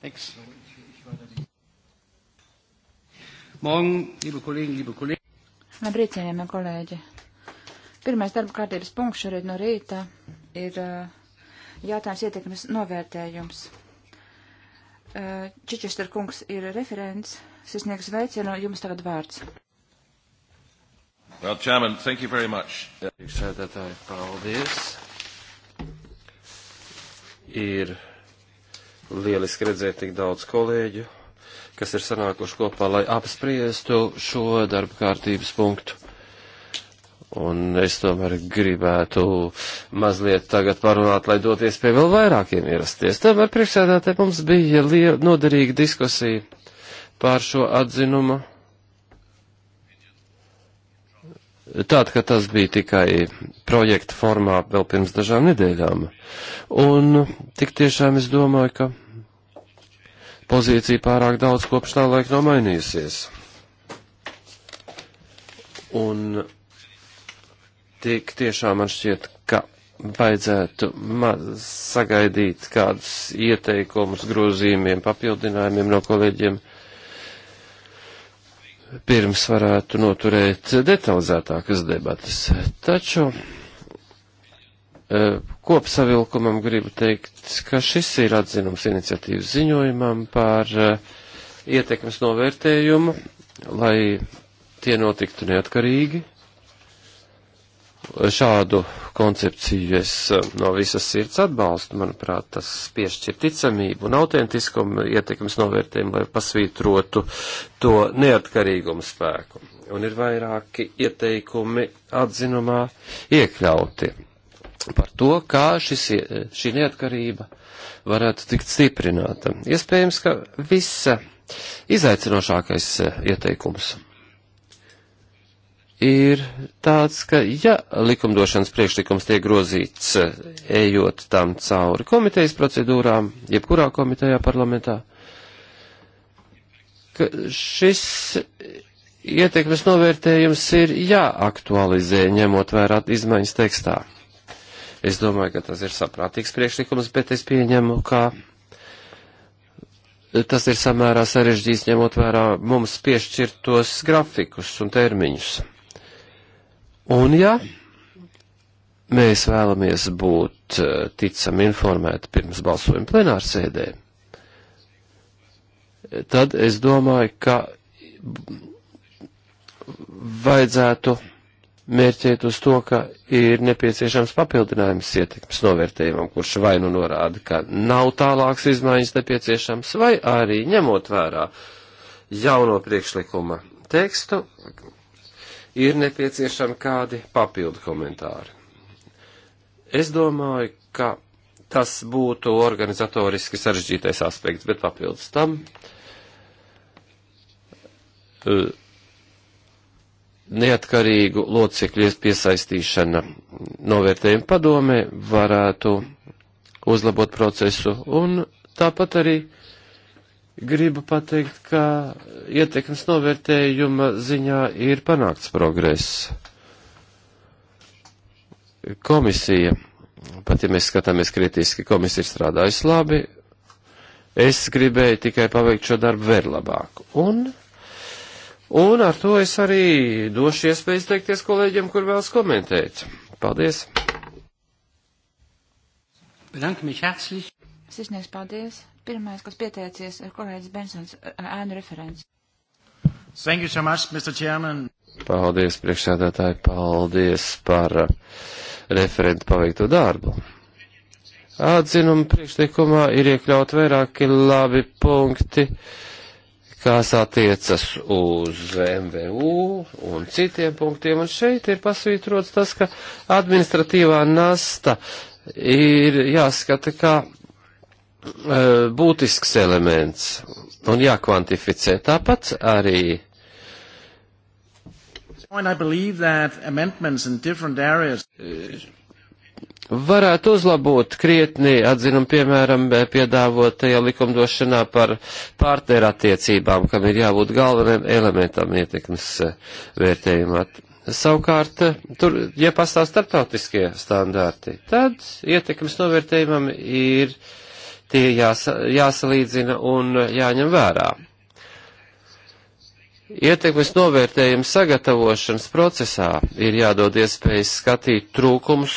Thanks. Morgen, liebe Kollegen, liebe Kollegen. Labrīt, cienījamie kolēģi. Pirmais darba kārtības punkts šorīt no rīta ir uh, jautājums ietekmes novērtējums. Uh, Čičester kungs ir referents. Sisniegs sveicienu, jums tagad vārds. Well, Chairman, thank you very much. Priekšsēdētāji, paldies. Ir Lieliski redzēt tik daudz kolēģu, kas ir sanākuši kopā, lai apspriestu šo darba kārtības punktu. Un es tomēr gribētu mazliet tagad parunāt, lai doties pie vēl vairākiem ierasties. Tomēr priekšsēdētē mums bija liela noderīga diskusija pār šo atzinumu Tātad, ka tas bija tikai projekta formā vēl pirms dažām nedēļām. Un tik tiešām es domāju, ka pozīcija pārāk daudz kopš tā laika nav mainījusies. Un tik tiešām man šķiet, ka vajadzētu sagaidīt kādus ieteikumus, grozījumiem, papildinājumiem no kolēģiem pirms varētu noturēt detalizētākas debatas. Taču eh, kopsavilkumam gribu teikt, ka šis ir atzinums iniciatīvas ziņojumam par eh, ietekmes novērtējumu, lai tie notiktu neatkarīgi šādu koncepciju es eh, no visas sirds atbalstu. Manuprāt, tas piešķir ticamību un autentiskumu ietekmes novērtējumu, lai pasvītrotu to neatkarīgumu spēku. Un ir vairāki ieteikumi atzinumā iekļauti par to, kā šis, šī neatkarība varētu tikt stiprināta. Iespējams, ka visa izaicinošākais eh, ieteikums ir tāds, ka ja likumdošanas priekšlikums tiek grozīts, ejot tam cauri komitejas procedūrām, jebkurā komitejā parlamentā, ka šis ietekmes novērtējums ir jāaktualizē, ņemot vērā izmaiņas tekstā. Es domāju, ka tas ir saprātīgs priekšlikums, bet es pieņemu, ka tas ir samērā sarežģīts, ņemot vērā mums piešķirtos grafikus un termiņus. Un ja mēs vēlamies būt eh, ticam informēti pirms balsojuma plenārsēdē, tad es domāju, ka vajadzētu mērķēt uz to, ka ir nepieciešams papildinājums ietekmes novērtējumam, kurš vai nu norāda, ka nav tālāks izmaiņas nepieciešams, vai arī ņemot vērā jauno priekšlikuma tekstu, ir nepieciešami kādi papildu komentāri. Es domāju, ka tas būtu organizatoriski sarežģītais aspekts, bet papildus tam e, neatkarīgu locekļu piesaistīšana novērtējuma padomē varētu uzlabot procesu un tāpat arī uh, gribu pateikt, ka ietekmes novērtējuma ziņā ir panākts progress. Komisija, pat ja mēs skatāmies kritiski, komisija ir strādājusi labi, es gribēju tikai paveikt šo darbu vēl labāk. Un, un ar to es arī došu iespēju izteikties kolēģiem, kur vēlas komentēt. Paldies! Bedanke mich herzlich. Sirsnieks, paldies! Pirmais, kas pieteicies, ir kolēģis Bensons, ēnu referents. Thank you so much, Mr. Chairman. Paldies, priekšsēdētāji, paldies par uh, referentu paveikto darbu. Atzinuma priekšlikumā ir iekļaut vairāki labi punkti, kas attiecas uz MVU un citiem punktiem, un šeit ir pasvītrots tas, ka administratīvā nasta ir jāskata kā Eh, būtisks elements un jākvantificē. Tāpat arī. Varētu uzlabot krietni, atzinam, piemēram, eh, piedāvotajā likumdošanā par pārtērattiecībām, kam ir jābūt galvenam elementam ietekmes eh, vērtējumā. Savukārt, tur, ja pastāv starptautiskie standarti, tad ietekmes novērtējumam ir uh, tie jās, jāsalīdzina un jāņem vērā. Ietekmes novērtējuma sagatavošanas procesā ir jādod iespējas skatīt trūkumus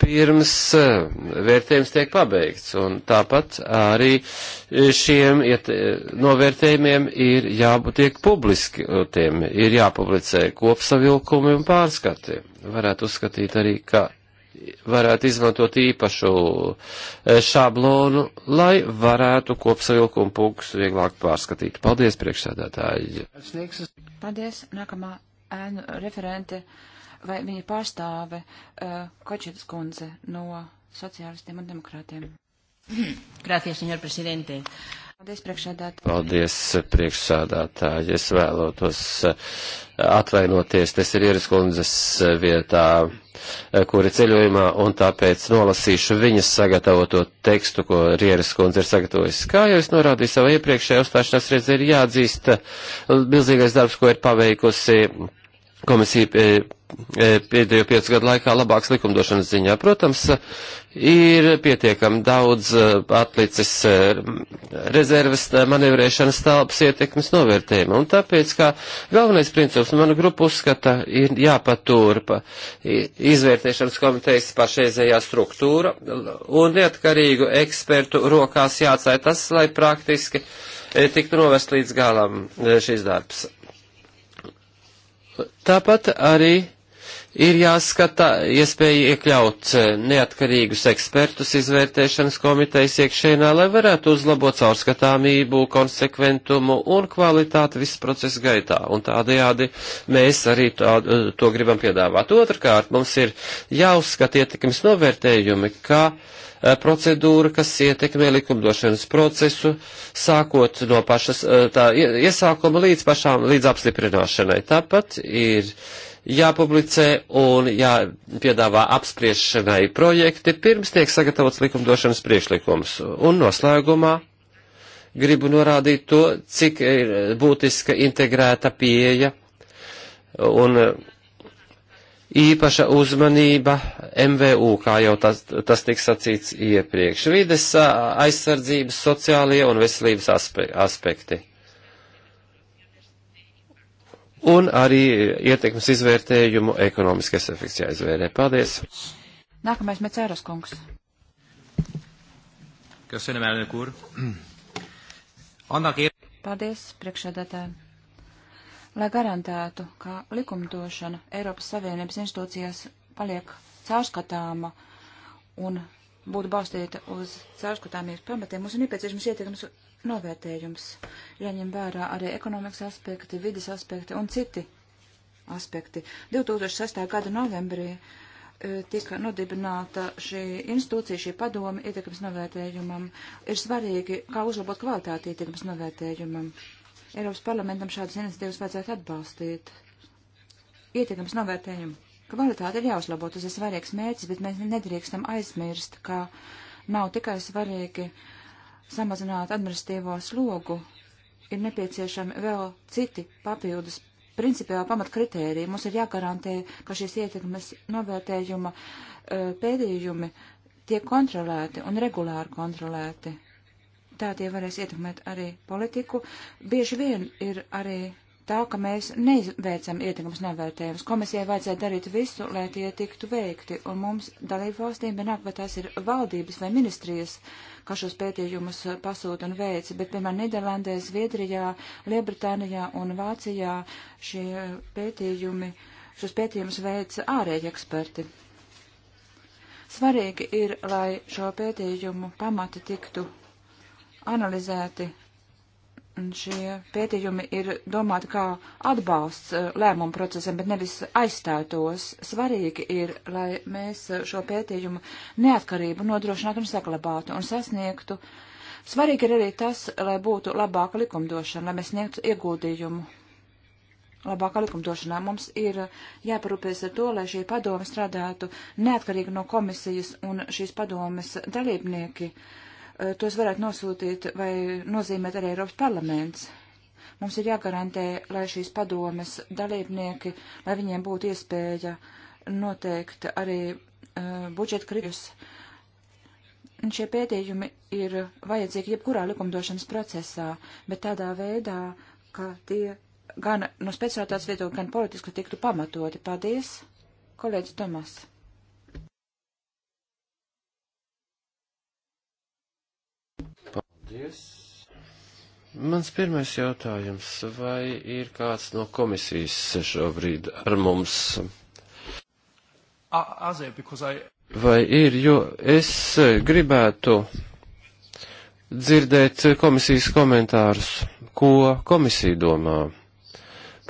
pirms eh, vērtējums tiek pabeigts, un tāpat arī šiem iet, novērtējumiem ir jātiek publiski, tiem ir jāpublicē kopsavilkumi un pārskati. Varētu uzskatīt arī, ka varētu izmantot īpašu eh, šablonu, lai varētu kopsavilkumu punktus vieglāk pārskatīt. Paldies, priekšsēdētāji! Paldies! Nākamā ēnu referente vai viņa pārstāve uh, eh, Kočetas kundze no sociālistiem un demokrātiem. Gracias, señor presidente. Uh, Paldies, priekšsādātāji. Paldies, priekšsādātāji. Es vēlotos eh, atvainoties, tas ir Iris kundzes eh, vietā, eh, kuri ceļojumā, un tāpēc nolasīšu viņas sagatavoto tekstu, ko Iris kundze ir sagatavojusi. Kā jau es norādīju savā iepriekšējā uzstāšanās reizē, ir jāatzīst milzīgais darbs, ko ir paveikusi komisija pēdējo piecu gadu laikā labāks likumdošanas ziņā. Protams, ir pietiekami daudz eh, atlicis eh, rezerves eh, manevrēšanas telpas ietekmes novērtējuma. Un tāpēc, kā galvenais princips manu grupu uzskata, ir jāpaturpa izvērtēšanas komitejas pašreizējā struktūra un lietkarīgu ekspertu rokās jāatstāj tas, lai praktiski tiktu novest līdz galam šis darbs. Tāpat arī ir jāskata iespēja iekļaut eh, neatkarīgus ekspertus izvērtēšanas komitejas iekšēnā, lai varētu uzlabot caurskatāmību, konsekventumu un kvalitāti visu procesu gaitā. Un tādējādi mēs arī tā, eh, to gribam piedāvāt. Otrakārt, mums ir jāuzskata ietekmes novērtējumi, ka eh, procedūra, kas ietekmē likumdošanas procesu, sākot no pašas tā iesākuma līdz pašām, līdz apstiprināšanai. Tāpat ir jāpublicē un jāpiedāvā apspriešanai projekti, pirms tiek sagatavots likumdošanas priekšlikums. Un noslēgumā gribu norādīt to, cik ir būtiska integrēta pieeja un īpaša uzmanība MVU, kā jau tas, tas tika sacīts iepriekš. Vides aizsardzības, sociālie un veselības aspe, aspekti un arī ietekmes izvērtējumu ekonomiskais efekts jāizvērē. Paldies! Nākamais Mecēras kungs. Köszönöm, elnök úr. Annak ér... Paldies, priekšsēdētāji. Lai garantētu, ka likumdošana Eiropas Savienības institūcijās paliek caurskatāma un būtu balstīta uz caurskatāmības pamatiem, mums ir nepieciešams ietekmes novērtējums. Jāņem vērā arī ekonomikas aspekti, vidas aspekti un citi aspekti. 2006. gada novembrī e, tika nodibināta šī institūcija, šī padoma ietekmes novērtējumam. Ir svarīgi, kā uzlabot kvalitāti ietekmes novērtējumam. Eiropas parlamentam šādas iniciatīvas vajadzētu atbalstīt. Ietekmes novērtējumu. Kvalitāte ir jāuzlabo, tas ir svarīgs mērķis, bet mēs nedrīkstam aizmirst, ka nav tikai svarīgi uh, samazināt administratīvo slogu, ir nepieciešami vēl citi papildus principiāli pamatkritēriji. Mums ir jāgarantē, ka šīs ietekmes novērtējuma e, pēdījumi tiek kontrolēti un regulāri kontrolēti. Tā tie varēs ietekmēt arī politiku. Bieži vien ir arī tā, ka mēs neizveicam ietekmes novērtējumus. Komisijai vajadzētu darīt visu, lai tie tiktu veikti, un mums dalību valstīm vienāk, vai tās ir valdības vai ministrijas uh, kas šos pētījumus eh, pasūta un veica, bet, piemēram, Nīderlandē, Zviedrijā, Liebritānijā un Vācijā šie pētījumi, šos pētījumus veica ārēji eksperti. Svarīgi ir, lai šo pētījumu pamati tiktu analizēti Un šie pētījumi ir domāti kā atbalsts eh, lēmumu procesam, bet nevis aizstātos. Svarīgi ir, lai mēs eh, šo pētījumu neatkarību nodrošinātu un saglabātu un sasniegtu. Svarīgi ir arī tas, lai būtu labāka likumdošana, lai mēs sniegtu ieguldījumu. Labākā likumdošanā mums ir jāparūpēs ar to, lai šī padome strādātu neatkarīgi no komisijas un šīs padomes dalībnieki. Uh, Eh, tos varētu nosūtīt vai nozīmēt arī Eiropas parlaments. Mums ir jāgarantē, lai šīs padomes dalībnieki, lai viņiem būtu iespēja noteikt arī uh, budžeta kritus. Un šie pētījumi ir vajadzīgi jebkurā likumdošanas procesā, bet tādā veidā, ka tie gan no speciālitātes viedokļa, gan politiski tiktu pamatoti. Paldies, kolēģis Tomas. Paldies. Mans pirmais jautājums, vai ir kāds no komisijas šobrīd ar mums? Vai ir, jo es gribētu dzirdēt komisijas komentārus, ko komisija domā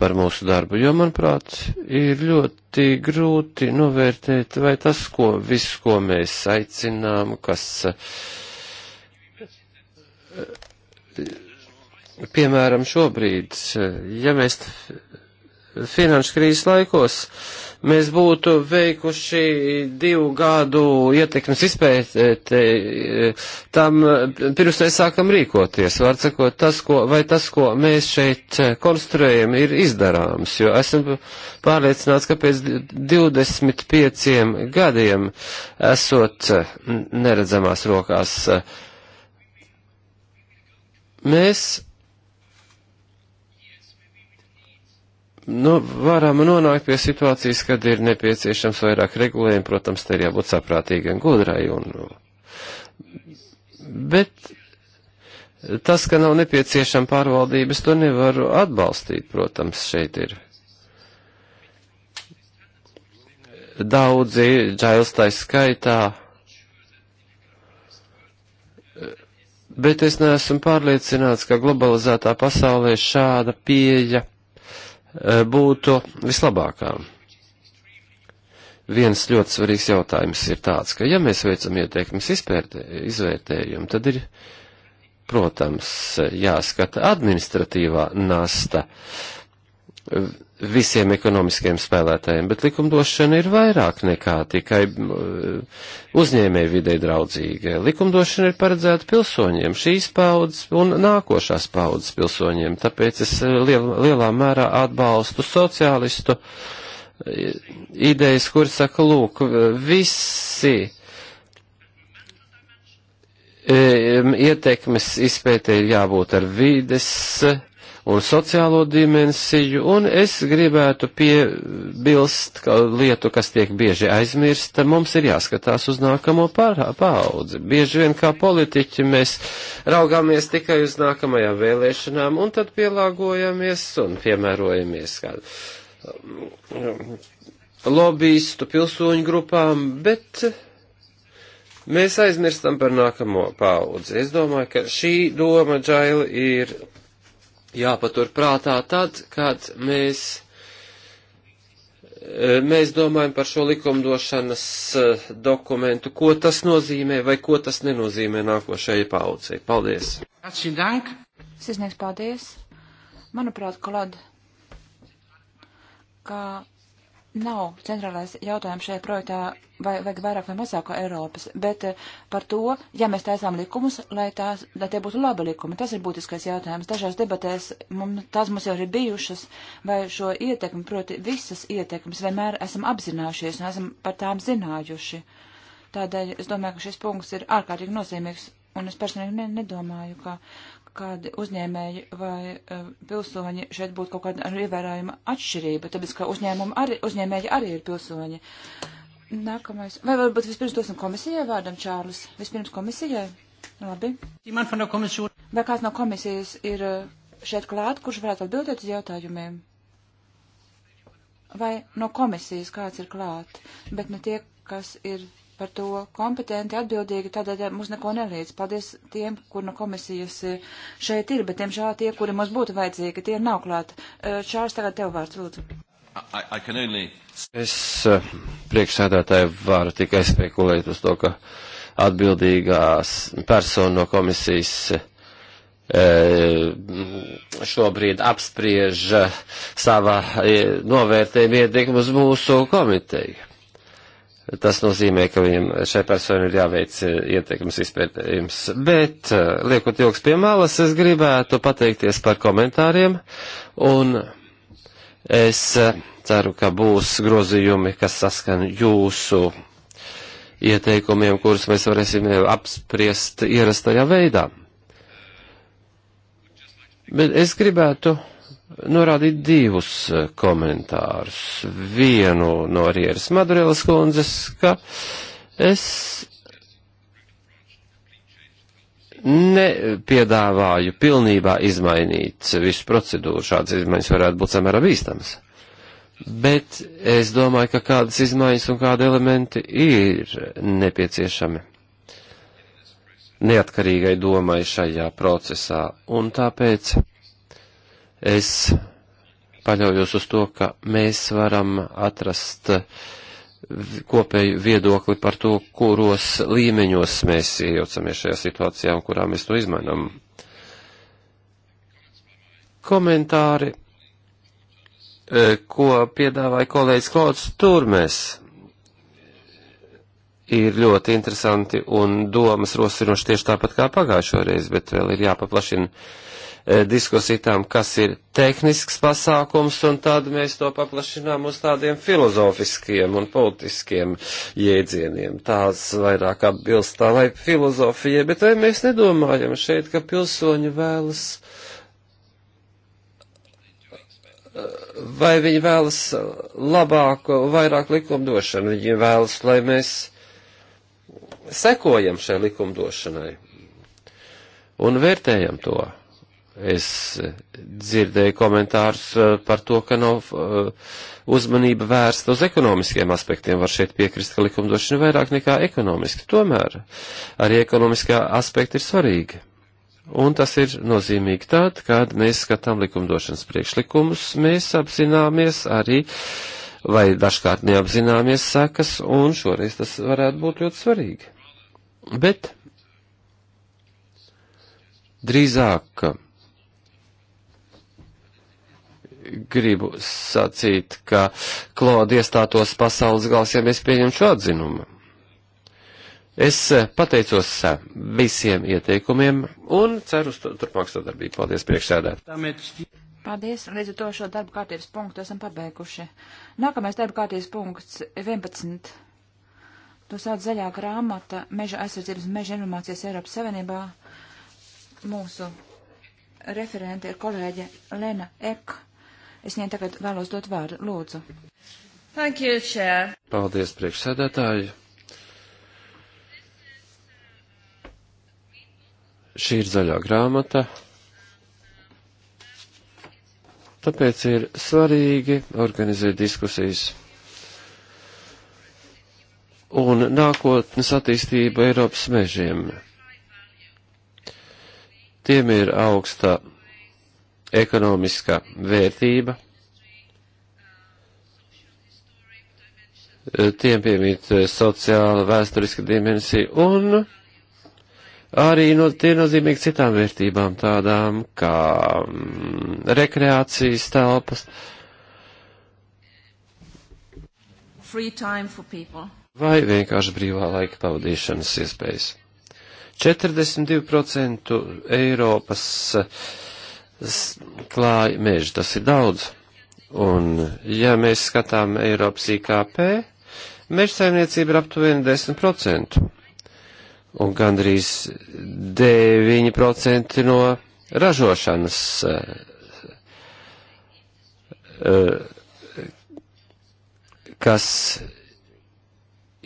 par mūsu darbu, jo, manuprāt, ir ļoti grūti novērtēt, vai tas, ko viss, ko mēs aicinām, kas uh, piemēram, šobrīd, ja mēs finanšu krīzes laikos mēs būtu veikuši divu gadu ietekmes izpēti tam, pirms mēs sākam rīkoties. Var sakot, tas, ko, vai tas, ko mēs šeit konstruējam, ir izdarāms, jo esam pārliecināts, ka pēc 25 gadiem esot neredzamās rokās Mēs nu, varam nonākt pie situācijas, kad ir nepieciešams vairāk regulējumu, protams, te ir jābūt saprātīgai un gudrai. Un, bet tas, ka nav nepieciešama pārvaldības, to nevaru atbalstīt, protams, šeit ir. Daudzi, Džails tā skaitā, bet es neesmu pārliecināts, ka globalizētā pasaulē šāda pieeja e, būtu vislabākā. Viens ļoti svarīgs jautājums ir tāds, ka ja mēs veicam ieteikums izvērtējumu, tad ir, protams, jāskata administratīvā nasta visiem ekonomiskiem spēlētājiem, bet likumdošana ir vairāk nekā tikai uh, uzņēmēju vidē draudzīga. Likumdošana ir paredzēta pilsoņiem, šīs paudzes un nākošās paudzes pilsoņiem, tāpēc es uh, liel, lielā mērā atbalstu sociālistu uh, idejas, kur saka, lūk, visi um, ietekmes izpētē ir jābūt ar vides un sociālo dimensiju, un es gribētu piebilst ka lietu, kas tiek bieži aizmirsta, mums ir jāskatās uz nākamo paudzi. Bieži vien kā politiķi mēs raugāmies tikai uz nākamajām vēlēšanām, un tad pielāgojamies un piemērojamies kādu um, lobbyistu pilsoņu grupām, bet mēs aizmirstam par nākamo paudzi. Es domāju, ka šī doma, Džaili, ir jāpatur prātā tad, kad mēs, e, mēs domājam par šo likumdošanas e, dokumentu, ko tas nozīmē vai ko tas nenozīmē nākošajai paudzei. Paldies! Sisnieks, paldies! Manuprāt, kolēd, ka nav centrālais jautājums šajā projektā, vai vajag vairāk vai mazāk Eiropas, bet eh, par to, ja mēs taisām likumus, lai, tās, lai tie būtu labi likumi, tas ir būtiskais jautājums. Dažās debatēs mums, tās mums jau ir bijušas, vai šo ietekmi, proti visas ietekmes, vienmēr esam apzinājušies un esam par tām zinājuši. Tādēļ es domāju, ka šis punkts ir ārkārtīgi nozīmīgs, un es personīgi ne, nedomāju, ka kādi uzņēmēji vai uh, pilsoņi šeit būtu kaut kāda ievērojama atšķirība, tāpēc, ka uzņēmumi arī, uzņēmēji arī ir pilsoņi. Nākamais. Vai varbūt vispirms dosim komisijai vārdam, Čārlis? Vispirms komisijai? Labi. Vai kāds no komisijas ir eh, šeit klāt, kurš varētu atbildēt uz jautājumiem? Vai no komisijas kāds ir klāt, bet ne tie, kas ir par to kompetenti, atbildīgi, tādēļ mums neko nelīdz. Paldies tiem, kur no komisijas eh, šeit ir, bet tiemžēl tie, kuri mums būtu vajadzīgi, tie nav klāt. Eh, Čārs, tagad tev vārds, lūdzu. I, I only... Es eh, priekšsēdētāju varu tikai spekulēt uz to, ka atbildīgās persona no komisijas šobrīd apspriež savā novērtējuma ietekmu uz mūsu komiteju. Tas nozīmē, ka viņam šai personai ir jāveic eh, ieteikums izpētējums. Bet, eh, liekot ilgs pie malas, es gribētu pateikties par komentāriem, un es eh, ceru, ka būs grozījumi, kas saskan jūsu ieteikumiem, kurus mēs varēsim apspriest ierastajā veidā. Bet es gribētu norādīt divus eh, komentārus. Vienu no Rieras Madurelas kundzes, ka es nepiedāvāju pilnībā izmainīt visu procedūru. Šādas izmaiņas varētu būt samērā bīstamas. Bet es domāju, ka kādas izmaiņas un kādi elementi ir nepieciešami neatkarīgai domai šajā procesā. Un tāpēc Es paļaujos uz to, ka mēs varam atrast kopēju viedokli par to, kuros līmeņos mēs iejaucamies šajā situācijā un kurā mēs to izmainām. Komentāri, e, ko piedāvāja kolēģis Klauds Turmēs, ir ļoti interesanti un domas rosinoši tieši tāpat kā pagājušo reizi, bet vēl ir jāpaplašina E, diskusijām, kas ir tehnisks pasākums, un tad mēs to paplašinām uz tādiem filozofiskiem un politiskiem jēdzieniem. Tās vairāk atbilst tā lai filozofijai, bet vai mēs nedomājam šeit, ka pilsoņi vēlas. Vai viņi vēlas labāku, vairāk likumdošanu, viņi vēlas, lai mēs sekojam šai likumdošanai un vērtējam to. Es dzirdēju komentārus eh, par to, ka nav eh, uzmanība vērsta uz ekonomiskiem aspektiem. Var šeit piekrist, ka likumdošana vairāk nekā ekonomiski. Tomēr arī ekonomiskā aspekta ir svarīga. Un tas ir nozīmīgi tad, kad mēs skatām likumdošanas priekšlikumus, mēs apzināmies arī, vai dažkārt neapzināmies sekas, un šoreiz tas varētu būt ļoti svarīgi. Bet drīzāk gribu sacīt, ka Klauda iestātos pasaules gals, ja mēs pieņemtu šo atzinumu. Es e, pateicos e, visiem ieteikumiem un ceru uz turpmāk sadarbību. Paldies, priekšsēdēt. Paldies, līdz ar to šo darba kārtības punktu esam pabeiguši. Nākamais darba kārtības punkts 11. To sauc zaļā grāmata Meža aizsardzības meža informācijas Eiropas Savienībā. Mūsu referente ir kolēģe Lena Ek. Es viņai tagad vēlos dot vārdu. Lūdzu. Thank you, Chair. Paldies, priekšsēdētāji. Šī ir zaļā grāmata. Tāpēc ir svarīgi organizēt diskusijas. Un nākotnes attīstība Eiropas mežiem. Tiem ir augsta ekonomiskā vērtība. Eh, tiem piemīt eh, sociāla vēsturiska dimensija un arī no, tie nozīmīgi citām vērtībām, tādām kā mm, rekreācijas telpas. Vai vienkārši brīvā laika pavadīšanas iespējas. 42% Eiropas uh, klāj meži. Tas ir daudz. Un, ja mēs skatām Eiropas IKP, mežsaimniecība ir aptuveni 10%. Un gandrīz 9% no ražošanas eh, eh, kas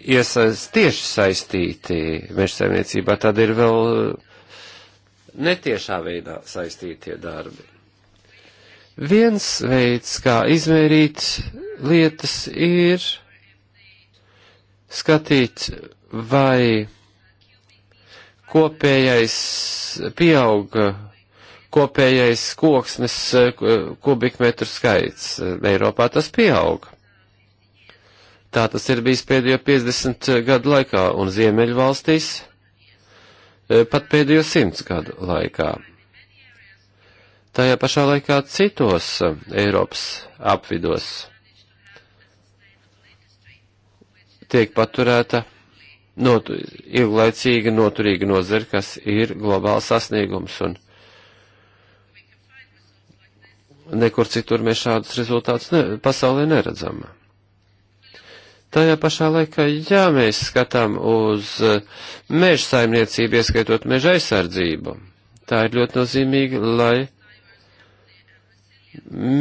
iesaist, tieši saistīti mežsaimniecībā, tad ir vēl netiešā veidā saistītie darbi. Viens veids, kā izmērīt lietas, ir skatīt, vai kopējais pieauga kopējais koksnes kubikmetru skaits. Eiropā tas pieauga. Tā tas ir bijis pēdējo 50 gadu laikā un Ziemeļvalstīs valstīs E, pat pēdējo simts gadu laikā. Tajā pašā laikā citos e, Eiropas apvidos tiek paturēta not, ilglaicīga, noturīga nozara, kas ir globāls sasniegums. Un nekur citur mēs šādus rezultātus ne, pasaulē neredzam. Tajā pašā laikā, ja mēs skatām uz eh, meža saimniecību, ieskaitot meža aizsardzību, tā ir ļoti nozīmīga, lai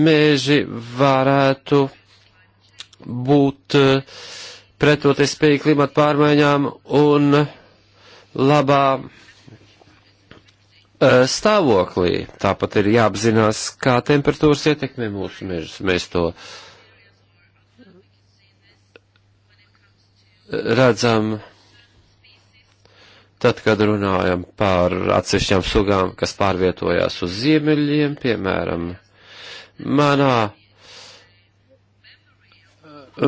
meži varētu būt eh, pretoties spēju klimata pārmaiņām un labā eh, stāvoklī. Tāpat ir jāapzinās, kā temperatūras ietekmē mūsu mežus. Mēs to uh, redzam, tad, kad runājam par atsevišķām sugām, kas pārvietojās uz ziemeļiem, piemēram, manā,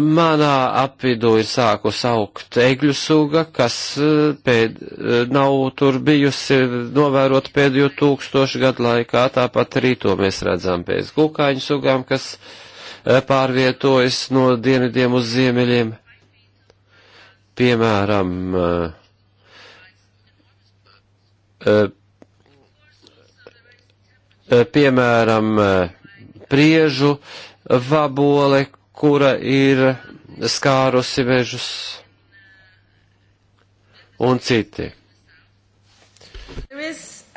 manā apvidū ir sākus augt egļu suga, kas eh, pēd, eh, nav tur bijusi novērot pēdējo tūkstošu gadu laikā, tāpat arī to mēs redzam pēc kukaiņu sugām, kas eh, pārvietojas no dienvidiem uz ziemeļiem piemēram, eh, eh, eh, piemēram, priežu vabole, kura ir skārusi mežus un citi.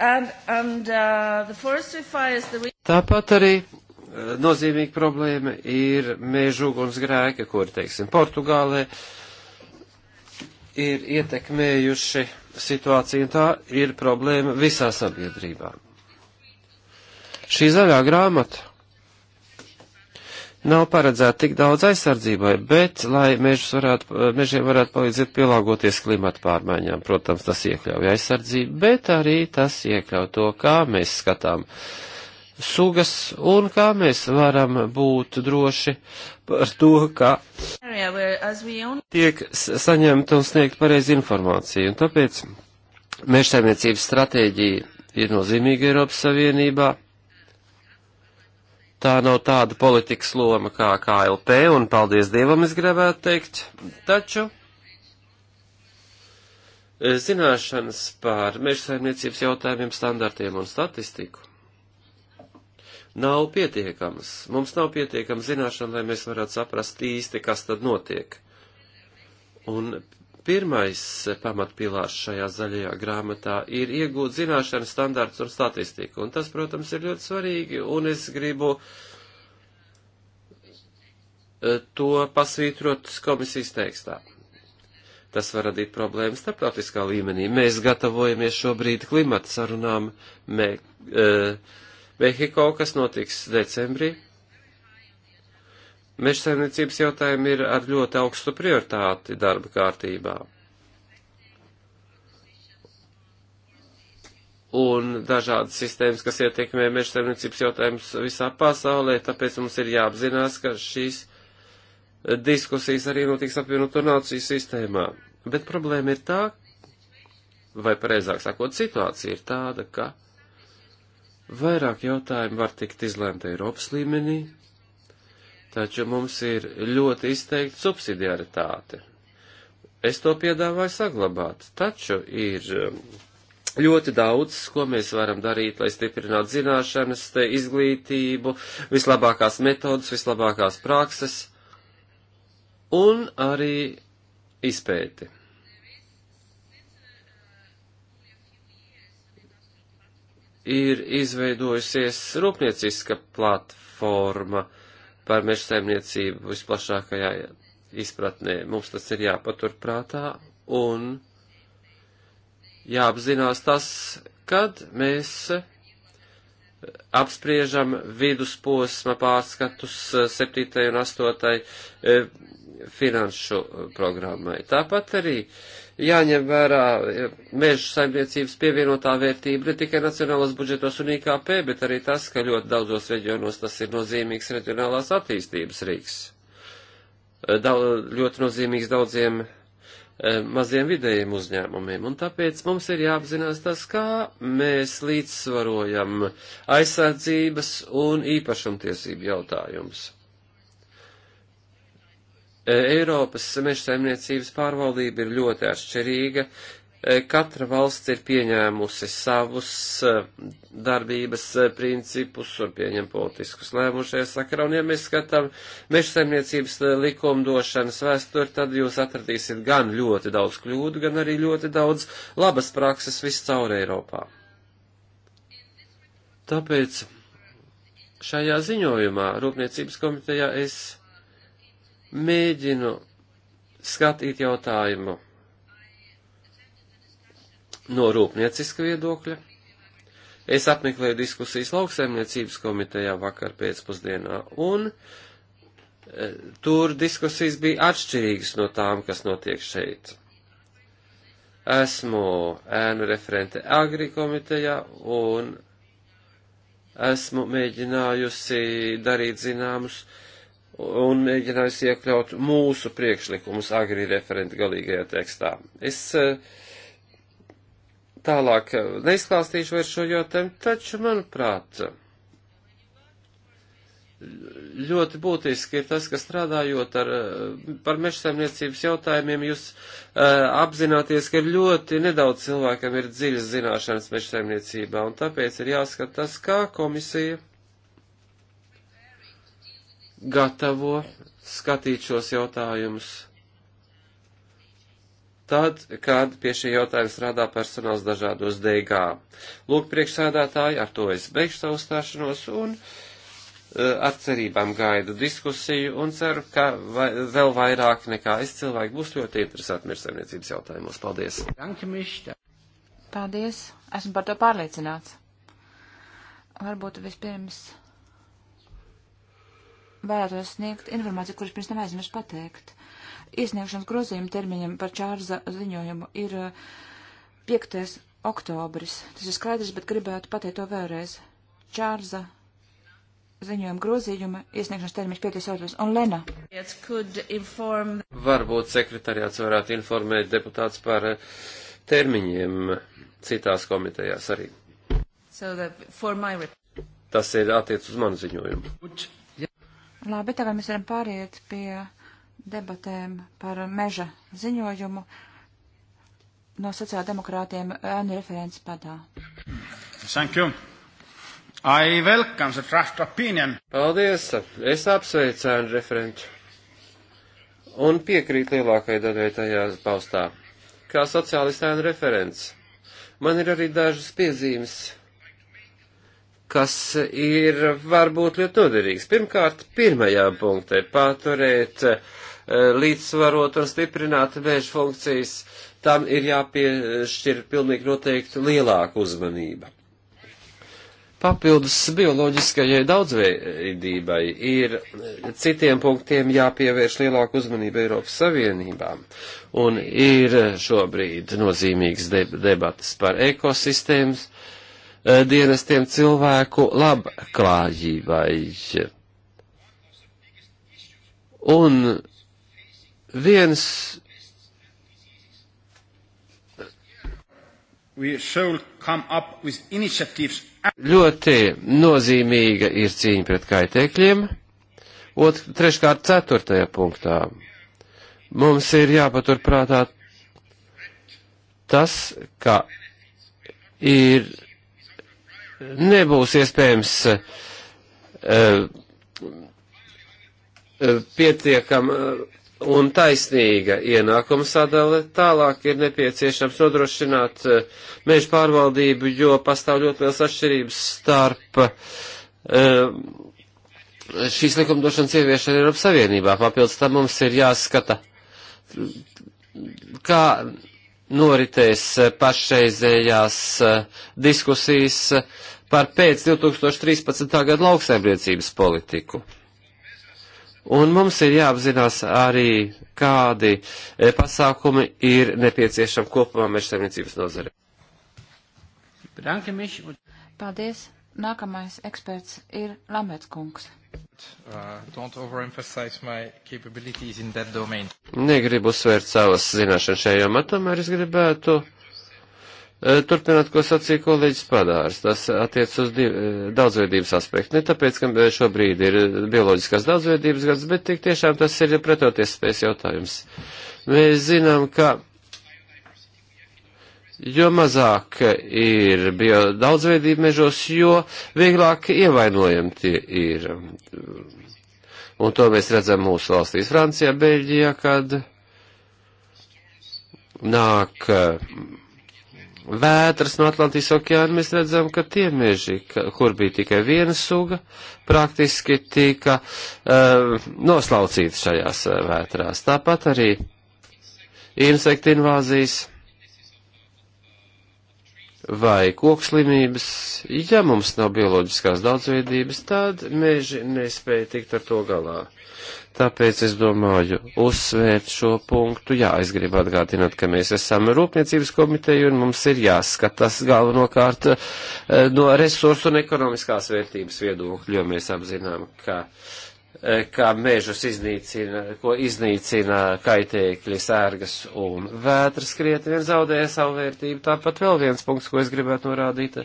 And, and, uh, the... Tāpat arī nozīmīga problēma ir mežu ugunsgrēki, kuri, teiksim, Portugālē uh, ir ietekmējuši situāciju, un tā ir problēma visā sabiedrībā. Šī zaļā grāmata nav paredzēta tik daudz aizsardzībai, bet, lai varētu, mežiem varētu palīdzēt pielāgoties klimata pārmaiņām, protams, tas iekļauj aizsardzību, bet arī tas iekļauj to, kā mēs skatām uh, sugas un kā mēs varam būt droši par to, ka tiek saņemta un sniegt pareizi informācija. Un tāpēc mežsaimniecības stratēģija ir nozīmīga Eiropas Savienībā. Tā nav tāda politikas loma kā KLP, un paldies Dievam es gribētu teikt, taču e, zināšanas par mežsaimniecības jautājumiem, standartiem un statistiku nav pietiekamas. Mums nav pietiekama zināšana, lai mēs varētu saprast īsti, kas tad notiek. Un pirmais pamatpilārs šajā zaļajā grāmatā ir iegūt zināšanu standārts un statistiku. Un tas, protams, ir ļoti svarīgi, un es gribu e, to pasvītrot komisijas tekstā. Tas var radīt problēmas starptautiskā līmenī. Mēs gatavojamies šobrīd klimata sarunām. Mē, e, Mehiko, kas notiks decembrī. Mežsaimniecības jautājumi ir ar ļoti augstu prioritāti darba kārtībā. Un dažādas sistēmas, kas ietekmē mežsaimniecības jautājumus visā pasaulē, tāpēc mums ir jāapzinās, ka šīs diskusijas arī notiks apvienoto nāciju sistēmā. Bet problēma ir tā, vai pareizāk sakot, situācija ir tāda, ka Vairāk jautājumu var tikt izlēmta Eiropas līmenī, taču mums ir ļoti izteikta subsidiaritāte. Es to piedāvāju saglabāt, taču ir um, ļoti daudz, ko mēs varam darīt, lai stiprinātu zināšanas, izglītību, vislabākās metodas, vislabākās prakses un arī izpēti. ir izveidojusies rūpnieciska platforma par meža saimniecību visplašākajā izpratnē. Mums tas ir jāpaturprātā un jāapzinās tas, kad mēs apspriežam vidusposma pārskatus 7. Eh, un 8. Eh, finanšu programmai. Tāpat arī jāņem vērā eh, mežu saimniecības pievienotā vērtība ne tikai nacionālos budžetos un IKP, bet arī tas, ka ļoti daudzos reģionos tas ir nozīmīgs reģionālās attīstības rīks. Daudz, ļoti nozīmīgs daudziem Eh, maziem vidējiem uzņēmumiem, un tāpēc mums ir jāapzinās tas, kā mēs līdzsvarojam aizsardzības un īpašumtiesību jautājumus. Eh, Eiropas mežsaimniecības pārvaldība ir ļoti atšķirīga, Eh, katra valsts ir pieņēmusi savus eh, darbības eh, principus un pieņem politiskus lēmumus šajā sakarā. Un, ja mēs skatām mežsaimniecības likumdošanas vēsturi, tad jūs atradīsiet gan ļoti daudz kļūdu, gan arī ļoti daudz labas prakses viscaur Eiropā. Tāpēc šajā ziņojumā Rūpniecības komitejā es mēģinu skatīt jautājumu no rūpnieciska viedokļa. Es apmeklēju diskusijas lauksaimniecības komitejā vakar pēcpusdienā, un e, tur diskusijas bija atšķirīgas no tām, kas notiek šeit. Esmu ēnu referente Agri komitejā, un esmu mēģinājusi darīt zināmus un mēģinājusi iekļaut mūsu priekšlikumus Agri referente galīgajā tekstā. Es uh, e, Tālāk eh, neizklāstīšu vairs šo jautājumu, taču, manuprāt, ļoti būtiski ir tas, ka strādājot ar, eh, par mežsaimniecības jautājumiem, jūs uh, apzināties, ka ļoti nedaudz cilvēkam ir dziļas zināšanas mežsaimniecībā, un tāpēc ir jāskat tas, kā komisija gatavo skatīt šos jautājumus tad, kad pie šī jautājuma strādā personāls dažādos DG. Lūk, priekšsēdētāji, ar to es beigšu savu stāšanos un e, ar cerībām gaidu diskusiju un ceru, ka vai, vēl vairāk nekā es cilvēki būs ļoti interesēti mirsaimniecības jautājumos. Paldies! Paldies! Esmu par to pārliecināts. Varbūt vispirms vēlētos sniegt informāciju, kuras pirms nav aizmirst pateikt. Iesniegšanas grozījuma termiņam par Čārza ziņojumu ir 5. Eh, oktobris. Tas ir skaidrs, bet gribētu pateikt to vēlreiz. Čārza ziņojuma grozījuma iesniegšanas termiņš 5. oktobris. Un Lena. Inform... Varbūt sekretariāts varētu informēt deputāts par eh, termiņiem citās komitejās arī. So my... Tas ir attiec uz manu ziņojumu. Labi, tagad mēs varam pāriet pie debatēm par meža ziņojumu no sociāldemokrātiem ēnu referents padā. Thank you. I welcome the draft opinion. Paldies. Es apsveicu ēnu referentu. Un piekrīt lielākai daļai tajā paustā. Kā sociālista ēnu referents. Man ir arī dažas piezīmes kas ir varbūt ļoti noderīgs. Pirmkārt, pirmajā punktē paturēt uh, Eh, līdzsvarot un stiprināt vēža funkcijas, tam ir jāpiešķir pilnīgi noteikti lielāka uzmanība. Papildus bioloģiskajai daudzveidībai ir eh, citiem punktiem jāpievērš lielāku uzmanību Eiropas Savienībām. Un ir šobrīd nozīmīgs debatas par ekosistēmas eh, dienestiem cilvēku labklājībai. Un Viens. Ļoti nozīmīga ir cīņa pret kaitēkļiem. Otr, treškārt, ceturtajā punktā. Mums ir jāpaturprātā tas, ka ir nebūs iespējams uh, pietiekam uh, un taisnīga ienākuma sadale. Tālāk ir nepieciešams nodrošināt eh, meža pārvaldību, jo pastāv ļoti liels atšķirības starp um, šīs likumdošanas ieviešanu Eiropas Savienībā. Papildus tam mums ir jāskata, kā noritēs eh, pašreizējās diskusijas par pēc 2013. gada lauksaimniecības politiku. Un mums ir jāapzinās arī, kādi e, pasākumi ir nepieciešami kopumā meža saimniecības nozare. Paldies. Nākamais eksperts ir Lamets kungs. Uh, Negribu uzsvērt savas zināšanas šajā jomā, tomēr es gribētu uh, Eh, Turpināt, ko sacīja kolēģis Padārs, tas attiec uz div, eh, daudzveidības aspektu. Ne tāpēc, ka eh, šobrīd ir bioloģiskās daudzveidības gads, bet tik tiešām tas ir pretoties spējas jautājums. Mēs zinām, ka jo mazāk ir bio daudzveidība mežos, jo vieglāk ievainojami tie ir. Un to mēs redzam mūsu valstīs Francijā, Beļģijā, kad nāk vētras no Atlantijas okeāna, mēs redzam, ka tie meži, kur bija tikai viena suga, praktiski tika uh, noslaucīti šajās eh, vētrās. Tāpat arī insektu invāzijas vai kokslimības, ja mums nav bioloģiskās daudzveidības, tad meži nespēja tikt ar to galā. Tāpēc es domāju uzsvērt šo punktu. Jā, es gribu atgādināt, ka mēs esam Rūpniecības komiteja un mums ir jāskatās galvenokārt eh, no resursu un ekonomiskās vērtības viedokļu, jo mēs apzinām, ka uh, E, kā mežus iznīcina, ko iznīcina kaitēkļi, sērgas un vētras krietni vien zaudēja savu vērtību. Tāpat vēl viens punkts, ko es gribētu norādīt,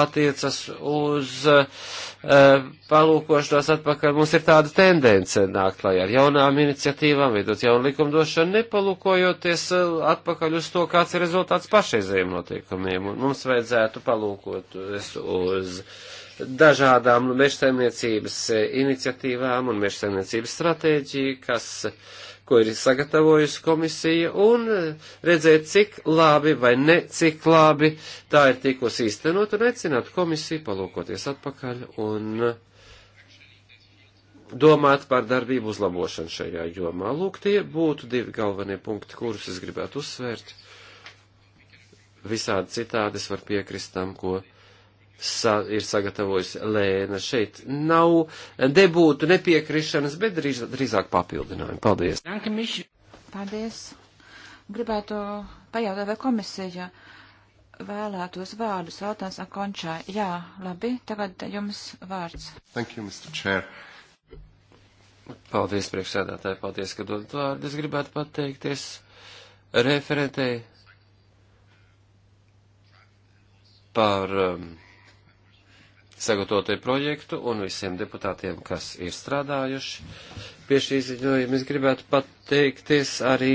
attiecas uz uh, palūkošanos atpakaļ. Mums ir tāda tendence nākt klajā ar jaunām iniciatīvām, veidot jaunu likumdošanu, nepalūkojoties atpakaļ uz to, kāds ir rezultāts pašreizējiem notiekumiem. Un mums vajadzētu palūkoties uz. Uh, dažādām mežsaimniecības e, iniciatīvām un mežsaimniecības stratēģiju, kas, ko ir sagatavojusi komisija, un e, redzēt, cik labi vai ne cik labi tā ir tikusi īstenot, un aicināt komisiju palūkoties atpakaļ un domāt par darbību uzlabošanu šajā jomā. Lūk, tie būtu divi galvenie punkti, kurus es gribētu uzsvērt. Visādi citādi es varu piekrist tam, ko sa, ir sagatavojusi Lēna. Šeit nav debūtu nepiekrišanas, bet drīz, drīzāk papildinājumi. Paldies! Paldies! Gribētu pajautāt, vai komisija vēlētos vārdus Altans Akončā. Jā, labi, tagad jums vārds. Thank you, Mr. Chair. Paldies, priekšsēdētāji, paldies, ka dodat vārdu. Es gribētu pateikties referentei par um, sagatavotie projektu un visiem deputātiem, kas ir strādājuši pie šī ziņojuma. Es gribētu pateikties arī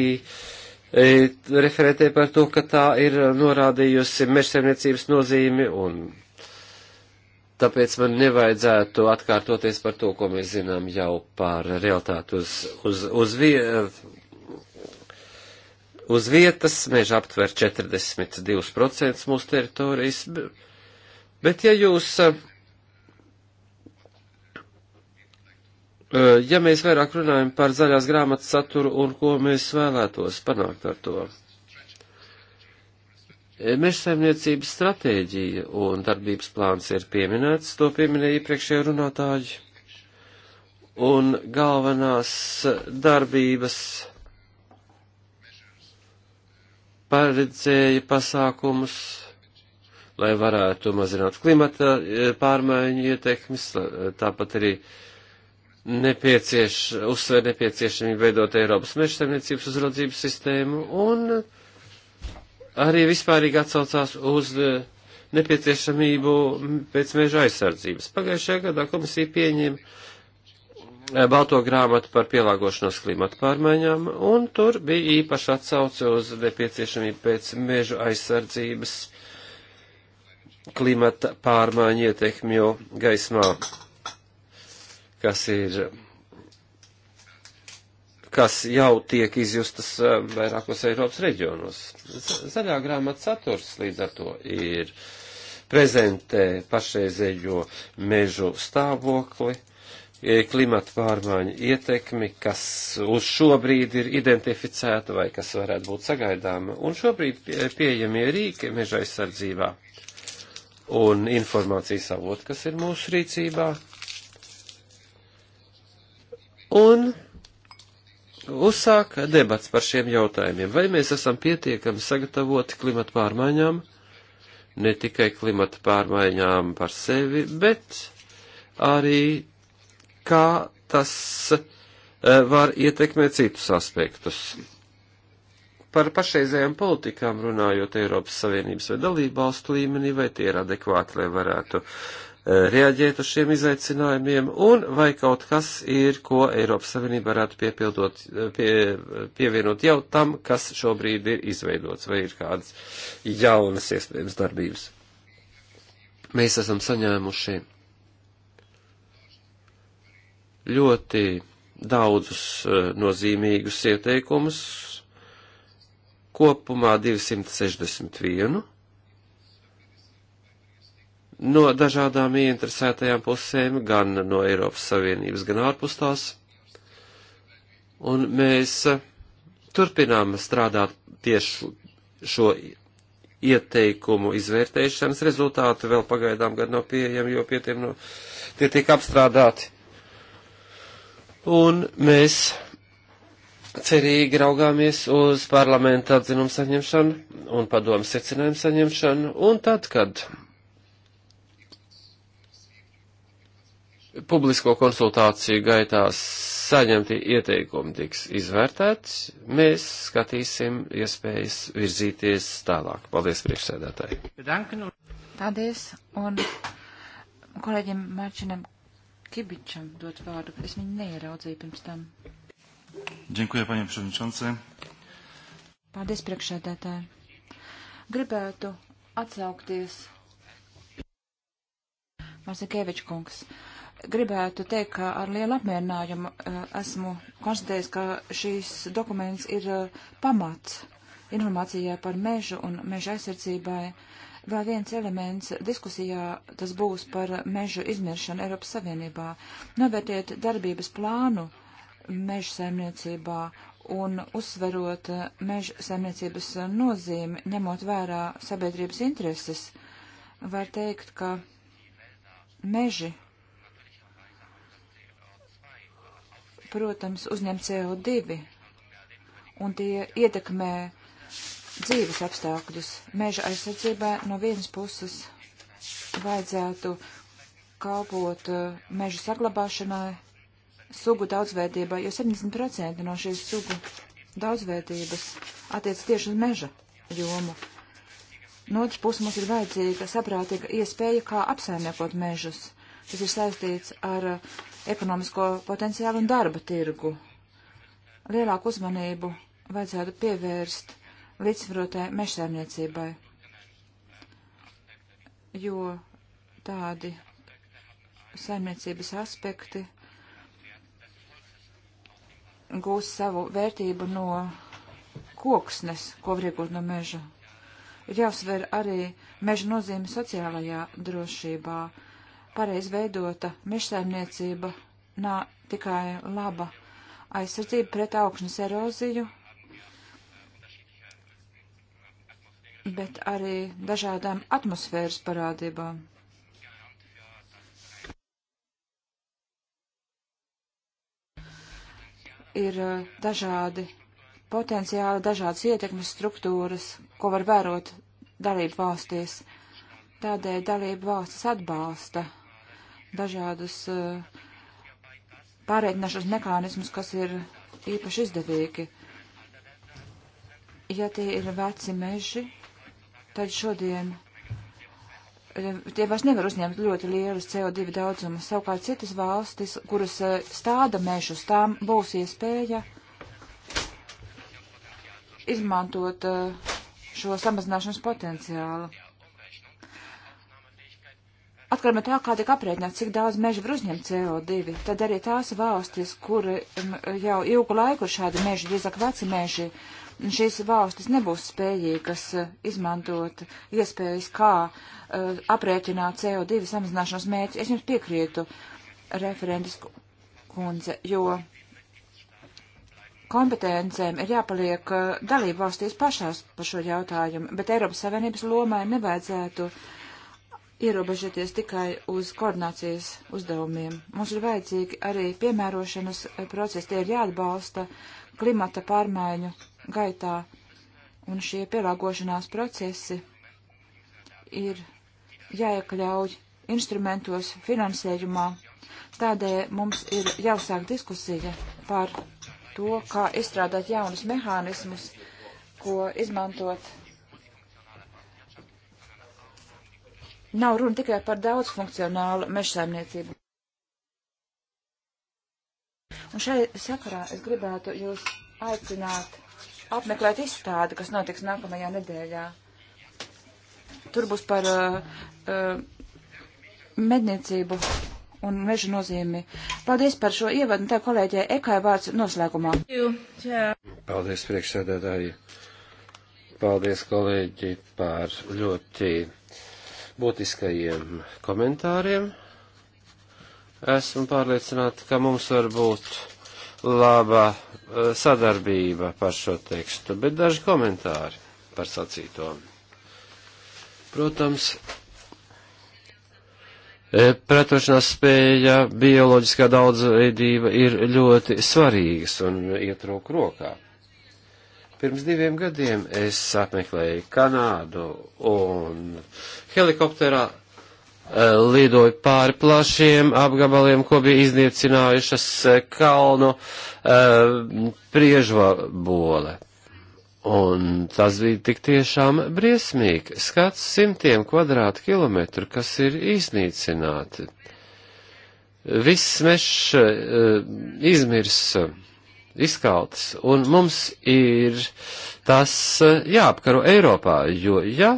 e, referentē par to, ka tā ir norādījusi mežsaimniecības nozīmi un tāpēc man nevajadzētu atkārtoties par to, ko mēs zinām jau par realitāti uz, uz, uz vietu uz vietas meža aptver 42% mūsu teritorijas, bet ja jūs Ja mēs vairāk runājam par zaļās grāmatas saturu un ko mēs vēlētos panākt ar to. Mežsaimniecības stratēģija un darbības plāns ir pieminēts, to pieminēja iepriekšējā runātāji. Un galvenās darbības paredzēja pasākumus, lai varētu mazināt klimata pārmaiņu ietekmes, tāpat arī uh, nepiecieš, uzsver nepieciešamību veidot Eiropas mežsaimniecības uzraudzības sistēmu un arī vispārīgi atsaucās uz eh, nepieciešamību pēc meža aizsardzības. Pagājušajā gadā komisija pieņēma eh, balto grāmatu par pielāgošanos klimatu pārmaiņām, un tur bija īpaši atsauce uz nepieciešamību pēc meža aizsardzības klimata pārmaiņu ietekmju gaismā kas ir kas jau tiek izjustas eh, vairākos Eiropas reģionos. Zaļā grāmata saturs līdz ar to ir prezentē pašreizējo mežu stāvokli, e, klimata pārmaiņu ietekmi, kas uz šobrīd ir identificēta vai kas varētu būt sagaidāma, un šobrīd pieejamie rīki meža aizsardzībā un informācijas avot, kas ir mūsu rīcībā, un uzsāk debats par šiem jautājumiem. Vai mēs esam pietiekami sagatavoti klimata pārmaiņām? Ne tikai klimata pārmaiņām par sevi, bet arī kā tas eh, var ietekmēt citus aspektus. Par pašreizējām politikām runājot Eiropas Savienības vai dalību valstu līmenī, vai tie ir adekvāti, lai varētu uh, Eh, reaģēt uz šiem izaicinājumiem, un vai kaut kas ir, ko Eiropas Savienība varētu piepildot, eh, pie, pievienot jau tam, kas šobrīd ir izveidots, vai ir kādas jaunas iespējams darbības. Mēs esam saņēmuši ļoti daudzus eh, nozīmīgus ieteikumus, kopumā 261 no dažādām ieinteresētajām pusēm, gan no Eiropas Savienības, gan ārpus tās. Un mēs eh, turpinām strādāt tieši šo ieteikumu izvērtēšanas rezultāti vēl pagaidām gan nav pieejami, jo pie tiem no, tie tiek apstrādāti. Un mēs cerīgi raugāmies uz parlamenta atzinumu saņemšanu un padomu secinājumu saņemšanu, un tad, kad publisko konsultāciju gaitā saņemti ieteikumi tiks izvērtēts, mēs skatīsim iespējas virzīties tālāk. Paldies, priekšsēdētāji. Paldies, un kolēģim Mērčinam Kibičam dot vārdu. Es viņu neieraudzīju pirms tam. Dziękuję, panie przewodniczący. Paldies, priekšsēdētāji. Gribētu atsaukties. Marzakēvičs kungs. Uh, gribētu teikt, ka ar lielu apmierinājumu eh, esmu konstatējis, ka šīs dokuments ir eh, pamats informācijai par mežu un meža aizsardzībai. Vēl viens elements diskusijā tas būs par mežu izmiršanu Eiropas Savienībā. Novērtiet darbības plānu meža saimniecībā un uzsverot eh, meža saimniecības nozīmi, ņemot vērā sabiedrības intereses, var teikt, ka meži protams, uzņem CO2 un tie ietekmē dzīves apstākļus. Meža aizsardzībā no vienas puses vajadzētu kalpot uh, meža saglabāšanai, sugu daudzveidībai, jo 70% no šīs sugu daudzveidības attiec tieši uz meža jomu. No otras puses mums ir vajadzīga saprātīga iespēja, kā apsaimniekot mežus. Tas ir saistīts ar uh, ekonomisko potenciālu un darba tirgu. Lielāku uzmanību vajadzētu pievērst līdzsvarotai mežsēmniecībai, jo tādi saimniecības aspekti gūs savu vērtību no koksnes, ko var iegūt no meža. Ir jāuzsver arī meža nozīme sociālajā drošībā, pareiz veidota mežsaimniecība nā tikai laba aizsardzība pret augšņas eroziju, bet arī dažādām atmosfēras parādībām. Ir dažādi potenciāli dažādas ietekmes struktūras, ko var vērot dalību valstīs. Tādēļ dalību valstis atbalsta dažādus eh, pārreikināšanas mekānismus, kas ir īpaši izdevīgi. Ja tie ir veci meži, tad šodien tie vairs nevar uzņemt ļoti lielus CO2 daudzumus. Savukārt citas valstis, kuras eh, stāda mežus, tām būs iespēja izmantot eh, šo samazināšanas potenciālu. Atkarībā no tā, kā tiek aprēķināts, cik daudz meža var uzņemt CO2, tad arī tās valstis, kur jau ilgu laiku šādi meži, drīzāk veci meži, šīs valstis nebūs spējīgas e, izmantot iespējas, kā uh, aprēķināt CO2 samazināšanas mērķi. Es jums piekrītu, referentis kundze, jo kompetencēm ir jāpaliek e, dalību valstīs pašās par šo jautājumu, bet Eiropas Savienības lomai nevajadzētu uh, ierobežoties tikai uz koordinācijas uzdevumiem. Mums ir vajadzīgi arī piemērošanas procesi, tie ir jāatbalsta klimata pārmaiņu gaitā, un šie pielāgošanās procesi ir jāiekļauj instrumentos finansējumā. Tādēļ mums ir jāsāk diskusija par to, kā izstrādāt jaunus mehānismus, ko izmantot Nav runa tikai par daudzfunkcionālu mežsaimniecību. Un šai sakarā es gribētu jūs aicināt apmeklēt izstādi, kas notiks nākamajā nedēļā. Tur būs par uh, uh, medniecību un meža nozīmi. Paldies par šo ievadu, tā kolēģē Ekai vārds noslēgumā. Paldies priekšsēdētāji. Paldies kolēģi par ļoti būtiskajiem komentāriem. Esmu pārliecināta, ka mums var būt laba eh, sadarbība par šo tekstu, bet daži komentāri par sacīto. Protams, e, pretošanās spēja, bioloģiskā daudzveidība ir ļoti svarīgas un iet roku rokā. Pirms diviem gadiem es apmeklēju Kanādu un helikopterā e, lidoja pāri plašiem apgabaliem, ko bija izniecinājušas e, kalnu uh, priežvabole. Un tas bija tik tiešām briesmīgi. Skats simtiem kvadrātkilometru, kas ir iznīcināti. Viss mešs uh, izmirs. Uh, izkaltas, un mums ir tas eh, jāapkaro Eiropā, jo, ja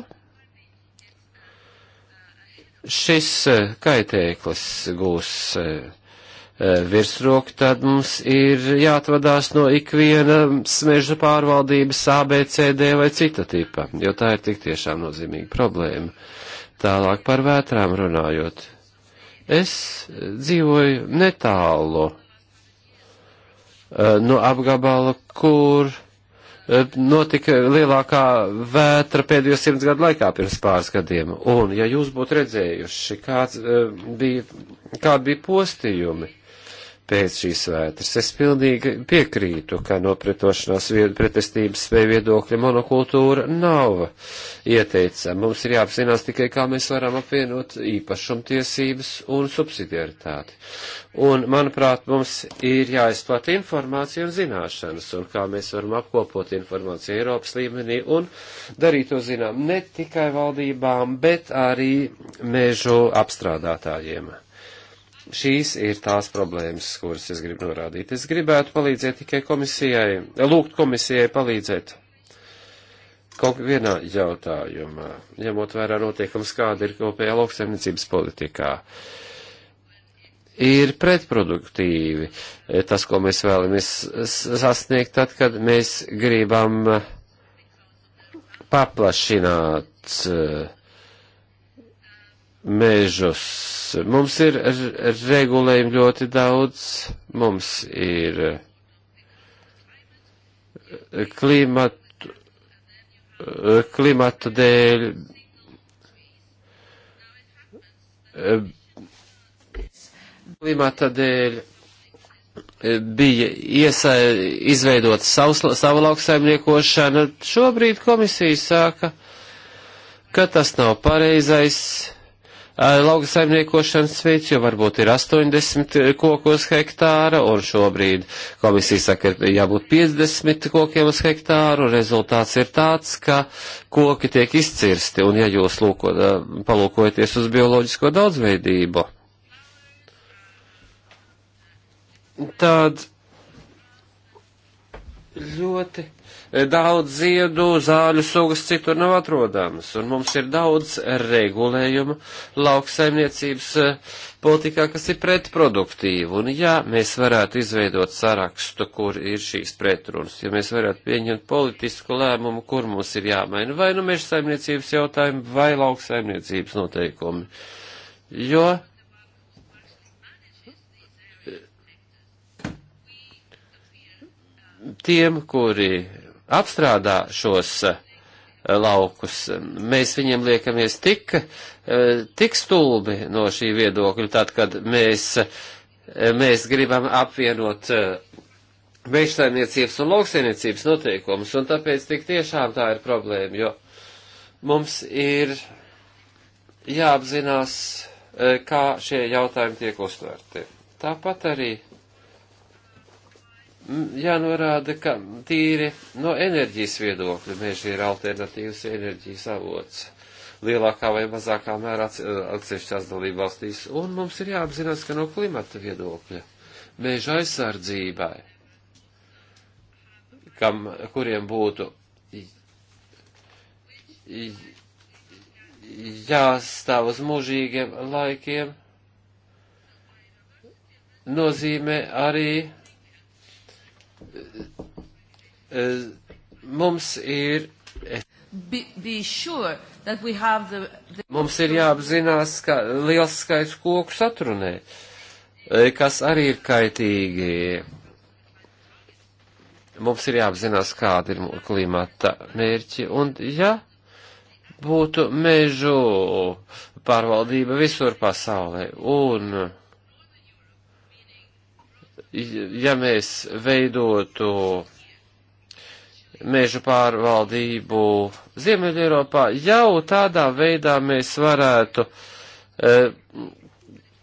šis eh, kaitēklis gūs eh, virsroku, tad mums ir jāatvadās no ikviena smeža pārvaldības ABCD vai cita tipa, jo tā ir tik tiešām nozīmīga problēma. Tālāk par vētrām runājot. Es dzīvoju netālu Eh, no apgabala, kur eh, notika lielākā vētra pēdējo simts gadu laikā pirms pāris gadiem. Un, ja jūs būtu redzējuši, kāds eh, bija, kādi bija postījumi, pēc šīs vētras. Es pilnīgi piekrītu, ka no pretošanās viedu pretestības spēja viedokļa monokultūra nav ieteicama. Mums ir jāapzinās tikai, kā mēs varam apvienot īpašumtiesības un subsidiaritāti. Un, manuprāt, mums ir jāizplat informācija un zināšanas, un kā mēs varam apkopot informāciju Eiropas līmenī un darīt to zinām ne tikai valdībām, bet arī mēžu apstrādātājiem. Šīs ir tās problēmas, kuras es gribu norādīt. Es gribētu palīdzēt tikai komisijai, lūgt komisijai palīdzēt kaut vienā jautājumā, ņemot vērā notiekums, kāda ir kopējā lauksaimniecības politikā. Ir pretproduktīvi eh, tas, ko mēs vēlamies sasniegt, tad, kad mēs gribam eh, paplašināt uh, mežus. Mums ir regulējumi ļoti daudz, mums ir eh, klimatu, eh, klimatu dēļ. Eh, klimata dēļ bija iesa, izveidota savu lauksaimniekošana. Šobrīd komisija sāka, ka tas nav pareizais lauka saimniekošanas veids, jo varbūt ir 80 kokos hektāra, un šobrīd komisija saka, ir jābūt 50 kokiem uz hektāru, un rezultāts ir tāds, ka koki tiek izcirsti, un ja jūs lūko, palūkojaties uz bioloģisko daudzveidību, tad ļoti daudz ziedu zāļu sugas citur nav atrodamas, un mums ir daudz regulējumu lauksaimniecības eh, politikā, kas ir pretproduktīvi, un ja mēs varētu izveidot sarakstu, kur ir šīs pretrunas, ja mēs varētu pieņemt politisku lēmumu, kur mums ir jāmaina vai nu meža saimniecības jautājumi, vai lauksaimniecības noteikumi, jo eh, tiem, kuri apstrādā šos eh, laukus. Mēs viņiem liekamies tik, eh, tik stulbi no šī viedokļa, tad, kad mēs, eh, mēs gribam apvienot mežsainiecības un lauksainiecības noteikumus, un tāpēc tik tiešām tā ir problēma, jo mums ir jāapzinās, kā šie jautājumi tiek uztverti. Tāpat arī Mm, jānorāda, ka tīri no enerģijas viedokļa meži ir alternatīvs enerģijas avots lielākā vai mazākā mērā atsevišķās dalību valstīs, un mums ir jāapzinās, ka no klimata viedokļa meža aizsardzībai, kam, kuriem būtu jāstāv uz mūžīgiem laikiem, nozīmē arī mums ir. Be, be sure that we have the, the... Mums ir jāapzinās, ka liels skaits koku satrunē, e, kas arī ir kaitīgi. Mums ir jāapzinās, kāda ir klimata mērķi, un ja būtu mežu pārvaldība visur pasaulē, un ja mēs veidotu mežu pārvaldību Ziemeļa Eiropā, jau tādā veidā mēs varētu eh,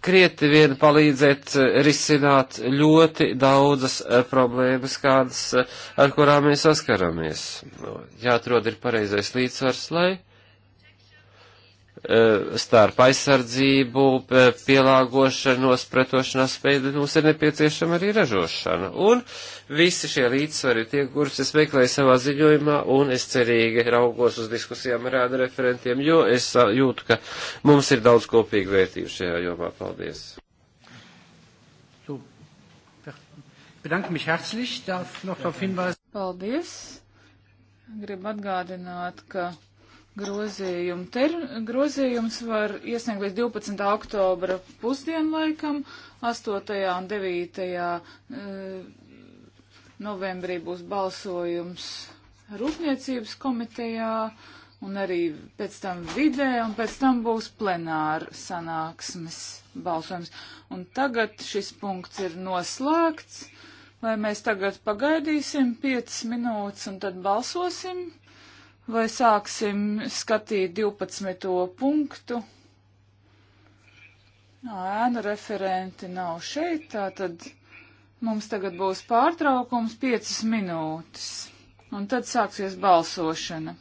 krieti vien palīdzēt e, risināt ļoti daudzas eh, problēmas, kādas, eh, ar kurām mēs saskaramies. Jāatrod ir pareizais līdzsvars, lai Eh, starp aizsardzību, eh, pielāgošanos, pretošanās spēju, bet mums ir nepieciešama arī ražošana. Un visi šie līdzsvari ir tie, kurus es meklēju savā ziņojumā, un es cerīgi raugos uz diskusijām ar ēnu referentiem, jo es jūtu, ka mums ir daudz kopīgu vērtību šajā jomā. Paldies! Paldies! Gribu atgādināt, ka grozījumu. Ter, grozījums var iesniegt līdz 12. oktobra pusdienlaikam, 8. un 9. Eh, novembrī būs balsojums Rūpniecības komitejā un arī pēc tam vidē, un pēc tam būs plenāra sanāksmes balsojums. Un tagad šis punkts ir noslēgts, vai mēs tagad pagaidīsim 5 minūtes un tad balsosim. Vai sāksim skatīt 12. punktu? Nā, ēnu referenti nav šeit, tā tad mums tagad būs pārtraukums 5 minūtes, un tad sāksies balsošana.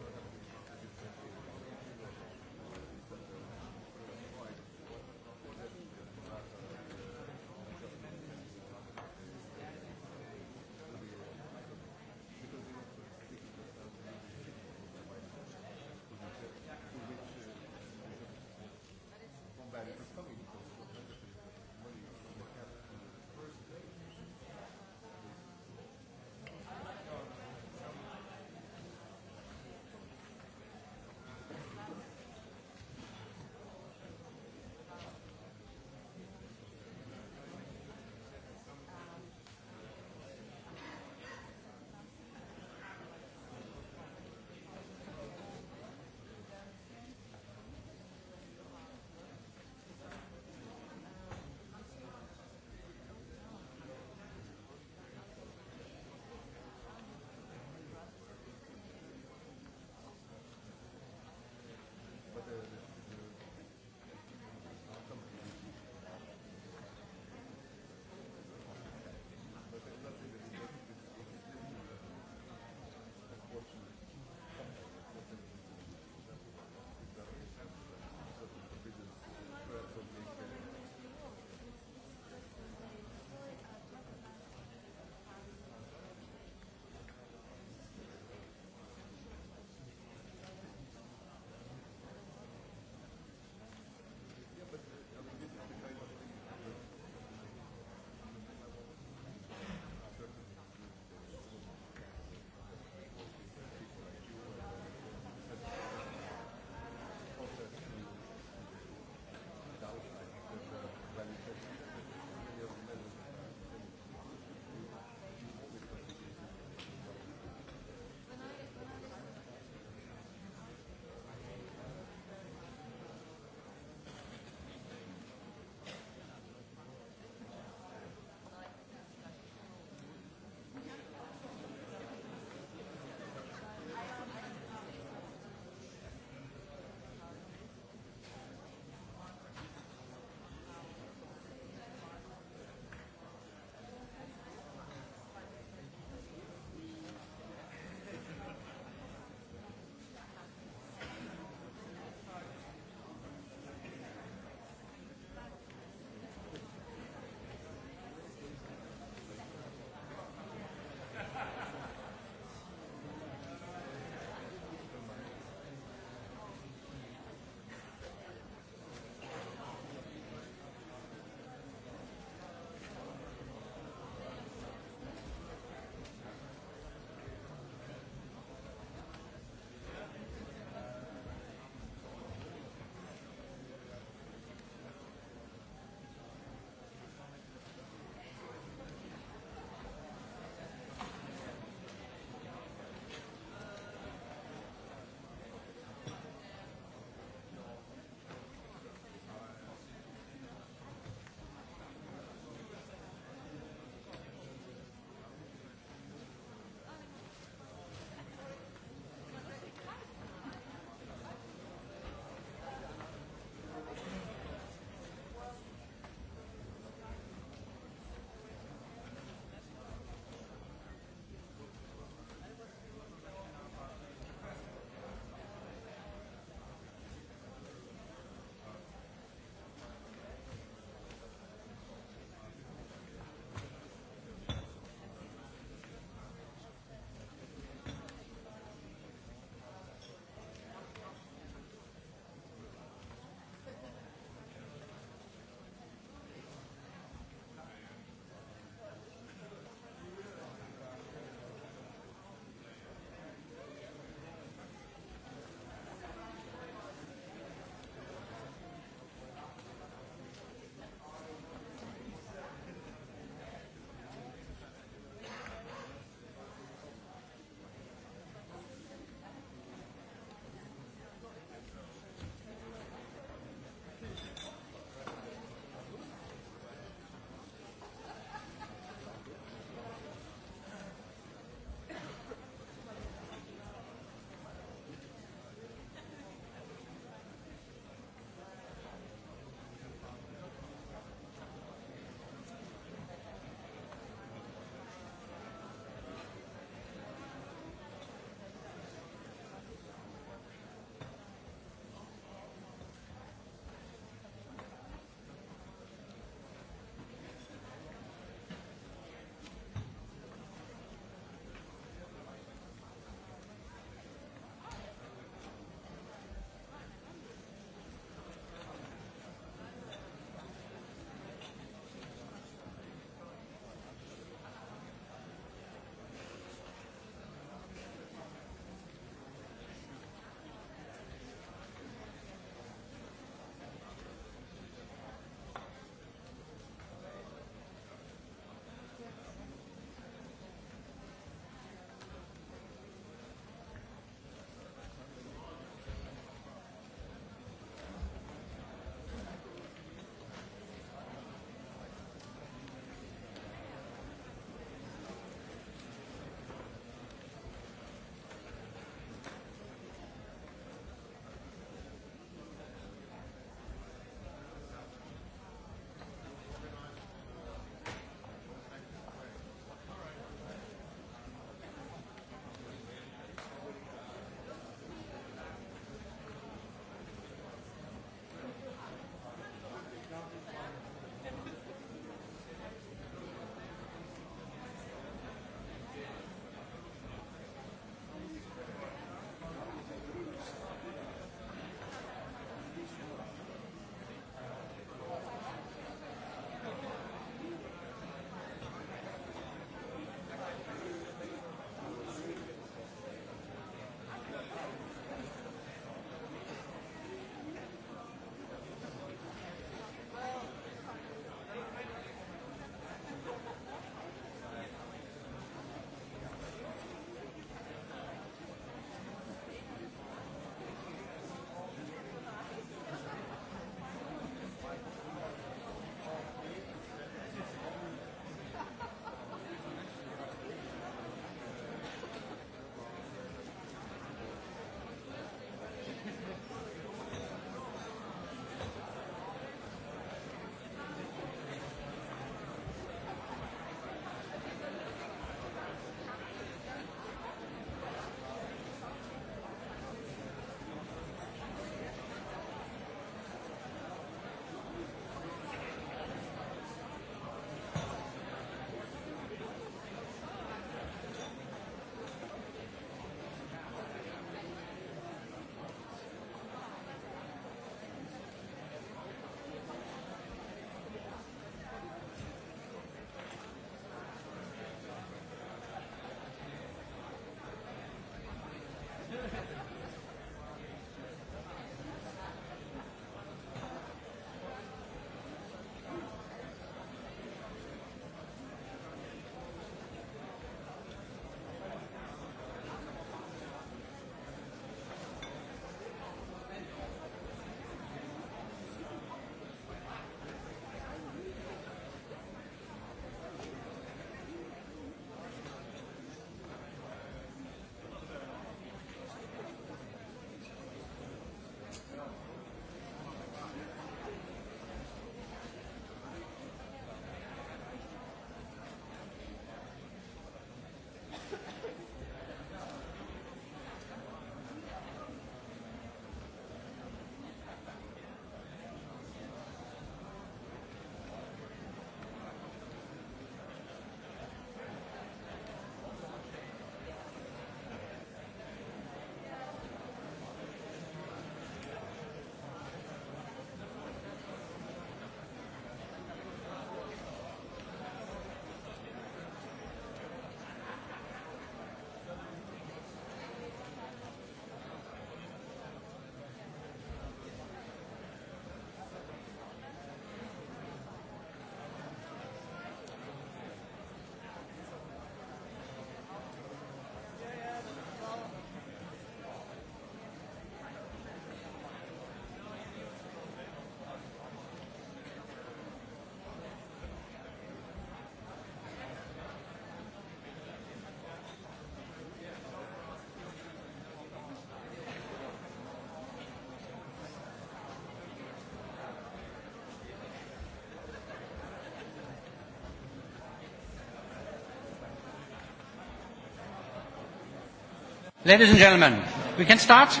Ladies and gentlemen, we can start.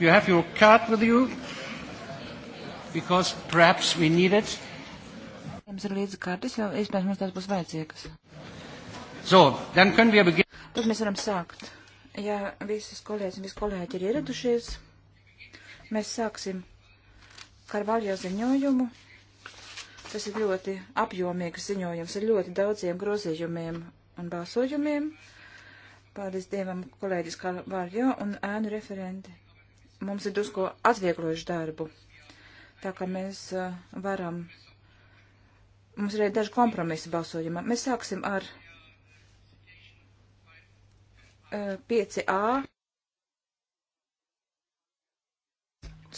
You have your card with you because perhaps we need it. Jums ir līdzi kartes, jo iespējams mums tās būs vajadzīgas. So, then können wir beginnen. Tad mēs varam sākt. Ja visas kolēģis un visi kolēģi ir ieradušies, mēs sāksim Karvaļo ziņojumu. Tas ir ļoti apjomīgs ziņojums ar ļoti daudziem grozījumiem un balsojumiem. Paldies Dievam, kolēģis Kalvārjo un ēnu referenti. Mums ir dusko atvieglojuši darbu, tā kā mēs uh, varam. Mums ir arī daži kompromisi balsojumā. Mēs sāksim ar uh, 5A.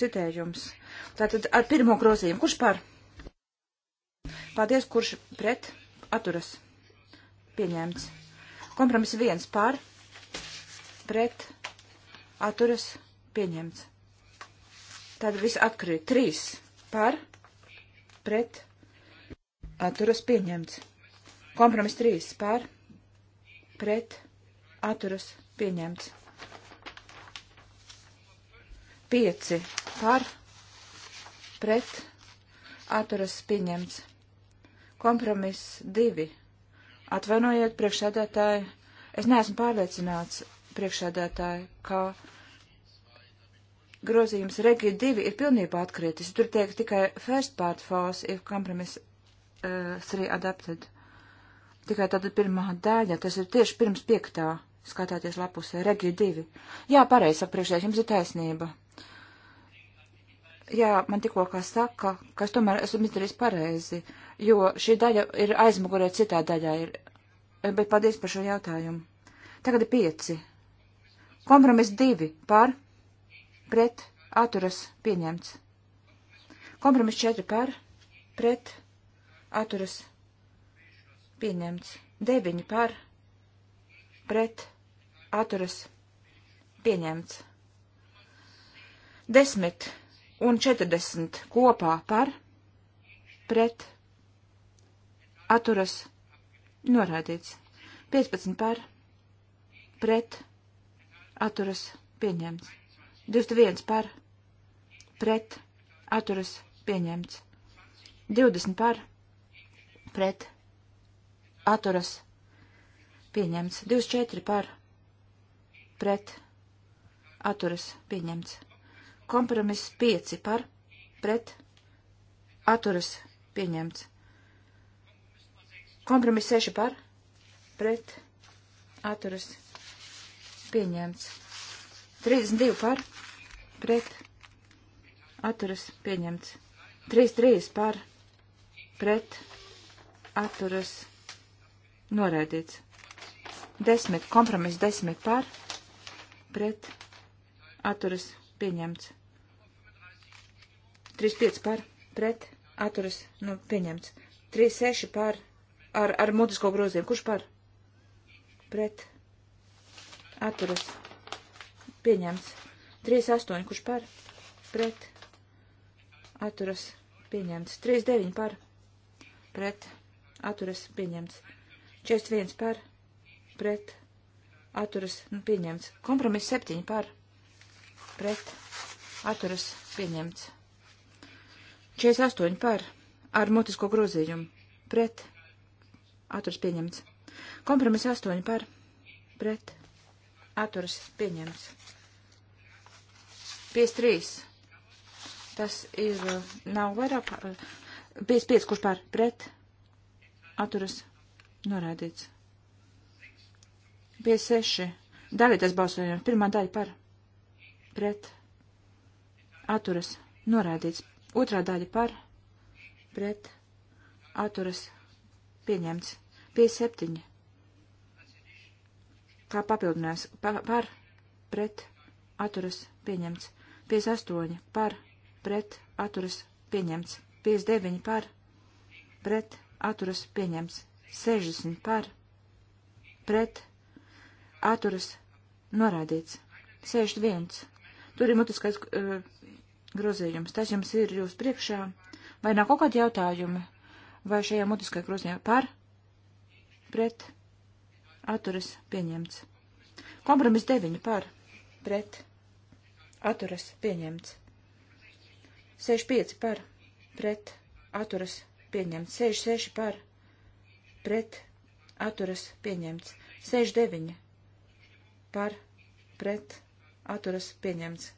Citējums. Tātad ar pirmo grozījumu. Kurš par? Paldies, kurš pret atturas. Pieņemts. Kompromiss viens par, pret, atturas, pieņemts. Tad viss atkrīt. Trīs par, pret, atturas, pieņemts. Kompromiss trīs par, pret, atturas, pieņemts. Pieci par, pret, atturas, pieņemts. Kompromiss divi. Atvainojiet, priekšsēdētāji, es neesmu pārliecināts, priekšsēdētāji, ka grozījums Regi 2 ir pilnībā atkritis. Tur tiek tikai first part false, if compromise uh, 3 adapted. Tikai tāda pirmā daļa, tas ir tieši pirms piektā, skatāties lapusē, Regi 2. Jā, pareizi, priekšsēdētāji, jums ir taisnība. Jā, man tikko kā saka, ka es tomēr esmu izdarījis pareizi. Uh, jo šī daļa ir aizmugurē, citā daļā ir. Bet paldies par šo jautājumu. Tagad ir pieci. Kompromiss divi par, pret, atturas, pieņemts. Kompromiss četri par, pret, atturas, pieņemts. Deviņi par, pret, atturas, pieņemts. Desmit un četrdesmit kopā par, pret, atturas Atturas. Noraidīts. 15 par. Pret. Atturas. Pieņemts. 21 par. Pret. Atturas. Pieņemts. 20 par. Pret. Atturas. Pieņemts. 24 par. Pret. Atturas. Pieņemts. Kompromiss 5 par. Pret. Atturas. Pieņemts. Kompromiss 6 par pret atturas pieņemts. 32 par pret atturas pieņemts. 33 par pret atturas noraidīts. 10 kompromiss 10 par pret atturas pieņemts. 35 par pret atturas nu, pieņemts. 36 par pret ar, ar mutisko grozījumu. Kurš par? Pret. Atturas. Pieņemts. 38. Kurš par? Pret. Atturas. Pieņemts. 39. Par. Pret. Atturas. Pieņemts. 41. Par. Pret. Atturas. Nu, pieņemts. Kompromiss 7. Par. Pret. Atturas. Pieņemts. 48. Par. Ar mutisko grozījumu. Pret Atturs pieņemts. Kompromiss 8 par pret. Atturs pieņemts. 53. Tas ir, uh, nav vairāk, 55, uh, kurš pār pret. Atturas norādīts. 56. Dalīties balsojums. Pirmā daļa par pret. Atturas norādīts. Otrā daļa par pret. Atturas norādīts pieņemts. 57. Kā papildinās pa, par, pret, atturas, pieņemts. 58. Par, pret, atturas, pieņemts. 59. Par, pret, atturas, pieņemts. 60. Par, pret, atturas, norādīts. 61. Tur ir mutiskais uh, grozījums. Tas jums ir jūs priekšā. Vai nav kaut kādi jautājumi? vai šajā mutiskajā grozījumā par, pret, atturas pieņemts. Kompromis 9 par, pret, atturas pieņemts. 65 par, pret, atturas pieņemts. 66 par, pret, atturas pieņemts. 69 par, pret, atturas pieņemts.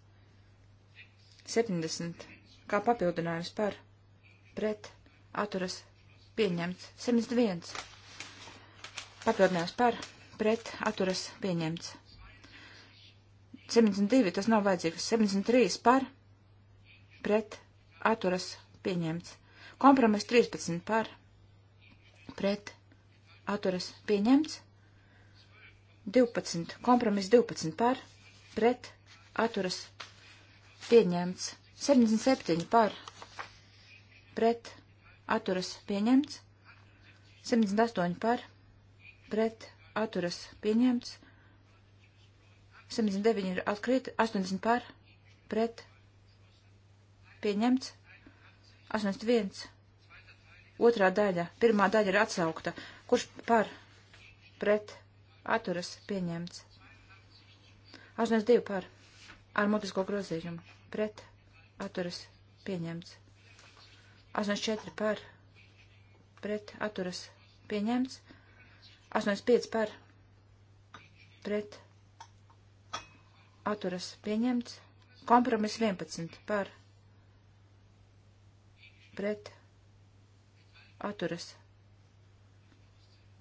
70 kā papildinājums par, pret, atturas pieņemts pieņemts. 71. Papildinājums par, pret, atturas, pieņemts. 72. Tas nav vajadzīgs. 73. par, pret, atturas, pieņemts. Kompromiss 13 par, pret, atturas, pieņemts. 12. Kompromiss 12 par, pret, atturas, pieņemts. 77 par, pret, atturas pieņemts, 78 par, pret, atturas pieņemts, 79 ir atkrīt, 80 par, pret, pieņemts, 81, otrā daļa, pirmā daļa ir atsaukta, kurš par, pret, atturas pieņemts, 82 par, ar mutisko grozījumu, pret, atturas pieņemts. 84 par pret atturas pieņemts. 85 par pret atturas pieņemts. Kompromis 11 par pret atturas.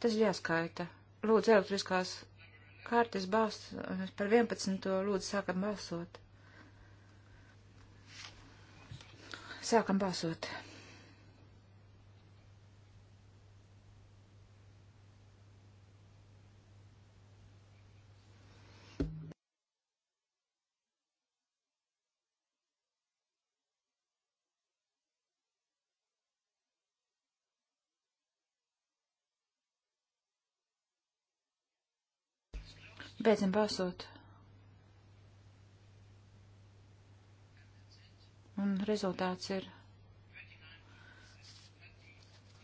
Tas jāskaita. Lūdzu, elektriskās kārtas balsts par 11. Lūdzu, sākam balsot. Sākam balsot. Beidzam balsot. Un rezultāts ir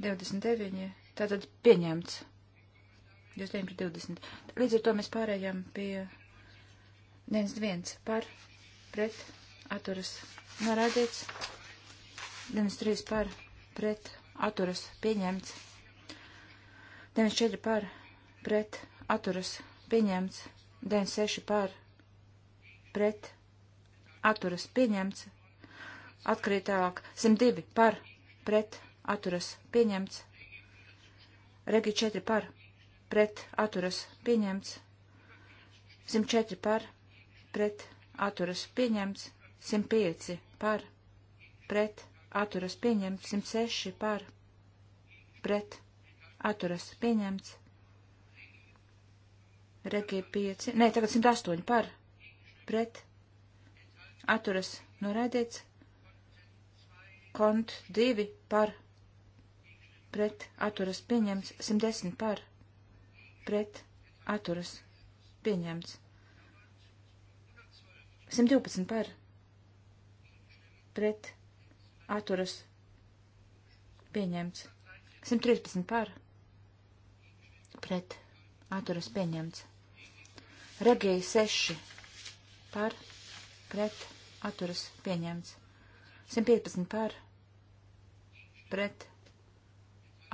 29. Tātad pieņemts. 29 pret 20. Līdz ar to mēs pārējām pie 91 par pret atturas norādīts. 93 par pret atturas pieņemts. 94 par pret atturas norādīts pieņemts, 96 par, pret, atturas, pieņemts, atkrītālāk, 102 par, pret, atturas, pieņemts, regi 4 par, pret, atturas, pieņemts, 104 par, pret, atturas, pieņemts, 105 par, pret, atturas, pieņemts, 106 par, pret, atturas, pieņemts. Regi 5, nē, tagad 108 par, pret, atturas noraidīts, kont 2 par, pret, atturas pieņemts, 110 par, pret, atturas pieņemts, 112 par, pret, atturas pieņemts, 113 par, pret, atturas pieņemts. Regija 6 par pret atturas pieņemts. 115 par pret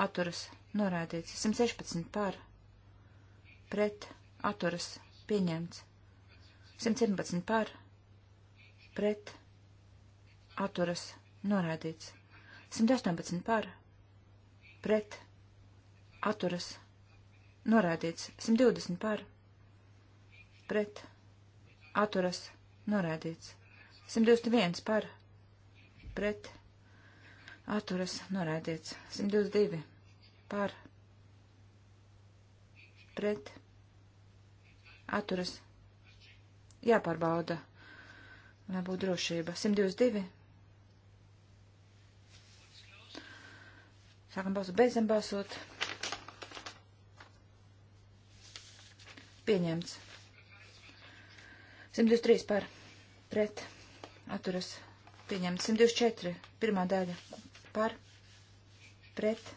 atturas norādīts. 116 par pret atturas pieņemts. 117 par pret atturas norādīts. 118 par pret atturas norādīts. 120 par pret pret atturas norādīts. 121 par pret atturas norādīts. 122 par pret atturas jāpārbauda, lai būtu drošība. 122 Sākam balsot, beidzam balsot. Pieņemts. 123 par pret atturas pieņemts. 124 pirmā daļa par pret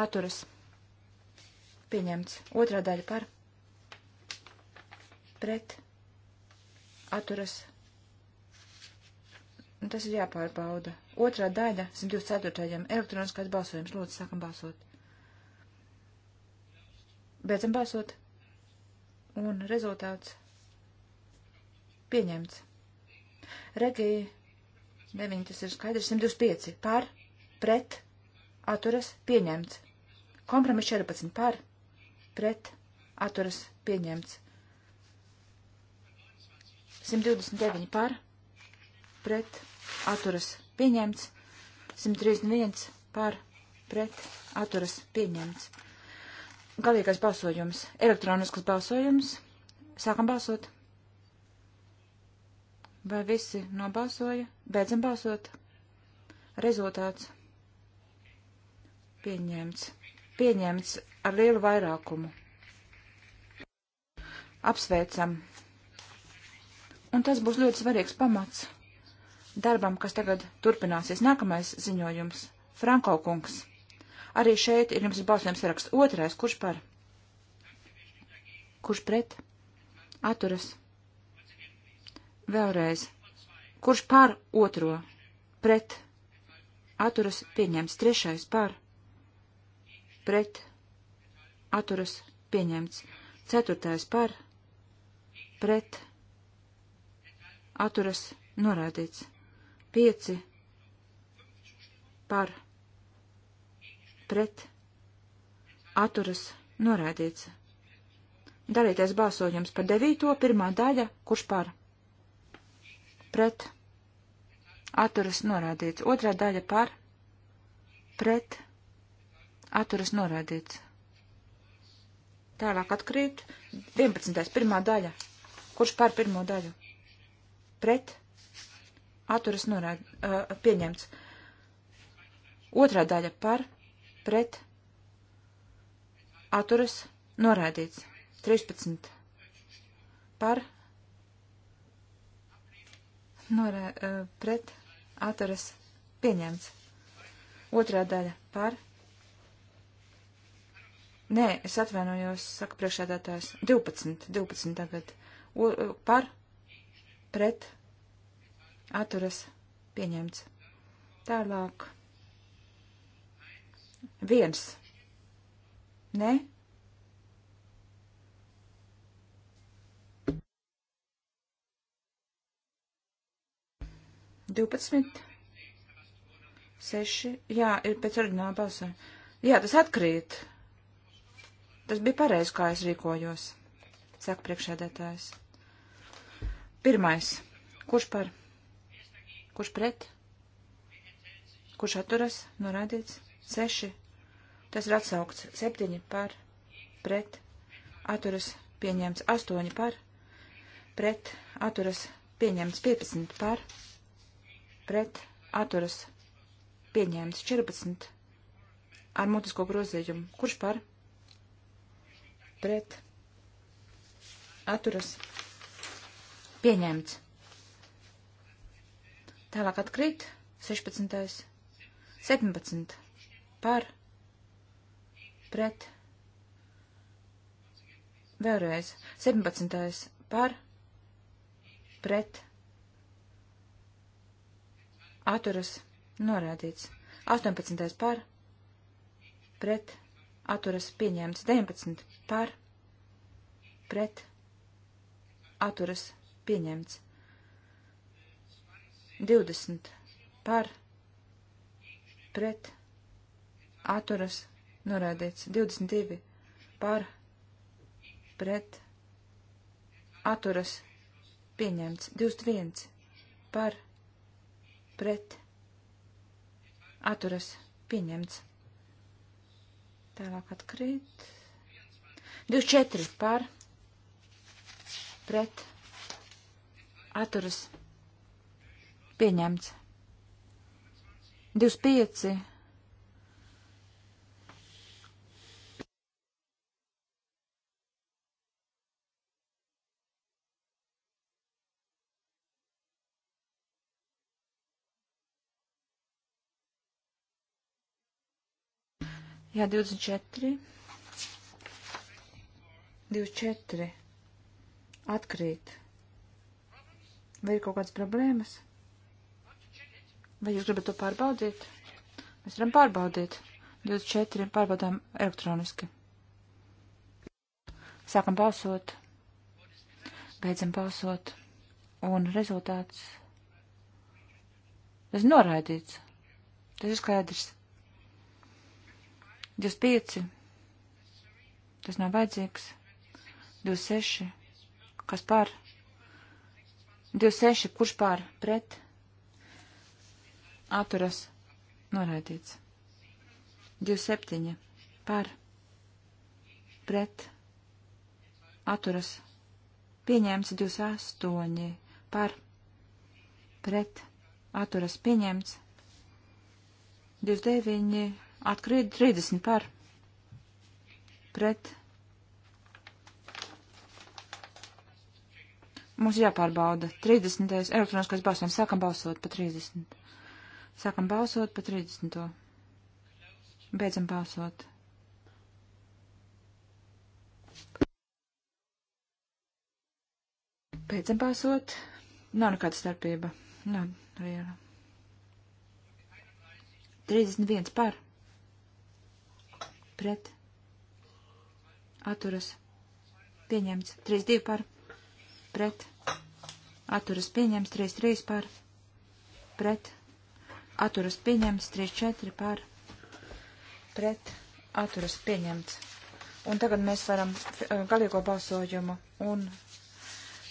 atturas pieņemts. Otrā daļa par pret atturas. Nu, tas ir jāpārbauda. Otrā daļa 124. elektroniskais balsojums. Lūdzu, sākam balsot. Beidzam balsot un rezultāts pieņemts. Regija 9, tas ir skaidrs, 125 par, pret, atturas, pieņemts. Kompromis 14 par, pret, atturas, pieņemts. 129 par, pret, atturas, pieņemts. 131 par, pret, atturas, pieņemts. Galīgais balsojums. Elektronisks balsojums. Sākam balsot. Vai visi nobalsoja? Beidzam balsot. Rezultāts. Pieņemts. Pieņemts ar lielu vairākumu. Apsveicam. Un tas būs ļoti svarīgs pamats darbam, kas tagad turpināsies. Nākamais ziņojums. Franko kungs. Arī šeit ir jums balsojums saraksts. Otrais, kurš par? Kurš pret? Atturas. Vēlreiz. Kurš par otro? Pret. Atturas pieņemts. Trešais par. Pret. Atturas pieņemts. Ceturtais par. Pret. Atturas norādīts. Pieci. Par pret atturas norādīts. Darīties balsojums par devīto pirmā daļa, kurš par pret atturas norādīts. Otrā daļa par pret atturas norādīts. Tālāk atkrīt 11. pirmā daļa. Kurš par pirmo daļu? Pret atturas norād, uh, pieņemts. Otrā daļa par pret, atturas, noraidīts. 13 par, norē, pret, atturas, pieņemts. Otrā daļa par. Nē, es atvainojos, saka priekšādātājs. 12, 12 tagad. O, par, pret, atturas, pieņemts. Tālāk. Viens. Ne? Divpadsmit. Seši. Jā, ir pēc orģināla balsā. Jā, tas atkrīt. Tas bija pareizi, kā es rīkojos, saka priekšēdētājs. Pirmais. Kurš par? Kurš pret? Kurš atturas? Norādīts. Seši. Tas ir atsaukts. 7 par pret atturas pieņemts. 8 par pret atturas pieņemts. 15 par pret atturas pieņemts. 14 ar mutisko grozījumu. Kurš par pret atturas pieņemts? Tālāk atkrīt 16. 17. par pret. Vēlreiz. 17. par pret. Atturas norādīts. 18. par pret. Atturas pieņemts. 19. par pret. Atturas pieņemts. 20. par pret. Atturas pieņemts norādīts 22 par pret atturas pieņemts 21 par pret atturas pieņemts. Tālāk atkrīt. 24 par pret atturas pieņemts. 25 Jā, 24. 24. Atkrīt. Vai ir kaut kādas problēmas? Vai jūs gribat to pārbaudīt? Mēs varam pārbaudīt. 24 pārbaudām elektroniski. Sākam balsot. Beidzam balsot. Un rezultāts. Tas noraidīts. Tas ir skaidrs. 25. Tas nav vajadzīgs. 26. Kas par? 26. Kurš par? Pret? Atturas. Noraidīts. 27. Par? Pret? Atturas. Pieņēmts 28. Par? Pret? Atturas. Pieņēmts. 29 atkrīt 30 par pret. Mums jāpārbauda 30. elektroniskais balsojums. Sākam balsot pa 30. Sākam balsot pa 30. Beidzam balsot. Beidzam balsot. Nav nekāda starpība. Nav liela. 31 par pret atturas pieņemts 3-2 par pret atturas pieņemts 3-3 par pret atturas pieņemts 3-4 par pret atturas pieņemts. Un tagad mēs varam eh, galīgo balsojumu un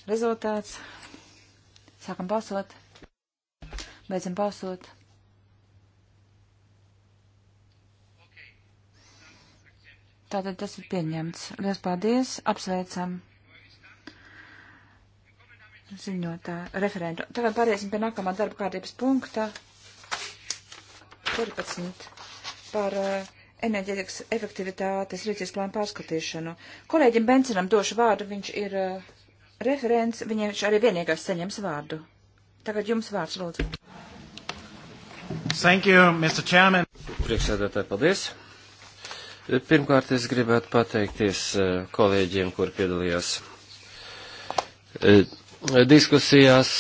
rezultāts. Sākam balsot. Beidzam balsot. Tātad tas ir pieņemts. Lielas paldies. Apsveicam ziņotā referentu. Tagad pāriesim pie nākamā darba kārtības punkta 14 par uh, enerģētikas efektivitātes rīcības plānu pārskatīšanu. Kolēģim Bencinam došu vārdu, viņš ir uh, referents, viņš arī vienīgais saņems vārdu. Tagad jums vārds, lūdzu. Thank you, Mr. Chairman. Priekšsēdētāji, paldies. Pirmkārt, es gribētu pateikties eh, kolēģiem, kur piedalījās eh, diskusijās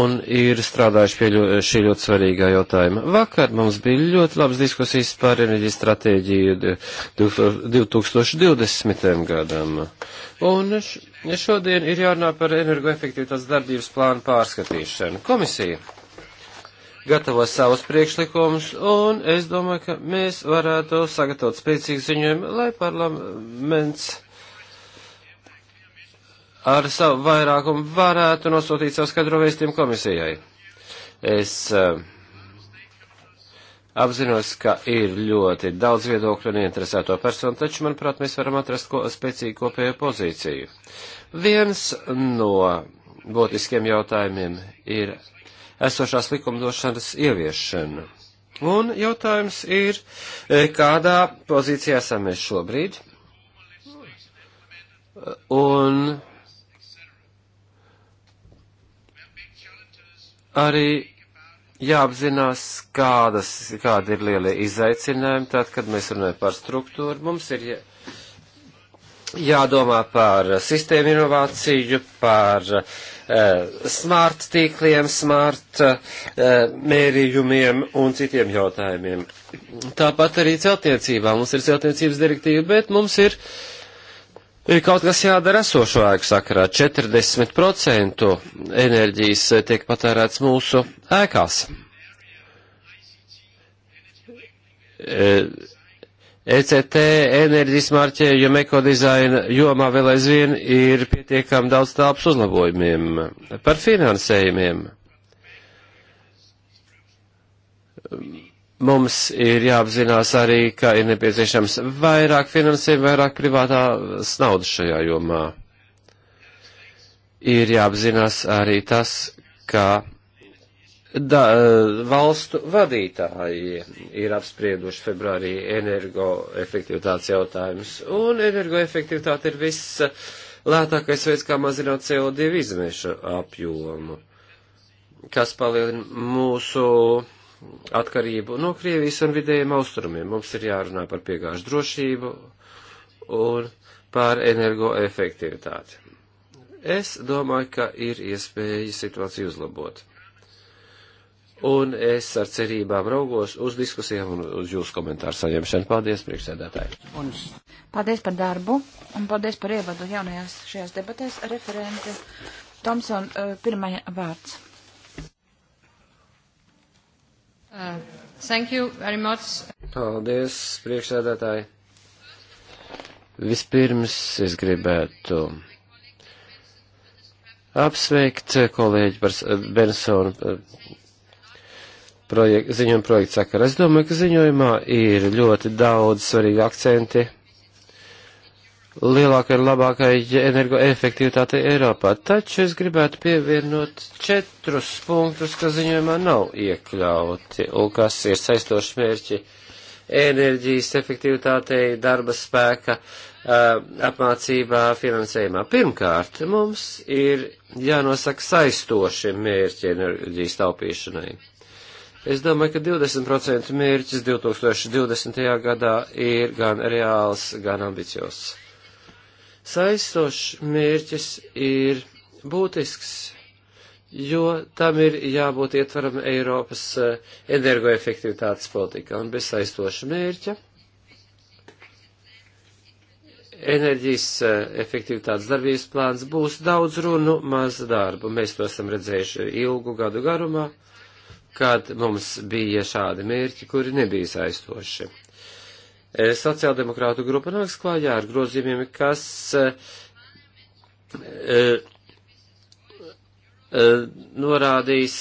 un ir strādājuši pie ļo, šī ļoti svarīgā jautājuma. Vakar mums bija ļoti labas diskusijas par enerģijas stratēģiju 2020. gadam. Un šodien ir jārunā par energoefektivitātes darbības plānu pārskatīšanu. Komisija gatavo savus priekšlikumus, un es domāju, ka mēs varētu sagatavot spēcīgu ziņojumu, lai parlaments ar savu vairākumu varētu nosūtīt savu skaidro vēstījumu komisijai. Es uh, apzinos, ka ir ļoti daudz viedokļu un interesēto personu, taču, manuprāt, mēs varam atrast ko, spēcīgu kopējo pozīciju. Viens no būtiskiem jautājumiem ir esošās likumdošanas ieviešana. Un jautājums ir, e, kādā pozīcijā esam mēs šobrīd? Un arī jāapzinās, kādas, kādi ir lielie izaicinājumi, tad, kad mēs runājam par struktūru, mums ir. Ja jādomā par sistēmu inovāciju, par uh, smart tīkliem, smart uh, mērījumiem un citiem jautājumiem. Tāpat arī celtniecībā. Mums ir celtniecības direktīva, bet mums ir, ir kaut kas jādara esošo ēku sakarā. 40% enerģijas tiek patērēts mūsu ēkās. Uh, ECT enerģijas marķējuma ekodizaina jomā vēl aizvien ir pietiekami daudz telpas uzlabojumiem par finansējumiem. Mums ir jāapzinās arī, ka ir nepieciešams vairāk finansējuma, vairāk privātās naudas šajā jomā. Ir jāapzinās arī tas, ka da, eh, valstu vadītāji ir apsprieduši februārī energoefektivitātes jautājumus, un energoefektivitāte ir viss lētākais veids, kā mazināt CO2 izmešu apjomu, kas palielina mūsu atkarību no Krievijas un vidējiem austrumiem. Mums ir jārunā par piegāžu drošību un par energoefektivitāti. Es domāju, ka ir iespēja situāciju uzlabot un es ar cerībām raugos uz diskusijām un uz jūsu komentāru saņemšanu. Paldies, priekšsēdētāji! Un... Paldies par darbu un paldies par ievadu jaunajās šajās debatēs. Referente Tomson, eh, pirmajā vārds. Uh, thank you very much. Paldies, priekšsēdētāji. Vispirms es gribētu apsveikt kolēģi Bensonu projek ziņojuma projekta sakara. Es domāju, ka ziņojumā ir ļoti daudz svarīgi akcenti. Lielākai un labākai energoefektivitātei Eiropā, taču es gribētu pievienot četrus punktus, kas ziņojumā nav iekļauti un kas ir saistoši mērķi enerģijas efektivitātei, darba spēka eh, apmācībā, finansējumā. Pirmkārt, mums ir jānosaka saistoši mērķi enerģijas taupīšanai. Es domāju, ka 20% mērķis 2020. gadā ir gan reāls, gan ambiciozs. Saistošs mērķis ir būtisks, jo tam ir jābūt ietvaram Eiropas eh, energoefektivitātes politikā un bez saistoša mērķa. Enerģijas eh, efektivitātes darbības plāns būs daudz runu, maz darbu. Mēs to esam redzējuši ilgu gadu garumā. Uh, kad mums bija šādi mērķi, kuri nebija saistoši. E, sociāldemokrātu grupa nāks klājā ar grozījumiem, kas e, e, norādījis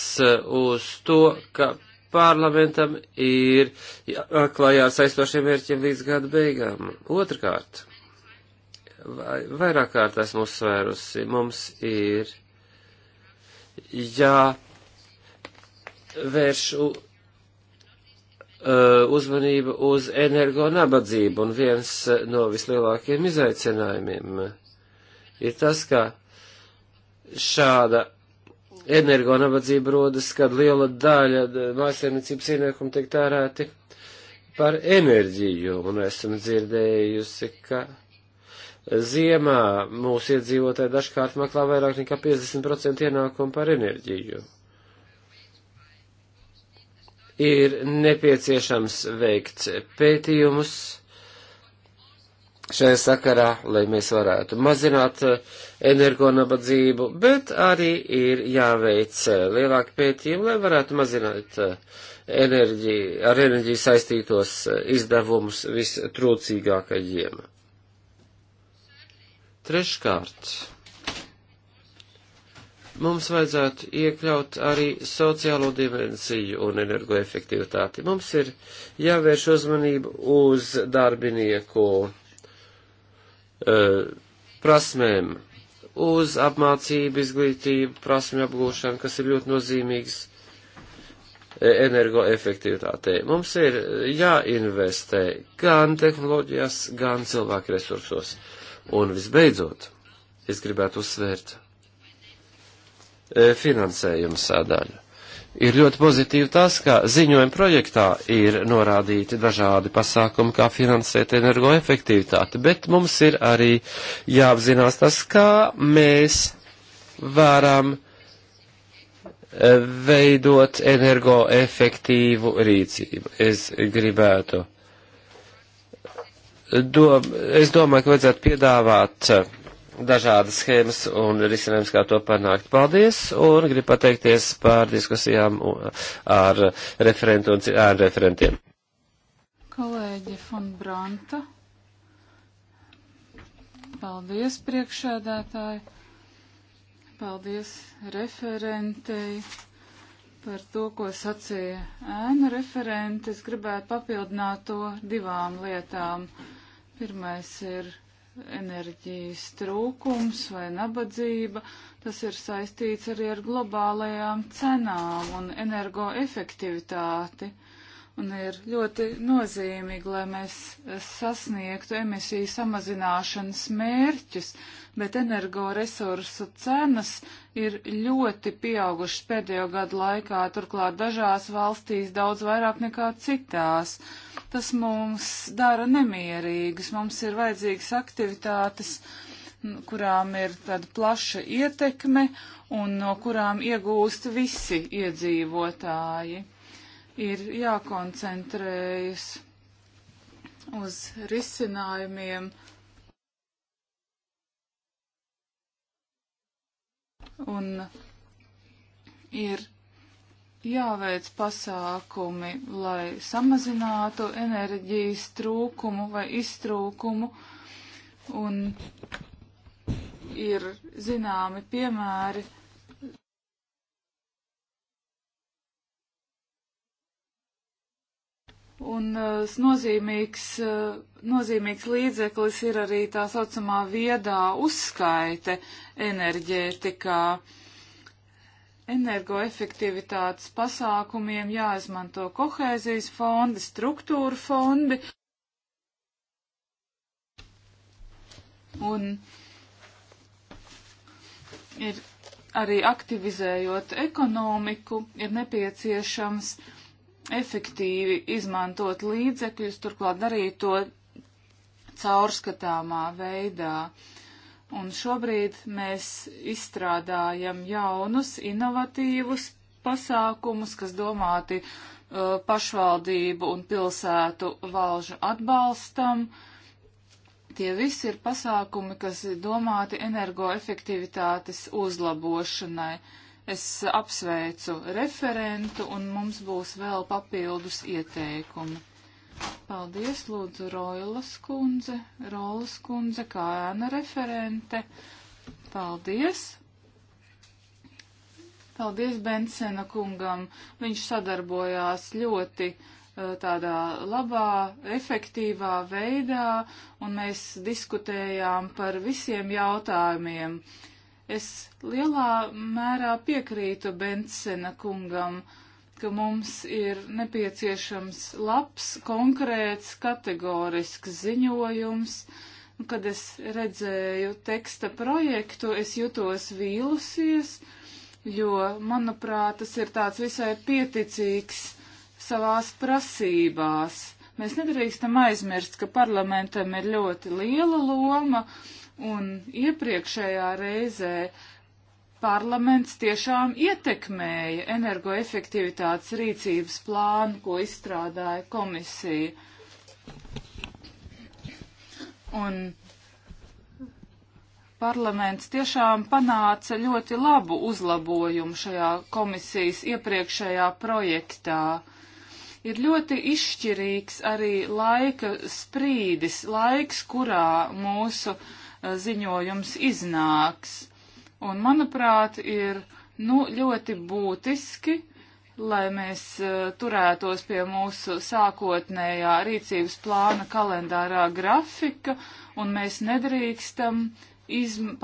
uz to, ka parlamentam ir jāklājā ar saistošiem mērķiem līdz gada beigām. Otrkārt, vairāk kārt esmu uzsvērusi, mums ir jā. Ja vēršu uh, uzmanību uz energo nabadzību, un viens uh, no vislielākajiem izaicinājumiem ir tas, ka šāda energo nabadzība rodas, kad liela daļa mājasemniecības ienākumu tiek tērēti par enerģiju, un esam dzirdējusi, ka ziemā mūsu iedzīvotāji dažkārt maklā vairāk nekā 50% ienākumu par enerģiju ir nepieciešams veikt pētījumus šajā sakarā, lai mēs varētu mazināt eh, energonabadzību, bet arī ir jāveic eh, lielāki pētījumi, lai varētu mazināt eh, enerģiju, ar enerģiju saistītos izdevumus vistrūcīgākajiem. Treškārt mums vajadzētu iekļaut arī sociālo dimensiju un energoefektivitāti. Mums ir jāvērš uzmanību uz darbinieku uh, prasmēm, uz apmācību, izglītību, prasmju apgūšanu, kas ir ļoti nozīmīgs e, energoefektivitātei. Mums ir jāinvestē gan tehnoloģijās, gan cilvēku resursos. Un visbeidzot, es gribētu uzsvērt E, finansējuma sadaļu. Ir ļoti pozitīvi tas, ka ziņojuma projektā ir norādīti dažādi pasākumi, kā finansēt energoefektivitāti, bet mums ir arī jāapzinās tas, kā mēs varam e, veidot energoefektīvu rīcību. Es gribētu, dom, es domāju, ka vajadzētu piedāvāt dažādas schēmas un risinājums, kā to panākt. Paldies, un gribu pateikties par diskusijām ar referentu un ar referentiem. Kolēģi von Branta. Paldies, priekšēdētāji. Paldies referentei par to, ko sacīja ēnu referente. Es gribētu papildināt to divām lietām. Pirmais ir enerģijas trūkums vai nabadzība, tas ir saistīts arī ar globālajām cenām un energoefektivitāti. Un ir ļoti nozīmīgi, lai mēs sasniegtu emisiju samazināšanas mērķus, bet energoresursu cenas ir ļoti pieaugušas pēdējo gadu laikā, turklāt dažās valstīs daudz vairāk nekā citās. Tas mums dara nemierīgus, mums ir vajadzīgas aktivitātes, kurām ir tāda plaša ietekme un no kurām iegūst visi iedzīvotāji. Ir jākoncentrējas uz risinājumiem, uh, un ir jāveic pasākumi, lai samazinātu enerģijas trūkumu vai iztrūkumu, un ir zināmi piemēri Un uh, nozīmīgs, uh, nozīmīgs līdzeklis ir arī tā saucamā viedā uzskaite enerģētikā. Energoefektivitātes pasākumiem jāizmanto kohēzijas fondi, struktūra fondi. Un ir arī aktivizējot ekonomiku, ir nepieciešams uh, efektīvi izmantot līdzekļus, turklāt darīt to caurskatāmā veidā. Un šobrīd mēs izstrādājam jaunus, inovatīvus pasākumus, kas domāti uh, pašvaldību un pilsētu valžu atbalstam. Tie visi ir pasākumi, kas domāti energoefektivitātes uzlabošanai. Uh, Es apsveicu referentu un mums būs vēl papildus ieteikumi. Paldies, lūdzu, Roilas kundze, Rolas kundze, kā ēna referente. Paldies! Paldies Bensena kungam. Viņš sadarbojās ļoti eh, tādā labā, efektīvā veidā, un mēs diskutējām par visiem jautājumiem. Uh, Es lielā mērā piekrītu Bensena kungam, ka mums ir nepieciešams labs, konkrēts, kategorisks ziņojums. Nu, kad es redzēju teksta projektu, es jutos vīlusies, jo, manuprāt, tas ir tāds visai pieticīgs savās prasībās. Mēs nedrīkstam aizmirst, ka parlamentam ir ļoti liela loma, uh, Un iepriekšējā reizē parlaments tiešām ietekmēja energoefektivitātes rīcības plānu, ko izstrādāja komisija. Un parlaments tiešām panāca ļoti labu uzlabojumu šajā komisijas iepriekšējā projektā. Ir ļoti izšķirīgs arī laika sprīdis, laiks, kurā mūsu uh, ziņojums iznāks. Un, manuprāt, ir nu, ļoti būtiski, lai mēs uh, turētos pie mūsu sākotnējā rīcības plāna kalendārā grafika, un mēs nedrīkstam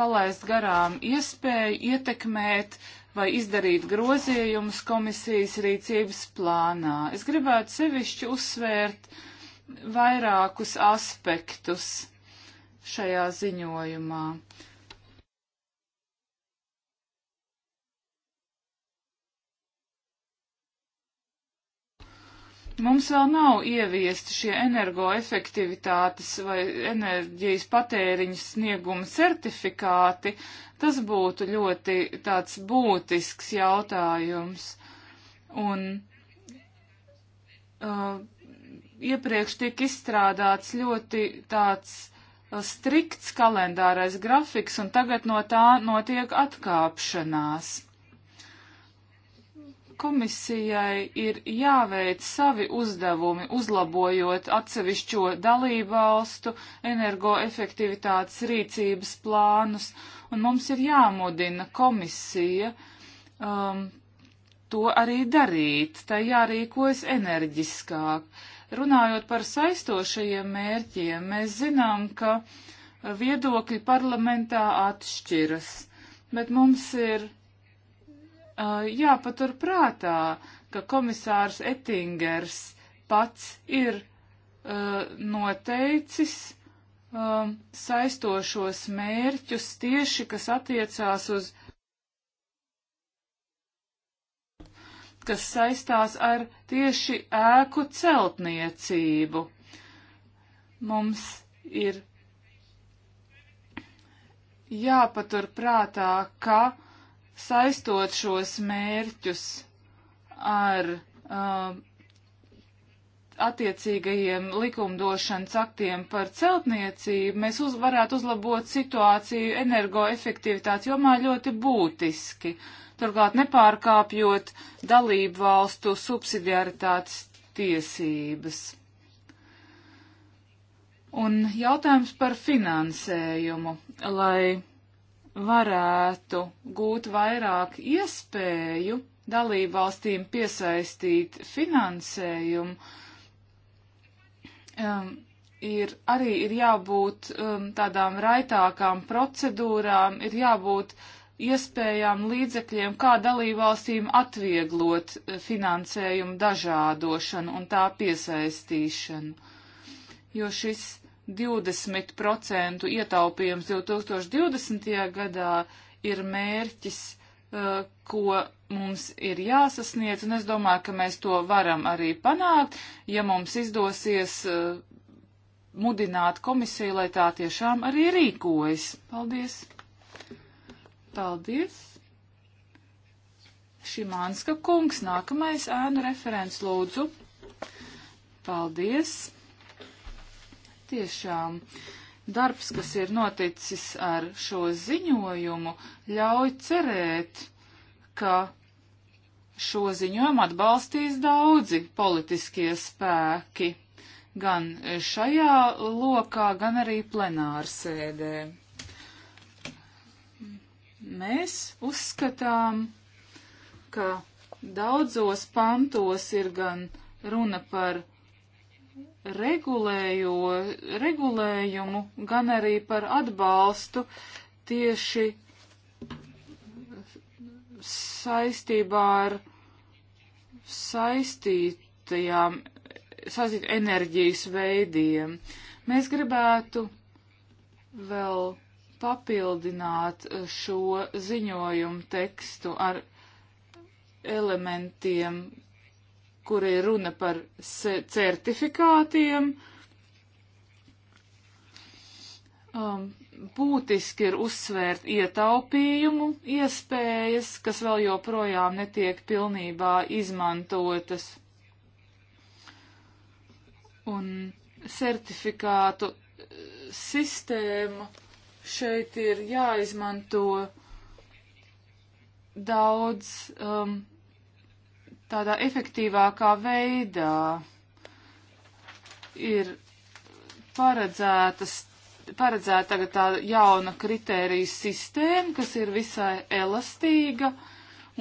palaist garām iespēju ietekmēt vai izdarīt grozījumus komisijas rīcības plānā. Es gribētu sevišķi uzsvērt vairākus aspektus šajā ziņojumā. Mums vēl nav ieviesti šie energoefektivitātes vai enerģijas patēriņa snieguma certifikāti. Tas būtu ļoti tāds būtisks jautājums. Un uh, iepriekš tiek izstrādāts ļoti tāds strikts kalendārais grafiks, un tagad no tā notiek atkāpšanās. Komisijai ir jāveic savi uzdevumi, uzlabojot atsevišķo dalībvalstu energoefektivitātes rīcības plānus, un mums ir jāmudina komisija um, to arī darīt, tai jārīkojas enerģiskāk Runājot par saistošajiem mērķiem, mēs zinām, ka viedokļi parlamentā atšķiras, bet mums ir uh, jāpatur prātā, ka komisārs Ettingers pats ir uh, noteicis uh, saistošos mērķus tieši, kas attiecās uz kas saistās ar tieši ēku celtniecību. Mums ir jāpatur prātā, ka saistot šos mērķus ar uh, attiecīgajiem likumdošanas aktiem par celtniecību, mēs uz, varētu uzlabot situāciju energoefektivitātes jomā ļoti būtiski. Uh, turklāt nepārkāpjot dalību valstu subsidiaritātes tiesības. Un jautājums par finansējumu, lai varētu gūt vairāk iespēju dalību valstīm piesaistīt finansējumu, um, ir arī ir jābūt um, tādām raitākām procedūrām, ir jābūt uh, iespējām līdzekļiem, kā dalībvalstīm atvieglot eh, finansējumu dažādošanu un tā piesaistīšanu. Jo šis 20% ietaupījums 2020. gadā ir mērķis, eh, ko mums ir jāsasniedz, un es domāju, ka mēs to varam arī panākt, ja mums izdosies eh, mudināt komisiju, lai tā tiešām arī rīkojas. Paldies! Paldies! Šimanska kungs, nākamais ēnu referents lūdzu. Paldies! Tiešām darbs, kas ir noticis ar šo ziņojumu, ļauj cerēt, ka šo ziņojumu atbalstīs daudzi politiskie spēki gan šajā lokā, gan arī plenārsēdē. Ar Mēs uzskatām, ka daudzos pantos ir gan runa par regulējo, regulējumu, gan arī par atbalstu tieši saistībā ar saistītajām, saistīt enerģijas veidiem. Mēs gribētu vēl papildināt eh, šo ziņojumu tekstu ar elementiem, kur ir runa par certifikātiem. Um, būtiski ir uzsvērt ietaupījumu iespējas, kas vēl joprojām netiek pilnībā izmantotas. Un certifikātu eh, sistēma šeit ir jāizmanto daudz um, tādā efektīvākā veidā. Ir paredzētas, paredzēta tagad tā jauna kritērija sistēma, kas ir visai elastīga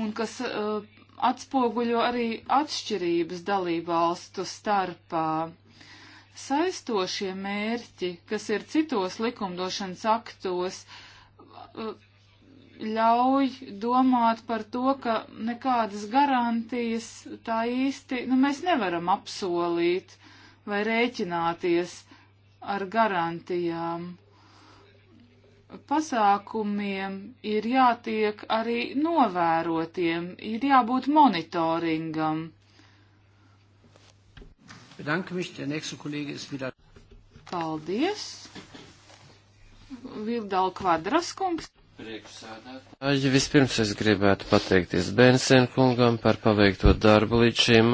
un kas uh, atspoguļo arī atšķirības dalībvalstu starpā. Uh, Saistošie mērķi, kas ir citos likumdošanas aktos, uh, ļauj domāt par to, ka nekādas garantijas tā īsti, nu, mēs nevaram apsolīt vai rēķināties ar garantijām pasākumiem ir jātiek arī novērotiem, ir jābūt monitoringam bedanke mich. Der nächste Kollege ist wieder. Paldies. Vildal Kvadras kungs. Priekšsēdētāji, vispirms es gribētu pateikties Bensen kungam par paveikto darbu līdz šim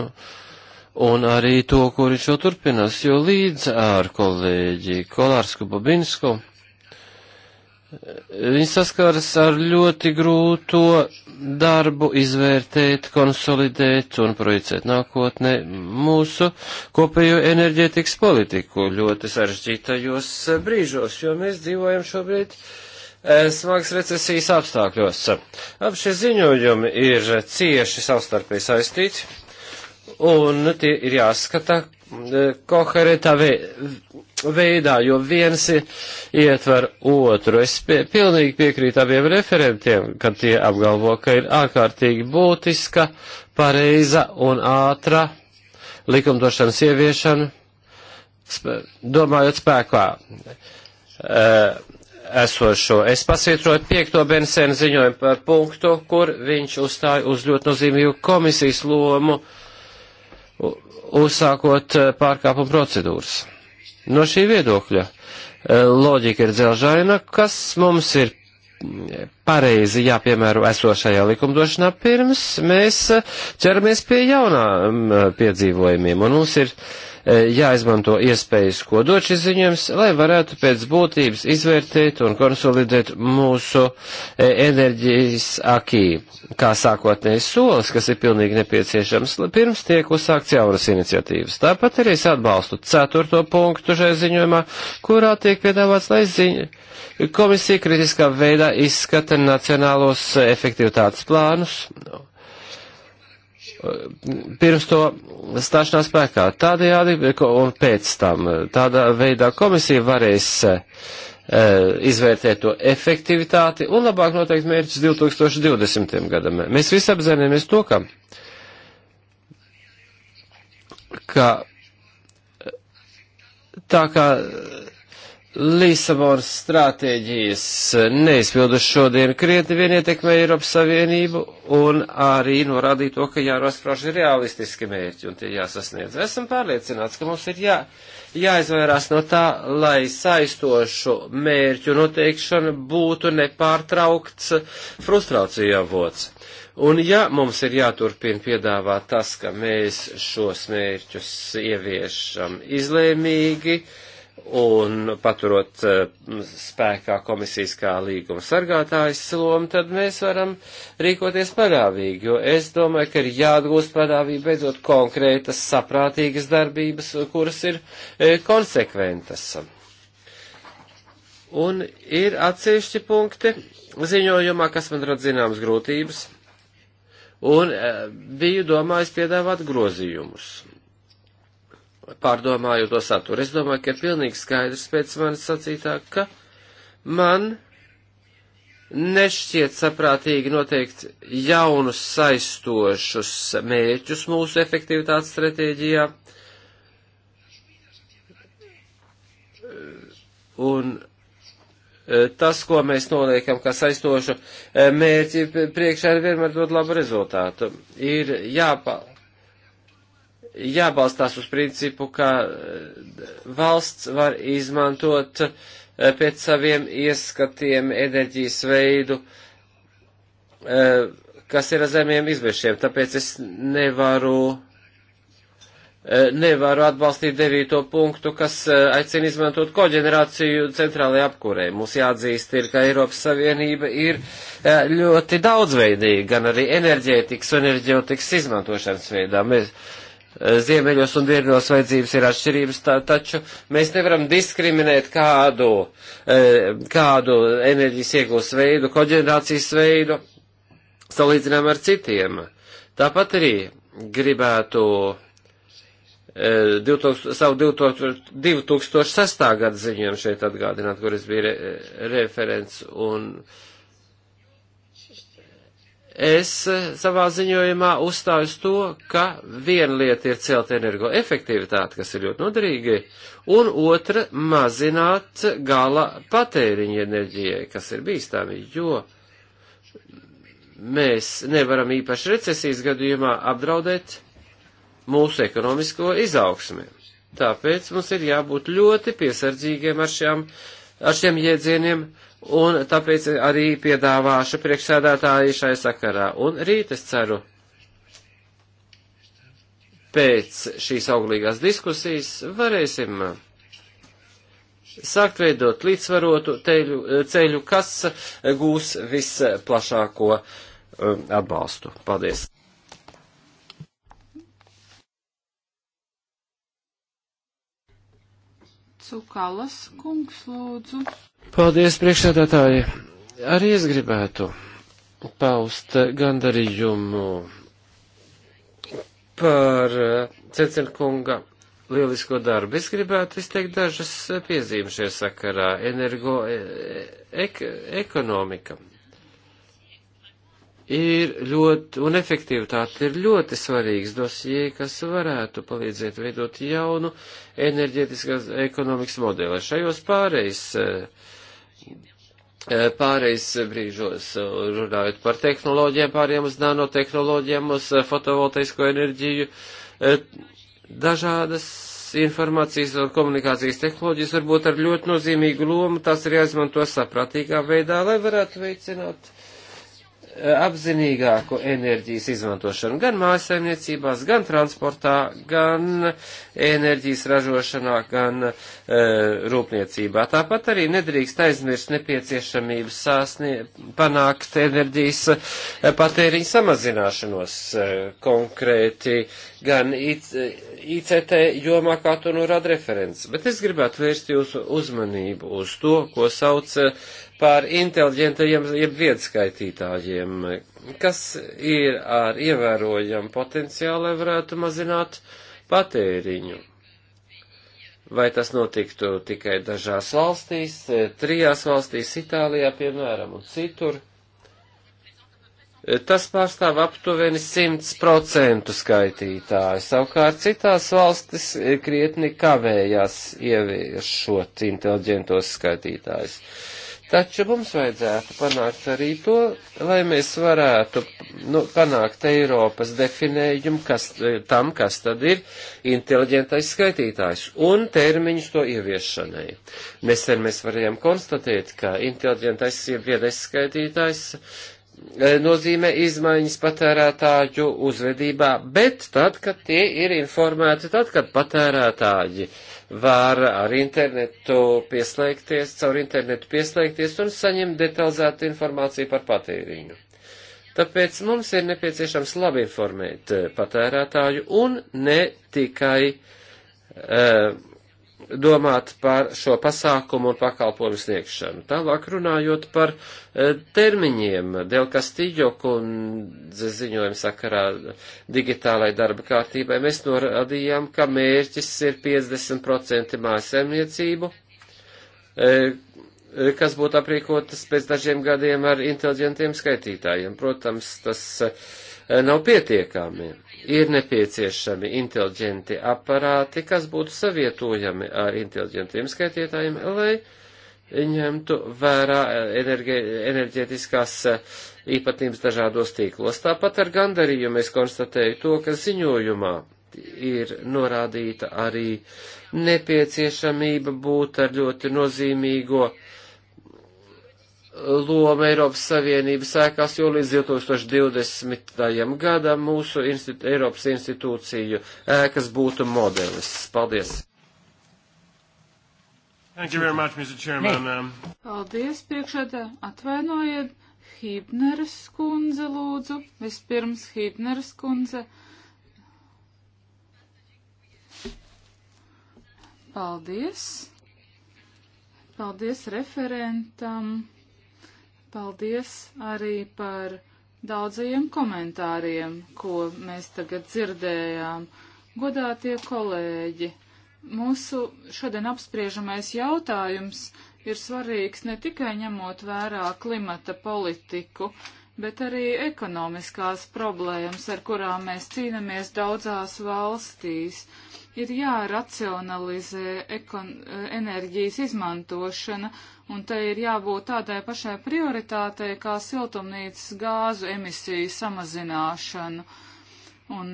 un arī to, ko viņš jau turpinās, jo līdz ar kolēģi Kolārsku Babinsku Viņi saskaras ar ļoti grūto darbu izvērtēt, konsolidēt un projicēt nākotnē mūsu kopējo enerģētikas politiku ļoti sarežģītajos brīžos, jo mēs dzīvojam šobrīd eh, smagas recesijas apstākļos. Ap šie ziņojumi ir cieši savstarpēji saistīti un tie ir jāskata eh, koherentā veidā veidā, jo viens ietver otru. Es pie, pilnīgi piekrītu abiem referentiem, ka tie apgalvo, ka ir ārkārtīgi būtiska, pareiza un ātra likumdošanas ieviešana, spē, domājot spēkā. E, esošo. Es pasvītroju piekto Bensēna ziņojumu par punktu, kur viņš uzstāja uz ļoti nozīmīgu komisijas lomu, uzsākot e, pārkāpumu procedūras. No šī viedokļa eh, loģika ir dzelžaina, kas mums ir eh, pareizi jāpiemēro esošajā likumdošanā pirms mēs eh, ķeramies pie jaunām piedzīvojumiem. Un mums ir uh, Eh, jāizmanto iespējas, ko dod šis ziņojums, lai varētu pēc būtības izvērtēt un konsolidēt mūsu eh, enerģijas akī, kā sākotnējs solis, kas ir pilnīgi nepieciešams, pirms tiek uzsākts jaunas iniciatīvas. Tāpat arī es atbalstu ceturto punktu šajā ziņojumā, kurā tiek piedāvāts, lai ziņa. Komisija kritiskā veidā izskata nacionālos eh, efektivitātes plānus pirms to stāšanās spēkā. Tādējādi un pēc tam tādā veidā komisija varēs e, izvērtēt to efektivitāti un labāk noteikt mērķus 2020. gadam. Mēs visi apzināmies to, ka, ka tā kā Lisabonas stratēģijas neizpildus šodien krietni vien ietekmē Eiropas Savienību un arī norādīja to, ka jānosprauž ir realistiski mērķi un tie jāsasniedz. Esam pārliecināts, ka mums ir jā, jāizvairās no tā, lai saistošu mērķu noteikšana būtu nepārtraukts frustrāciju avots. Un ja mums ir jāturpina piedāvāt tas, ka mēs šos mērķus ieviešam izlēmīgi, uh, un paturot eh, spēkā komisijas kā līguma sargātājas lomu, tad mēs varam rīkoties parāvīgi, jo es domāju, ka ir jāatgūst parāvīgi beidzot konkrētas saprātīgas darbības, kuras ir eh, konsekventas. Un ir atsevišķi punkti ziņojumā, kas man rada zināmas grūtības, un eh, biju domājis piedāvāt grozījumus pārdomāju to saturu. Es domāju, ka ir pilnīgi skaidrs pēc manis sacītā, ka man nešķiet saprātīgi noteikt jaunus saistošus mērķus mūsu efektivitātes stratēģijā. Un e, tas, ko mēs noliekam kā saistošu e, mērķi priekšā, ir vienmēr dod labu rezultātu. Ir jāpalīdz jābalstās uz principu, ka eh, valsts var izmantot eh, pēc saviem ieskatiem enerģijas veidu, eh, kas ir ar zemiem izbešiem. Tāpēc es nevaru, nevaru atbalstīt devīto punktu, kas aicina izmantot koģenerāciju centrālajā apkurē. Mums jāatzīst ir, ka Eiropas Savienība ir ļoti daudzveidīga, gan arī enerģētikas un enerģētikas izmantošanas veidā. Mēs, ziemeļos un dienvidos vajadzības ir atšķirības, tā, taču mēs nevaram diskriminēt kādu, e, kādu enerģijas iegūs veidu, koģenerācijas veidu, salīdzinām ar citiem. Tāpat arī gribētu 2000, e, savu 2000, 2006. gada ziņojumu šeit atgādināt, kur es biju re, referents un uh, es eh, savā ziņojumā uzstāju uz to, ka viena lieta ir celt energoefektivitāti, kas ir ļoti noderīgi, un otra mazināt gala patēriņu enerģijai, kas ir bīstami, jo mēs nevaram īpaši recesijas gadījumā apdraudēt mūsu ekonomisko izaugsmi. Tāpēc mums ir jābūt ļoti piesardzīgiem ar, šām, ar šiem jēdzieniem, uh, un tāpēc arī piedāvāšu priekšsēdētāju šai sakarā. Un rīt es ceru pēc šīs auglīgās diskusijas varēsim sākt veidot līdzsvarotu teļu, ceļu, kas gūs visplašāko um, atbalstu. Paldies! Cukalas kungs lūdzu. Paldies, priekšsēdētāji. Arī es gribētu paust gandarījumu par eh, Cecenkunga lielisko darbu. Es gribētu izteikt dažas piezīmes šajā sakarā. Energo eh, ek, ekonomika ir ļoti, un efektivitāte ir ļoti svarīgs dosie, kas varētu palīdzēt veidot jaunu enerģētiskās ekonomikas modeli. Šajos pārejas uh, Eh, pāreiz brīžos, eh, runājot par tehnoloģiem, pāriem uz nanotehnoloģiem, uz eh, fotovoltaisko enerģiju, dažādas informācijas un komunikācijas tehnoloģijas varbūt ar ļoti nozīmīgu lomu, tās ir jāizmanto saprātīgā veidā, lai varētu veicināt Eh, apzinīgāku enerģijas izmantošanu gan mājasaimniecībās, gan transportā, gan enerģijas ražošanā, gan e, rūpniecībā. Tāpat arī nedrīkst aizmirst nepieciešamību sāsnie, panākt enerģijas eh, patēriņu samazināšanos e, konkrēti gan ICT jomā, kā to norāda referents. Bet es gribētu vērst jūsu uzmanību uz to, ko sauc par inteliģentajiem jeb vietskaitītājiem, kas ir ar ievērojamu potenciālu, lai varētu mazināt patēriņu. Vai tas notiktu tikai dažās valstīs, trijās valstīs, Itālijā, piemēram, un citur? Tas pārstāv aptuveni 100% skaitītāju. Savukārt citās valstis krietni kavējās ieviešot inteliģentos skaitītājus. Taču mums vajadzētu panākt arī to, lai mēs varētu nu, panākt Eiropas definējumu kas, e, tam, kas tad ir inteliģentais skaitītājs un termiņus to ieviešanai. Nesen mēs varējām konstatēt, ka inteliģentais ieviedais skaitītājs e, nozīmē izmaiņas patērētāju uzvedībā, bet tad, kad tie ir informēti, tad, kad patērētāji uh, var ar internetu pieslēgties, caur internetu pieslēgties un saņemt detalizētu informāciju par patēriņu. Tāpēc mums ir nepieciešams labi informēt eh, patērētāju un ne tikai uh, domāt par šo pasākumu un pakalpojumu sniegšanu. Tālāk runājot par e, termiņiem, Del Castillo kundze ziņojuma sakarā digitālai darba kārtībai, mēs norādījām, ka mērķis ir 50% mājasemniecību, e, kas būtu aprīkotas pēc dažiem gadiem ar inteliģentiem skaitītājiem. Protams, tas e, nav pietiekāmiem ir nepieciešami inteliģenti aparāti, kas būtu savietojami ar inteliģentiem skaitītājiem, lai ņemtu vērā eh, enerģētiskās eh, īpatnības dažādos tīklos. Tāpat ar gandarījumu es konstatēju to, ka ziņojumā ir norādīta arī nepieciešamība būt ar ļoti nozīmīgo uh, loma Eiropas Savienības sēkās, jo līdz 2020. gadam mūsu institu, Eiropas institūciju ēkas būtu modelis. Paldies! Thank you very much, Mr. Chairman. Um... Paldies, priekšādā. Atvainojiet, Hībneres kundze lūdzu. Vispirms Hībneres kundze. Paldies. Paldies referentam Paldies arī par daudzajiem komentāriem, ko mēs tagad dzirdējām. Godātie kolēģi, mūsu šodien apspriežamais jautājums ir svarīgs ne tikai ņemot vērā klimata politiku, bet arī ekonomiskās problēmas, ar kurām mēs cīnāmies daudzās valstīs. Ir jāracionalizē ekon enerģijas izmantošana, un te ir jābūt tādai pašai prioritātei kā siltumnīcas gāzu emisiju samazināšanu. Un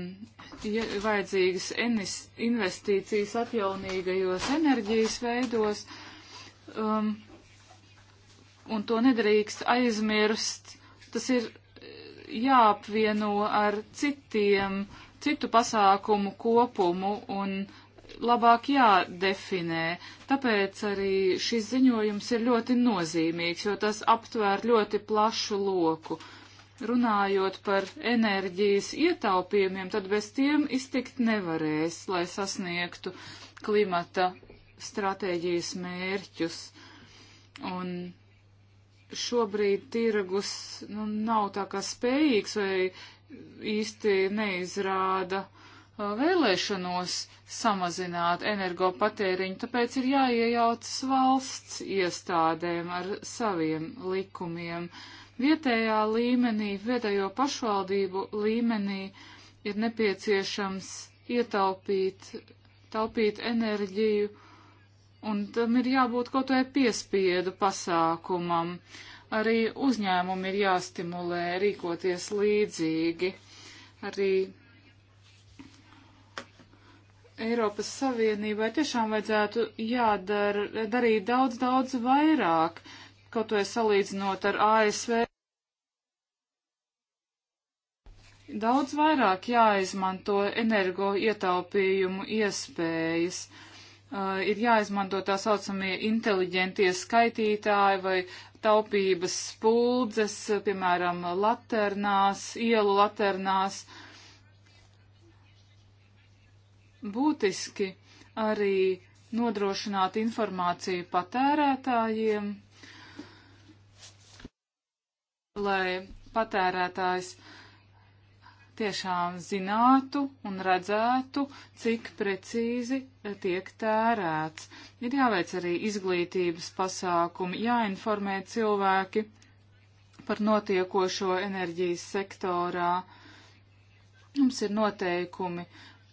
ja vajadzīgas investīcijas atjaunīgajos enerģijas veidos, um, un to nedrīkst aizmirst tas ir eh, jāapvieno ar citiem, citu pasākumu kopumu un labāk jādefinē. Tāpēc arī šis ziņojums ir ļoti nozīmīgs, jo tas aptvēr ļoti plašu loku. Runājot par enerģijas ietaupījumiem, tad bez tiem iztikt nevarēs, lai sasniegtu klimata stratēģijas mērķus. Un šobrīd tirgus nu, nav tā kā spējīgs vai īsti neizrāda uh, vēlēšanos samazināt energopatēriņu, tāpēc ir jāiejaucas valsts iestādēm ar saviem likumiem. Vietējā līmenī, vietējo pašvaldību līmenī ir nepieciešams ietaupīt, taupīt enerģiju un tam ir jābūt kaut vai piespiedu pasākumam. Arī uzņēmumi ir jāstimulē rīkoties līdzīgi. Arī Eiropas Savienībai tiešām vajadzētu jādara, darīt daudz, daudz vairāk, kaut vai salīdzinot ar ASV. Daudz vairāk jāizmanto energo ietaupījumu iespējas. Uh, Uh, ir jāizmanto tā saucamie inteliģentie skaitītāji vai taupības spuldzes, piemēram, laternās, ielu laternās. Būtiski arī nodrošināt informāciju patērētājiem, lai patērētājs uh, tiešām zinātu un redzētu, cik precīzi tiek tērēts. Ir jāveic arī izglītības pasākumi, jāinformē cilvēki par notiekošo enerģijas sektorā. Mums ir noteikumi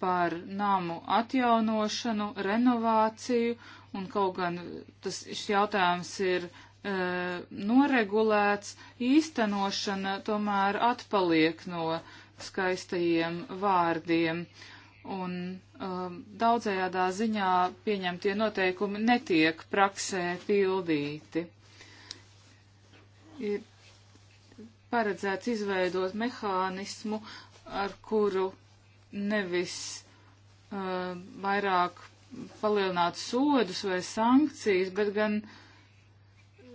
par namu atjaunošanu, renovāciju, un kaut gan tas jautājums ir e, noregulēts, īstenošana tomēr atpaliek no skaistajiem vārdiem. Un um, daudzējādā ziņā pieņemtie noteikumi netiek praksē pildīti. Ir paredzēts izveidot mehānismu, ar kuru nevis uh, vairāk palielināt sodus vai sankcijas, bet gan um,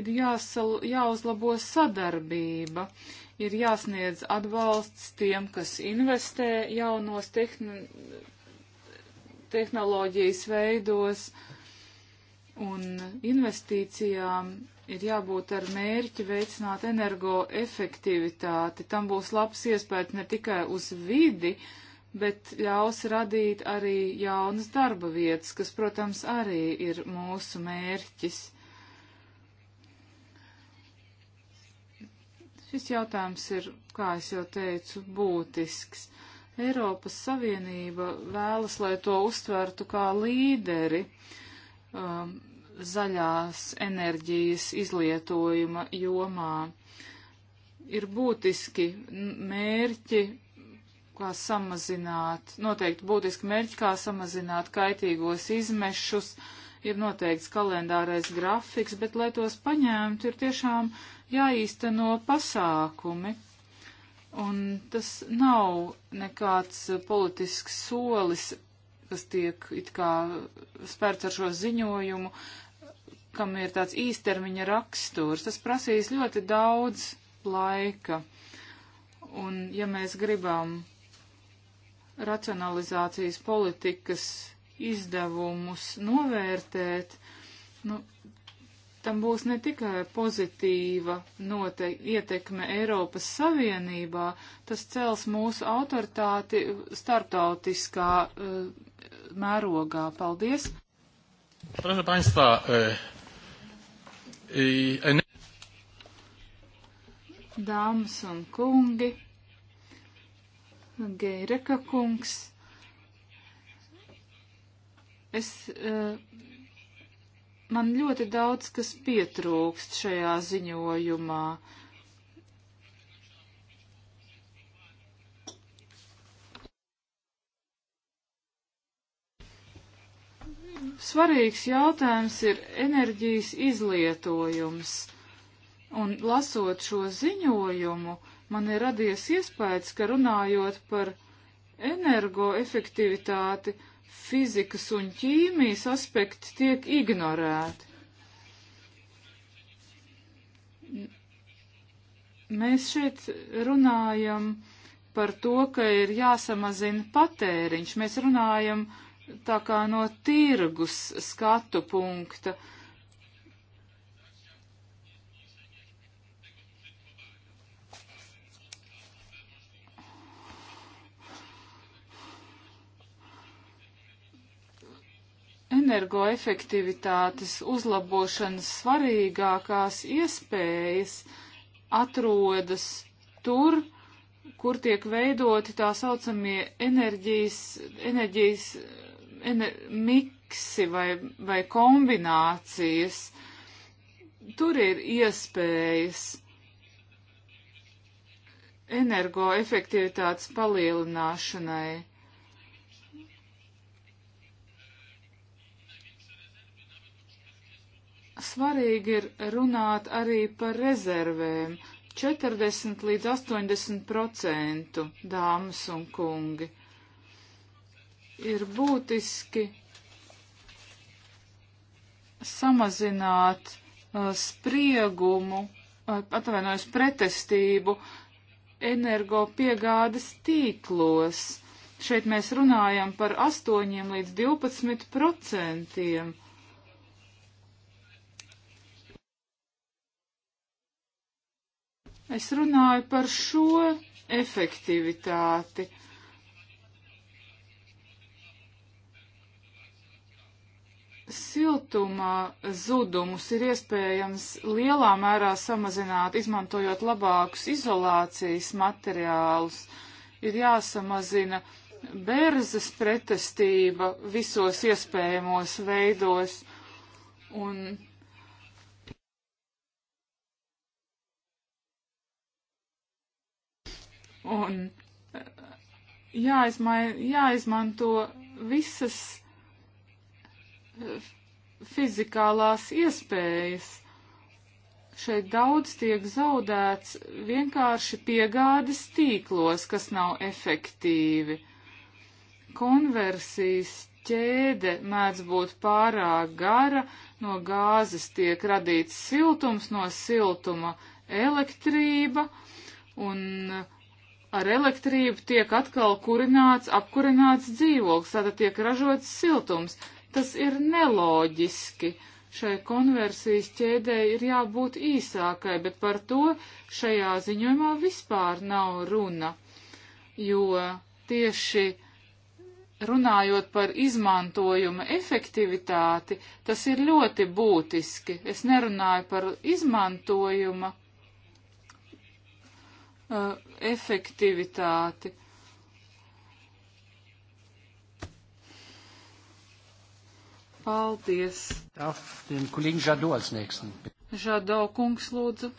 ir jāsal, jāuzlabo sadarbība. Uh, ir jāsniedz atbalsts tiem, kas investē jaunos tehn tehnoloģijas veidos, un investīcijām ir jābūt ar mērķi veicināt energoefektivitāti. Tam būs labs iespējas ne tikai uz vidi, bet ļaus radīt arī jaunas darba vietas, kas, protams, arī ir mūsu mērķis. Šis jautājums ir, kā es jau teicu, būtisks. Eiropas Savienība vēlas, lai to uztvertu kā līderi um, zaļās enerģijas izlietojuma jomā. Ir būtiski mērķi, kā samazināt, noteikti būtiski mērķi, kā samazināt kaitīgos izmešus, uh, ir noteikts kalendārais grafiks, bet, lai tos paņemtu, ir tiešām jāīsteno pasākumi. Un tas nav nekāds politisks solis, kas tiek it kā spērts ar šo ziņojumu, kam ir tāds īstermiņa raksturs. Tas prasīs ļoti daudz laika. Un, ja mēs gribam racionalizācijas politikas izdevumus novērtēt, nu, tam būs ne tikai pozitīva note, ietekme Eiropas Savienībā, tas cels mūsu autoritāti starptautiskā uh, mērogā. Paldies! Proszę Państwa, e, Dāmas un kungi, Geireka kungs Es, eh, man ļoti daudz kas pietrūkst šajā ziņojumā. Svarīgs jautājums ir enerģijas izlietojums. Un lasot šo ziņojumu, man ir radies iespējas, ka runājot par energoefektivitāti, fizikas un ķīmijas aspekti tiek ignorēti. Mēs šeit runājam par to, ka ir jāsamazina patēriņš. Mēs runājam tā kā no tirgus skatu punkta. Uh, energoefektivitātes uzlabošanas svarīgākās iespējas atrodas tur, kur tiek veidoti tā saucamie enerģijas, enerģijas ener, miksi vai, vai kombinācijas. Tur ir iespējas energoefektivitātes palielināšanai. svarīgi ir runāt arī par rezervēm. 40 līdz 80 procentu dāmas un kungi. Ir būtiski samazināt uh, spriegumu, uh, atvainojos, pretestību energopiegādes tīklos. Šeit mēs runājam par 8 līdz 12 procentiem. Es runāju par šo efektivitāti. Siltuma zudumus ir iespējams lielā mērā samazināt, izmantojot labākus izolācijas materiālus. Ir jāsamazina berzes pretestība visos iespējamos veidos. Un un eh, jāizmai, jāizmanto visas eh, fizikālās iespējas. Šeit daudz tiek zaudēts vienkārši piegādes tīklos, kas nav efektīvi. Konversijas ķēde mēdz būt pārāk gara, no gāzes tiek radīts siltums, no siltuma elektrība, un uh, ar elektrību tiek atkal kurināts, apkurināts dzīvoklis, tātad tiek ražots siltums. Tas ir neloģiski. Šai konversijas ķēdēji ir jābūt īsākai, bet par to šajā ziņojumā vispār nav runa, jo tieši runājot par izmantojuma efektivitāti, tas ir ļoti būtiski. Es nerunāju par izmantojuma efektivitāti uh, efektivitāti. Paldies. Žado kungs lūdzu.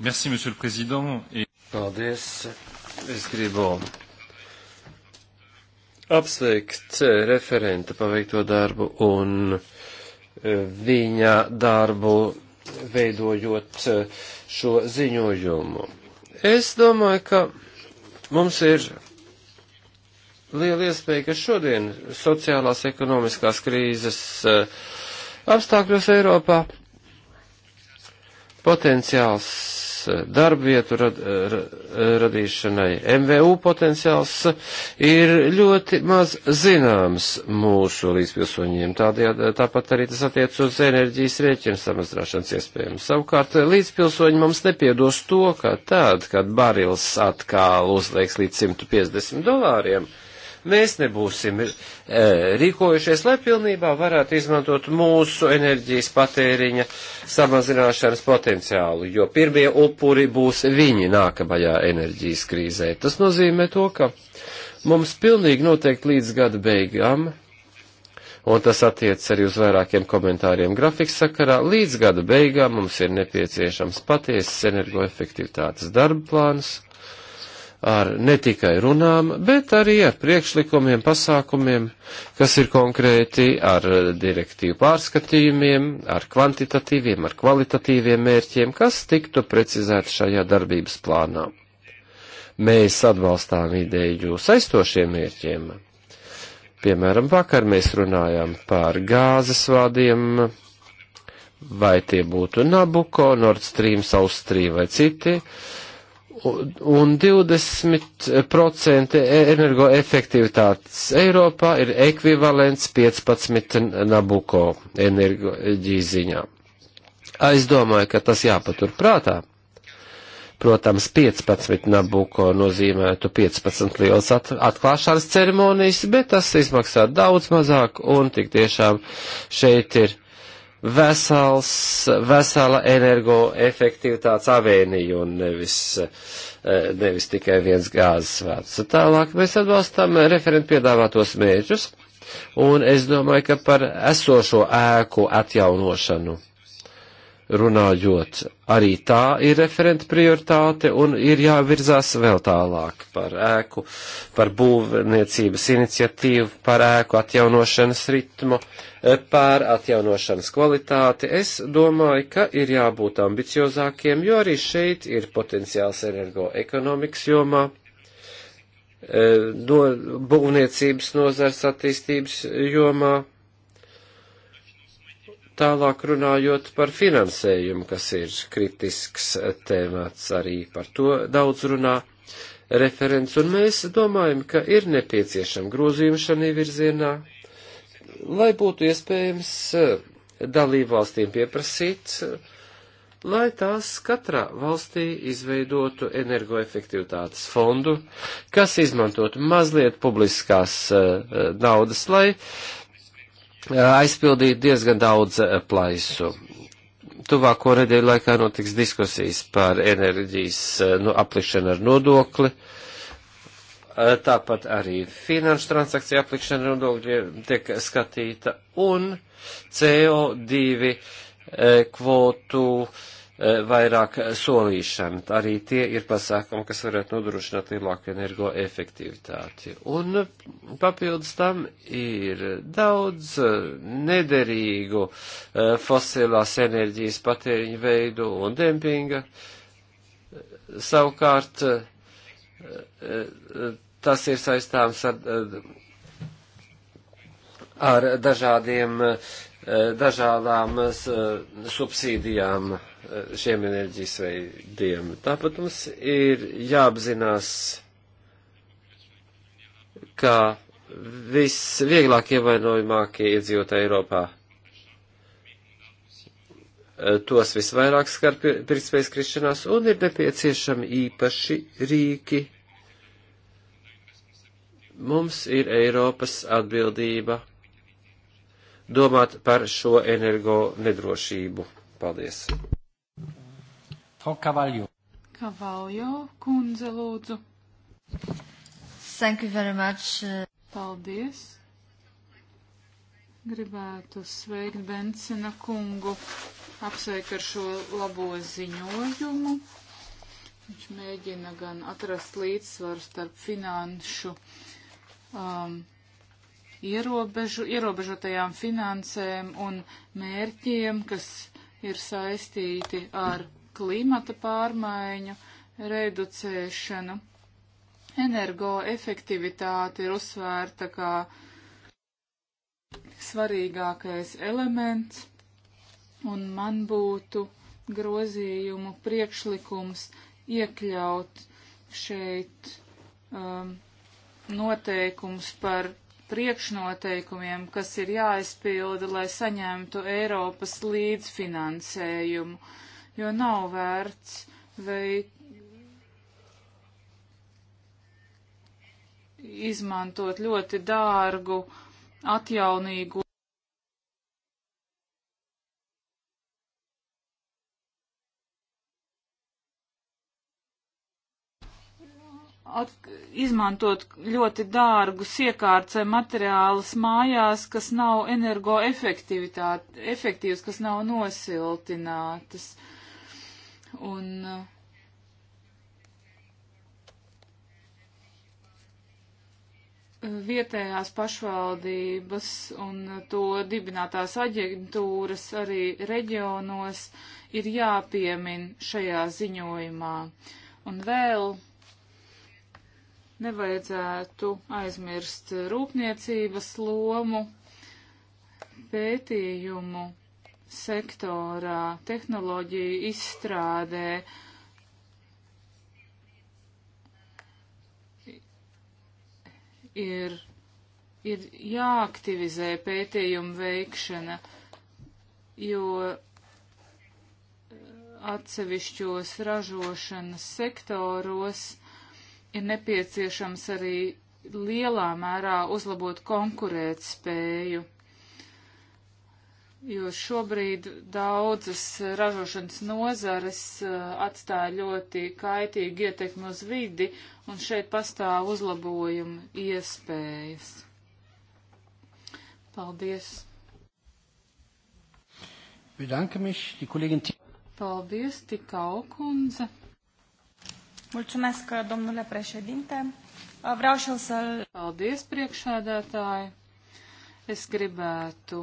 Merci, monsieur le président. Et... Paldies. Es gribu apsveikt eh, referenta paveikto darbu un eh, viņa darbu veidojot eh, šo ziņojumu. Es domāju, ka mums ir liela iespēja, ka šodien sociālās ekonomiskās krīzes eh, apstākļos Eiropā potenciāls darbvietu rad, rad, radīšanai. MVU potenciāls ir ļoti maz zināms mūsu līdzpilsoņiem. Tādējādi tāpat arī tas attiec uz enerģijas rēķinu samazināšanas iespējām. Savukārt līdzpilsoņi mums nepiedos to, ka tad, kad barils atkal uzlieks līdz 150 dolāriem, mēs nebūsim eh, rīkojušies, lai pilnībā varētu izmantot mūsu enerģijas patēriņa samazināšanas potenciālu, jo pirmie upuri būs viņi nākamajā enerģijas krīzē. Tas nozīmē to, ka mums pilnīgi noteikti līdz gada beigām un tas attiec arī uz vairākiem komentāriem grafikas sakarā. Līdz gada beigām mums ir nepieciešams patiesas energoefektivitātes darba plāns, ar ne tikai runām, bet arī ar priekšlikumiem, pasākumiem, kas ir konkrēti, ar direktīvu pārskatījumiem, ar kvantitatīviem, ar kvalitatīviem mērķiem, kas tiktu precizēti šajā darbības plānā. Mēs atbalstām ideju saistošiem mērķiem. Piemēram, vakar mēs runājām par gāzes vādiem, vai tie būtu Nabuko, Nord Stream, South Stream vai citi un 20% energoefektivitātes Eiropā ir ekvivalents 15 Nabuko enerģijas ziņā. Aizdomāju, ka tas jāpatur prātā. Protams, 15 Nabuko nozīmētu 15 lielas atklāšanas ceremonijas, bet tas izmaksā daudz mazāk un tik tiešām šeit ir vesels, vesela energoefektivitātes avēnija un nevis, eh, nevis tikai viens gāzes vērts. Tālāk mēs atbalstām referentu piedāvātos mērķus, un es domāju, ka par esošo ēku atjaunošanu runājot, arī tā ir referenta prioritāte un ir jāvirzās vēl tālāk par ēku, par būvniecības iniciatīvu, par ēku atjaunošanas ritmu, eh, par atjaunošanas kvalitāti. Es domāju, ka ir jābūt ambiciozākiem, jo arī šeit ir potenciāls energoekonomikas jomā eh, no būvniecības nozars attīstības jomā Tālāk runājot par finansējumu, kas ir kritisks tēmats, arī par to daudz runā referents, un mēs domājam, ka ir nepieciešama grozījuma šajā virzienā, lai būtu iespējams eh, dalību valstīm pieprasīt, lai tās katrā valstī izveidotu energoefektivitātes fondu, kas izmantotu mazliet publiskās eh, eh, naudas, lai aizpildīt diezgan daudz eh, plaisu. Tuvāko nedēļu laikā notiks diskusijas par enerģijas eh, nu, aplikšanu ar nodokli. Eh, tāpat arī finanšu transakciju aplikšana nodokļiem tiek skatīta un CO2 kvotu uh, E, vairāk solīšana. Arī tie ir pasākumi, kas varētu nodrošināt lielāku energoefektivitāti. Un papildus tam ir daudz e, nederīgu e, fosilās enerģijas patēriņu veidu un dempinga. Savukārt tas ir saistāms ar ar dažādiem dažādām eh, subsīdijām eh, šiem enerģijas veidiem. Tāpat mums ir jāapzinās, ka visvieglāk ievainojamākie iedzīvotāji Eiropā eh, tos visvairāk skar pirktspējas krišanās un ir nepieciešami īpaši rīki. Mums ir Eiropas atbildība domāt par šo energo nedrošību. Paldies! Kavaljo. Kavaljo kundze lūdzu. Thank you very much. Uh, Paldies. Gribētu sveikt Bensina kungu, apsveikt ar šo labo ziņojumu. Viņš mēģina gan atrast līdzsvaru starp finanšu um, ierobežu, ierobežotajām finansēm un mērķiem, kas ir saistīti ar klimata pārmaiņu reducēšanu. Energoefektivitāte ir uzsvērta kā svarīgākais elements, un man būtu grozījumu priekšlikums iekļaut šeit um, noteikums par priekšnoteikumiem, kas ir jāizpilda, lai saņemtu Eiropas līdzfinansējumu, jo nav vērts veikt izmantot ļoti dārgu atjaunīgu at, izmantot ļoti dārgus iekārts vai materiālus mājās, kas nav energoefektīvs, kas nav nosiltinātas. Un, uh, Vietējās pašvaldības un to dibinātās aģentūras arī reģionos ir jāpiemin šajā ziņojumā. Un vēl Nevajadzētu aizmirst rūpniecības lomu pētījumu sektorā, tehnoloģiju izstrādē. Ir, ir jāaktivizē pētījumu veikšana, jo eh, atsevišķos ražošanas sektoros ir nepieciešams arī lielā mērā uzlabot konkurētspēju, jo šobrīd daudzas ražošanas nozares uh, atstāja ļoti kaitīgu ietekmi uz vidi, un šeit pastāv uzlabojumu iespējas. Paldies! Bedanke mich, die Kollegin Paldies, Tikau kundze! Mulțumesc, domnule președinte. Vreau și eu să-l... Paldies, priekšēdētāji. Es gribētu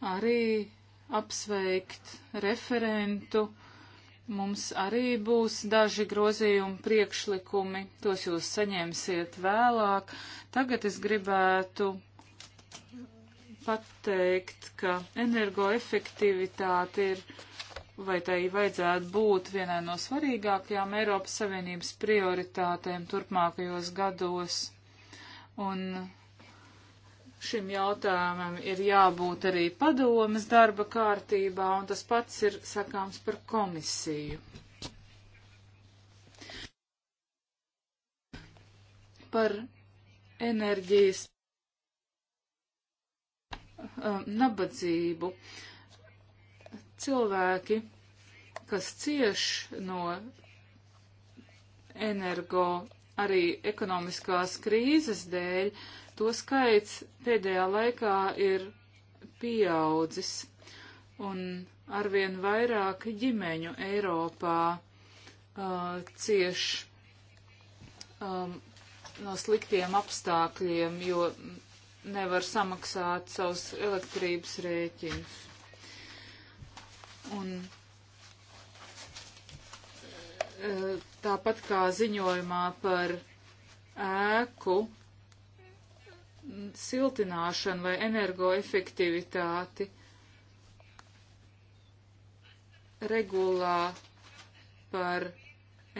arī apsveikt referentu. Mums arī būs daži grozījumi priekšlikumi, tos jūs saņemsiet vēlāk. Tagad es gribētu pateikt, ka energoefektivitāte ir vai tai vajadzētu būt vienai no svarīgākajām Eiropas Savienības prioritātēm turpmākajos gados. Un šim jautājumam ir jābūt arī padomas darba kārtībā, un tas pats ir sakāms par komisiju. Par enerģijas um, nabadzību. Uh, cilvēki, kas cieš no energo arī ekonomiskās krīzes dēļ, to skaits pēdējā laikā ir pieaudzis un arvien vairāk ģimeņu Eiropā uh, cieš um, no sliktiem apstākļiem, jo nevar samaksāt savus elektrības rēķinus. Un e, tāpat kā ziņojumā par ēku siltināšanu vai energoefektivitāti, regulā par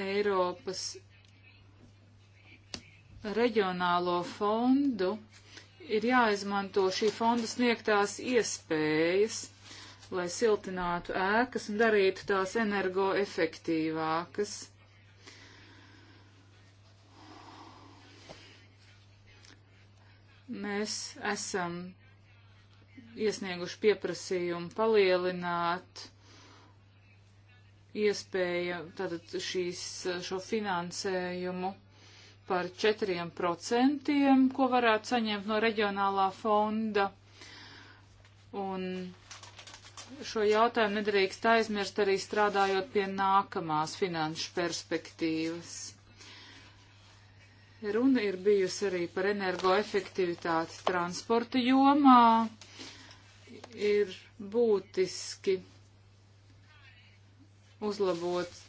Eiropas reģionālo fondu ir jāizmanto šī fonda sniegtās iespējas lai siltinātu ēkas un darītu tās energoefektīvākas. Mēs esam iesnieguši pieprasījumu palielināt iespēja tātad šīs, šo finansējumu par 4%, ko varētu saņemt no reģionālā fonda. Un šo jautājumu nedrīkst aizmirst arī strādājot pie nākamās finanšu perspektīvas. Runa ir bijusi arī par energoefektivitāti transporta jomā. Ir būtiski uzlabot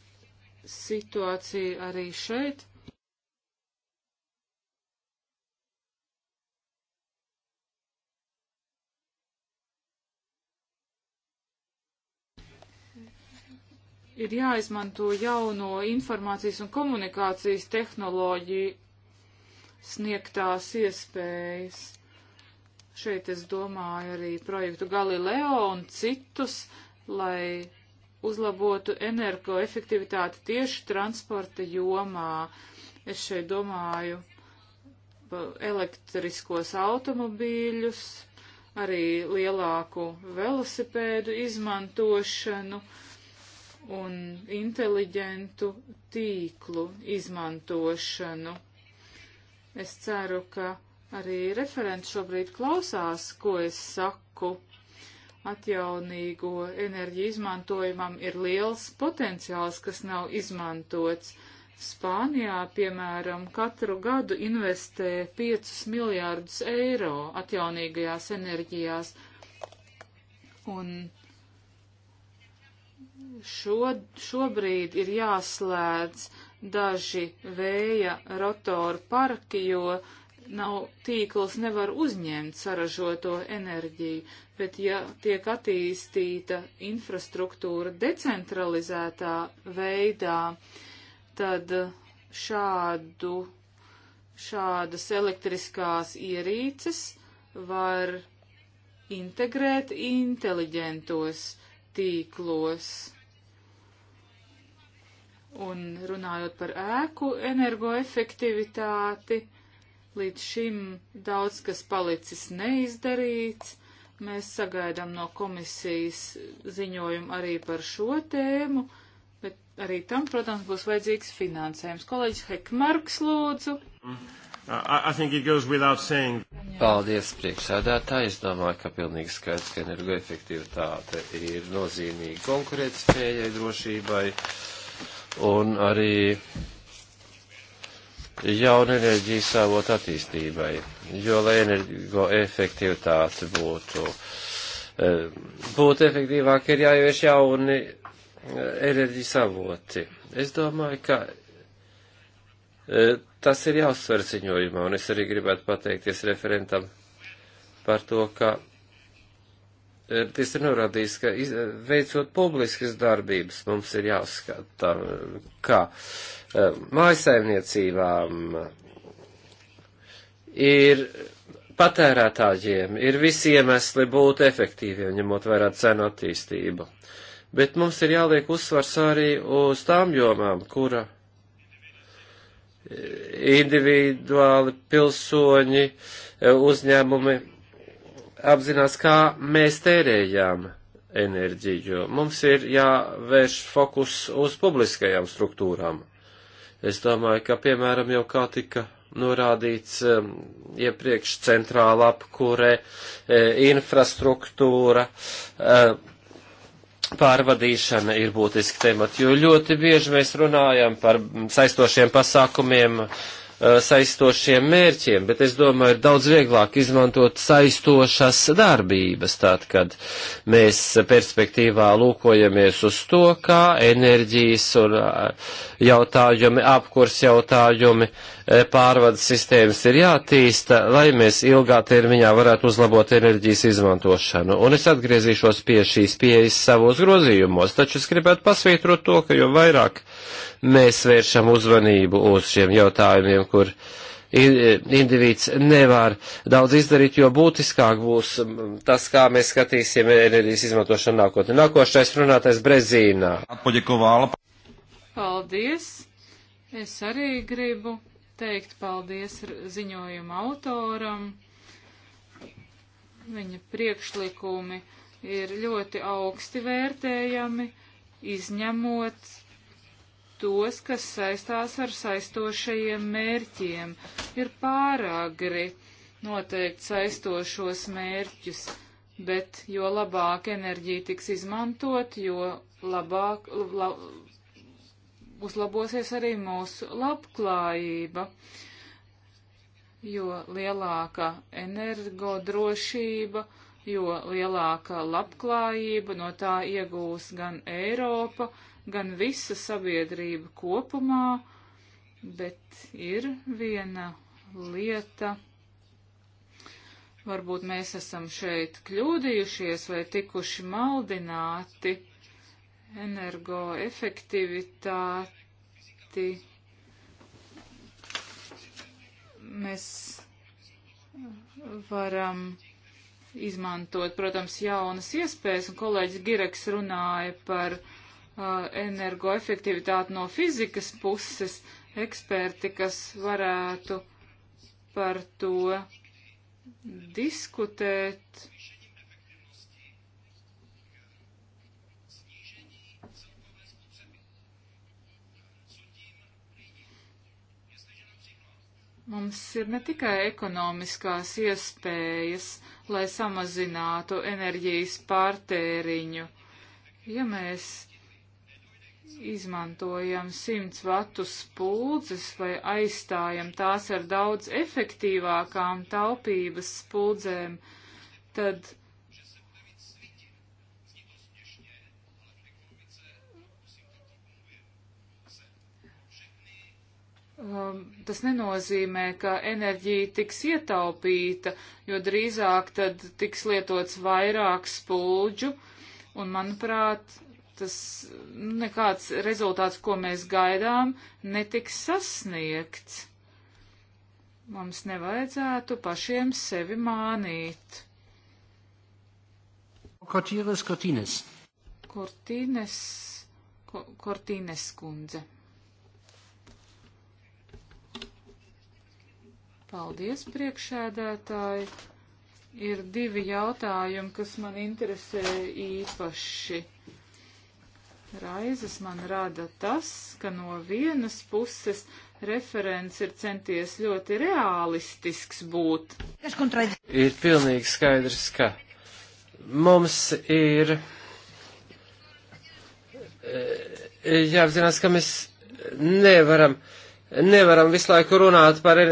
situāciju arī šeit. ir jāizmanto jauno informācijas un komunikācijas tehnoloģiju sniegtās iespējas. Šeit es domāju arī projektu Galileo un citus, lai uzlabotu energoefektivitāti tieši transporta jomā. Es šeit domāju elektriskos automobīļus, arī lielāku velosipēdu izmantošanu. Uh, un inteliģentu tīklu izmantošanu. Es ceru, ka arī referents šobrīd klausās, ko es saku. Atjaunīgo enerģiju izmantojumam ir liels potenciāls, kas nav izmantots. Spānijā, piemēram, katru gadu investē 5 miljārdus eiro atjaunīgajās enerģijās. Un Šo, šobrīd ir jāslēdz daži vēja rotoru parki, jo nav tīkls nevar uzņemt saražoto enerģiju, bet ja tiek attīstīta infrastruktūra decentralizētā veidā, tad šādu, šādas elektriskās ierīces var integrēt inteliģentos tīklos. Un runājot par ēku energoefektivitāti, līdz šim daudz kas palicis neizdarīts. Mēs sagaidām no komisijas ziņojumu arī par šo tēmu, bet arī tam, protams, būs vajadzīgs finansējums. Kolēģis Hekmarks lūdzu. I, I Paldies, priekšsēdētāji. Es domāju, ka pilnīgi skaidrs, ka energoefektivitāte ir nozīmīga konkurētspējai drošībai. Uh, un arī jaunu enerģijas avot attīstībai, jo, lai energo efektivitāte būtu, eh, būtu efektīvāk, ir jāievieš jauni eh, enerģijas avoti. Es domāju, ka eh, tas ir jāuzsver ziņojumā, un es arī gribētu pateikties referentam par to, ka Eh, Tiesa ir norādījis, ka iz, eh, veicot publiskas darbības mums ir jāskata, kā eh, mājasaimniecībām ir patērētājiem, ir visi iemesli būt efektīviem, ņemot vērā cenu attīstību. Bet mums ir jāliek uzsvars arī uz tām jomām, kura individuāli pilsoņi, uzņēmumi apzinās, kā mēs tērējām enerģiju. Mums ir jāvērš fokus uz publiskajām struktūrām. Es domāju, ka, piemēram, jau kā tika norādīts um, iepriekš centrāla apkure, e, infrastruktūra, e, pārvadīšana ir būtiski temati, jo ļoti bieži mēs runājam par saistošiem pasākumiem, Uh, saistošiem mērķiem, bet es domāju, ir daudz vieglāk izmantot saistošas darbības, tad, kad mēs perspektīvā lūkojamies uz to, kā enerģijas un uh, jautājumi, apkurs jautājumi, uh, pārvades sistēmas ir jātīsta, lai mēs ilgā termiņā varētu uzlabot enerģijas izmantošanu. Un es atgriezīšos pie šīs pieejas savos grozījumos, taču es gribētu pasvītrot to, ka jo vairāk mēs vēršam uzmanību uz šiem jautājumiem, kur e, indivīds nevar daudz izdarīt, jo būtiskāk būs tas, kā mēs skatīsim enerģijas izmantošanu nākotnē. Nākošais runātais Brezīnā. Paldies! Es arī gribu teikt paldies ziņojuma autoram. Viņa priekšlikumi ir ļoti augsti vērtējami, izņemot tos, kas saistās ar saistošajiem mērķiem. Ir pārāk gri noteikt saistošos mērķus, bet jo labāk enerģija tiks izmantot, jo labāk la, uzlabosies arī mūsu labklājība, jo lielāka energodrošība, jo lielāka labklājība no tā iegūs gan Eiropa, gan visa sabiedrība kopumā, bet ir viena lieta. Varbūt mēs esam šeit kļūdījušies vai tikuši maldināti energoefektivitāti. Mēs varam izmantot, protams, jaunas iespējas, un kolēģis Gireks runāja par uh, Uh, energoefektivitāti no fizikas puses eksperti, kas varētu par to diskutēt. Mums ir ne tikai ekonomiskās iespējas, lai samazinātu enerģijas pārtēriņu. Ja mēs izmantojam 100 vatu spuldzes vai aizstājam tās ar daudz efektīvākām taupības spuldzēm, tad um, tas nenozīmē, ka enerģija tiks ietaupīta, jo drīzāk tad tiks lietots vairāk spulģu, un, manuprāt, tas nekāds rezultāts, ko mēs gaidām, netiks sasniegts. Mums nevajadzētu pašiem sevi mānīt. Kortīres Kortīnes. Kortīnes, ko, Kortīnes kundze. Paldies, priekšēdētāji. Ir divi jautājumi, kas man interesē īpaši Raizes man rada tas, ka no vienas puses referents ir centies ļoti realistisks būt. Ir pilnīgi skaidrs, ka mums ir eh, jāapzinās, ka mēs nevaram, nevaram visu laiku runāt par e,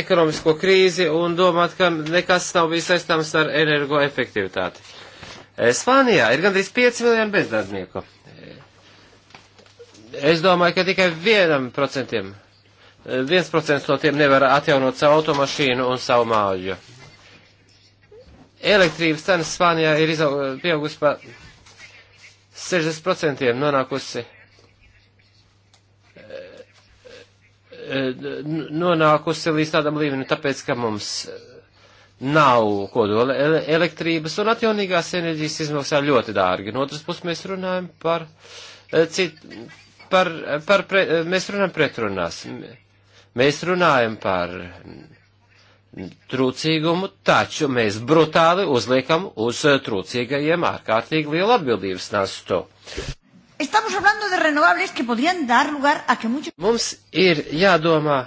ekonomisko krīzi un domāt, ka nekas nav bijis saistāms ar energoefektivitāti. E, Spānijā ir gandrīz 5 miljoni bezdarbnieku. Es domāju, ka tikai vienam procentiem, viens procents no tiem nevar atjaunot savu automašīnu un savu māju. Elektrības cenas Spānijā ir pieaugusi par 60% nonākusi e, nonākusi līdz tādam līmenim, tāpēc, ka mums nav kodola elektrības un atjaunīgās enerģijas izmaksā ļoti dārgi. No otras puses mēs runājam par e, cit, par, par pre, mēs runājam pretrunās. Mēs runājam par trūcīgumu, taču mēs brutāli uzliekam uz trūcīgajiem ārkārtīgi lielu atbildības nastu. Mums ir jādomā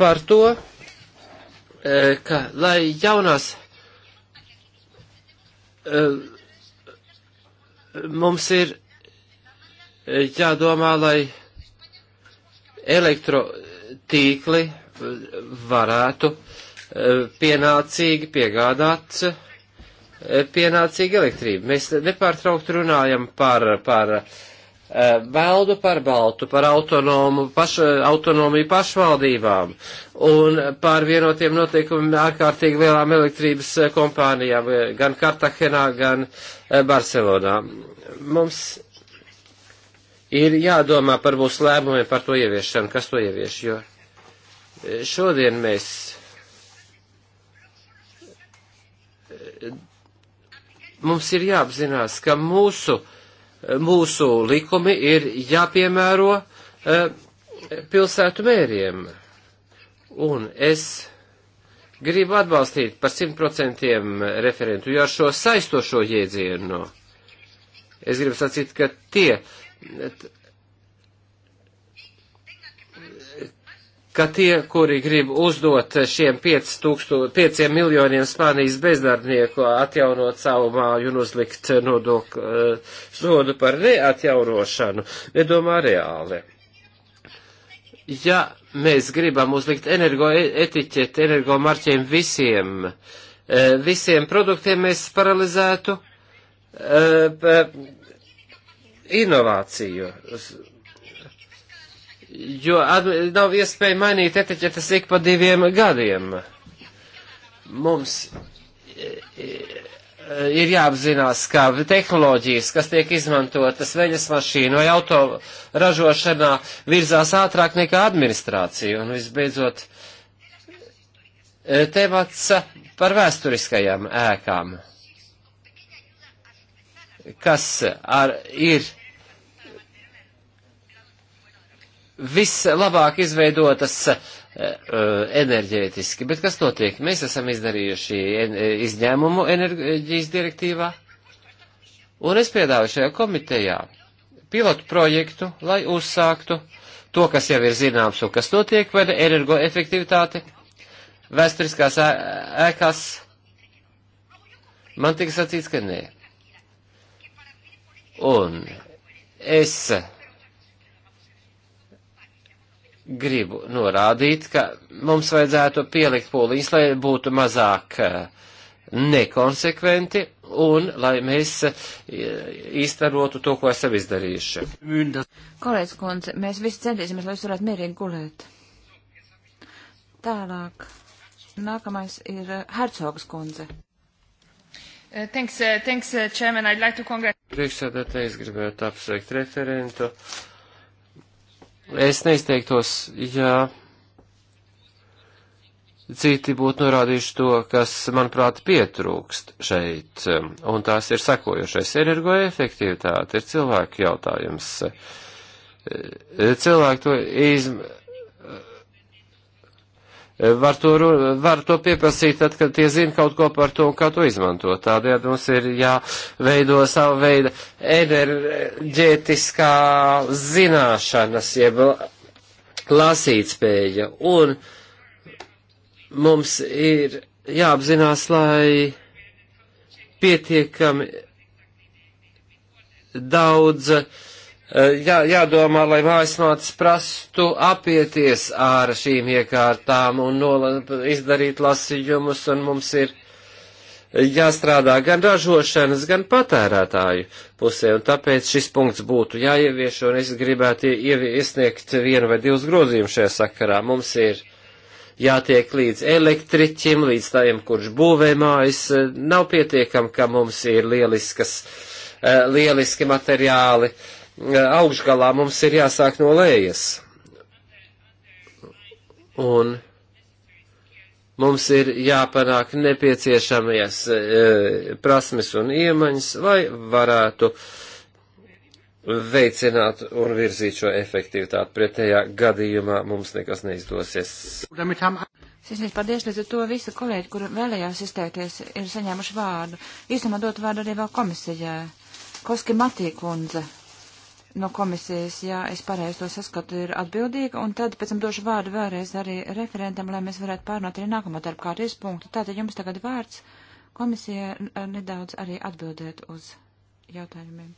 par to, eh, ka lai jaunās eh, mums ir jādomā, lai elektrotīkli varētu e, pienācīgi piegādāt e, pienācīgi elektrību. Mēs nepārtraukt runājam par, par Beldu e, par baltu, par autonomu, paš, autonomiju pašvaldībām un par vienotiem noteikumiem ārkārtīgi lielām elektrības kompānijām, gan Kartahenā, gan Barcelonā. Mums ir jādomā par mūsu lēmumiem, par to ieviešanu, kas to ievieš, jo e, šodien mēs e, mums ir jāapzinās, ka mūsu, e, mūsu likumi ir jāpiemēro uh, pilsētu mēriem. Un es gribu atbalstīt par 100% referentu, jo ar šo saistošo jēdzienu es gribu sacīt, ka tie ka tie, kuri grib uzdot šiem 5 miljoniem Spānijas bezdarbnieku atjaunot savu māju un uzlikt nodok, eh, sodu par neatjaunošanu, nedomā reāli. Ja mēs gribam uzlikt energo e, etiķeti, energo marķiem visiem, eh, visiem produktiem, mēs paralizētu eh, inovāciju. Jo nav iespēja mainīt etiķetes ik pa diviem gadiem. Mums ir jāapzinās, ka tehnoloģijas, kas tiek izmantotas veļas mašīnu vai auto ražošanā, virzās ātrāk nekā administrācija. Un visbeidzot, e, temats par vēsturiskajām ēkām kas ar, ir vislabāk izveidotas eh, eh, enerģētiski. Bet kas notiek? Mēs esam izdarījuši eh, izņēmumu enerģijas direktīvā, un es piedāvu šajā komitejā pilotu projektu, lai uzsāktu to, kas jau ir zināms un kas notiek, vai energoefektivitāte, vēsturiskās ēkās. Man tika sacīts, ka nē. Un es gribu norādīt, ka mums vajadzētu pielikt pūliņus, lai būtu mazāk eh, nekonsekventi un lai mēs eh, īstenotu to, ko esam izdarījuši. Kolēģis kundze, mēs visi centīsimies, lai jūs varētu mierīgi gulēt. Tālāk. Nākamais ir eh, Hercogs kundze. Uh, thanks, uh, thanks, uh, Chairman. I'd like to congratulate. Priekšsēdētājs gribētu apsveikt referentu. Es neizteiktos, ja citi būtu norādījuši to, kas, manuprāt, pietrūkst šeit, um, un tās ir sakojušais. Energoefektivitāte ir cilvēku jautājums. Cilvēki to izmanto var to, var to pieprasīt, tad, kad tie zina kaut ko par to un kā to izmantot. Tādējādi mums ir jāveido savu veidu enerģētiskā zināšanas, jeb lasītspēja. Un mums ir jāapzinās, lai pietiekami daudz uh, Eh, jā, jādomā, lai mājasmāts prastu apieties ar šīm iekārtām un nola, izdarīt lasījumus, un mums ir jāstrādā gan ražošanas, gan patērētāju pusē, un tāpēc šis punkts būtu jāievieš, un es gribētu iesniegt vienu vai divus grozījumus šajā sakarā. Mums ir jātiek līdz elektriķim, līdz tajam, kurš būvē mājas. Nav pietiekam, ka mums ir lieliskas, eh, lieliski materiāli. Uh, augšgalā mums ir jāsāk no lejas. Un mums ir jāpanāk nepieciešamies e, prasmes un iemaņas, lai varētu veicināt un virzīt šo efektivitāti. Pretējā gadījumā mums nekas neizdosies. Sisnīgs paldies, līdz ar to visi kolēģi, kur vēlējās izteikties, ir saņēmuši vārdu. Īsumā dot vārdu arī vēl komisijai. Koski Matī kundze no komisijas, ja es pareizi to saskatu, ir atbildīga, un tad pēc tam došu vārdu vēlreiz arī referentam, lai mēs varētu pārnāt arī nākamo darba kārtības punktu. Tātad jums tagad vārds komisijai nedaudz arī atbildēt uz jautājumiem.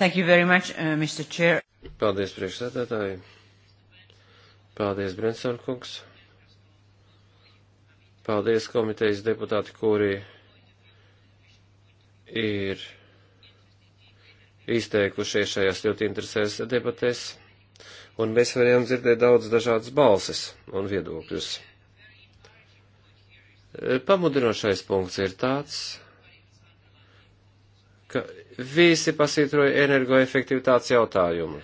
Thank you very much, uh, Mr. Chair. Paldies, priekšsēdētāji. Paldies, Brensorkungs. Paldies komitejas deputāti, kuri ir izteikušies šajās ļoti interesēs debatēs, un mēs varējām dzirdēt daudz dažādas balses un viedokļus. Pamudinošais punkts ir tāds, ka visi pasītroja energoefektivitātes jautājumu.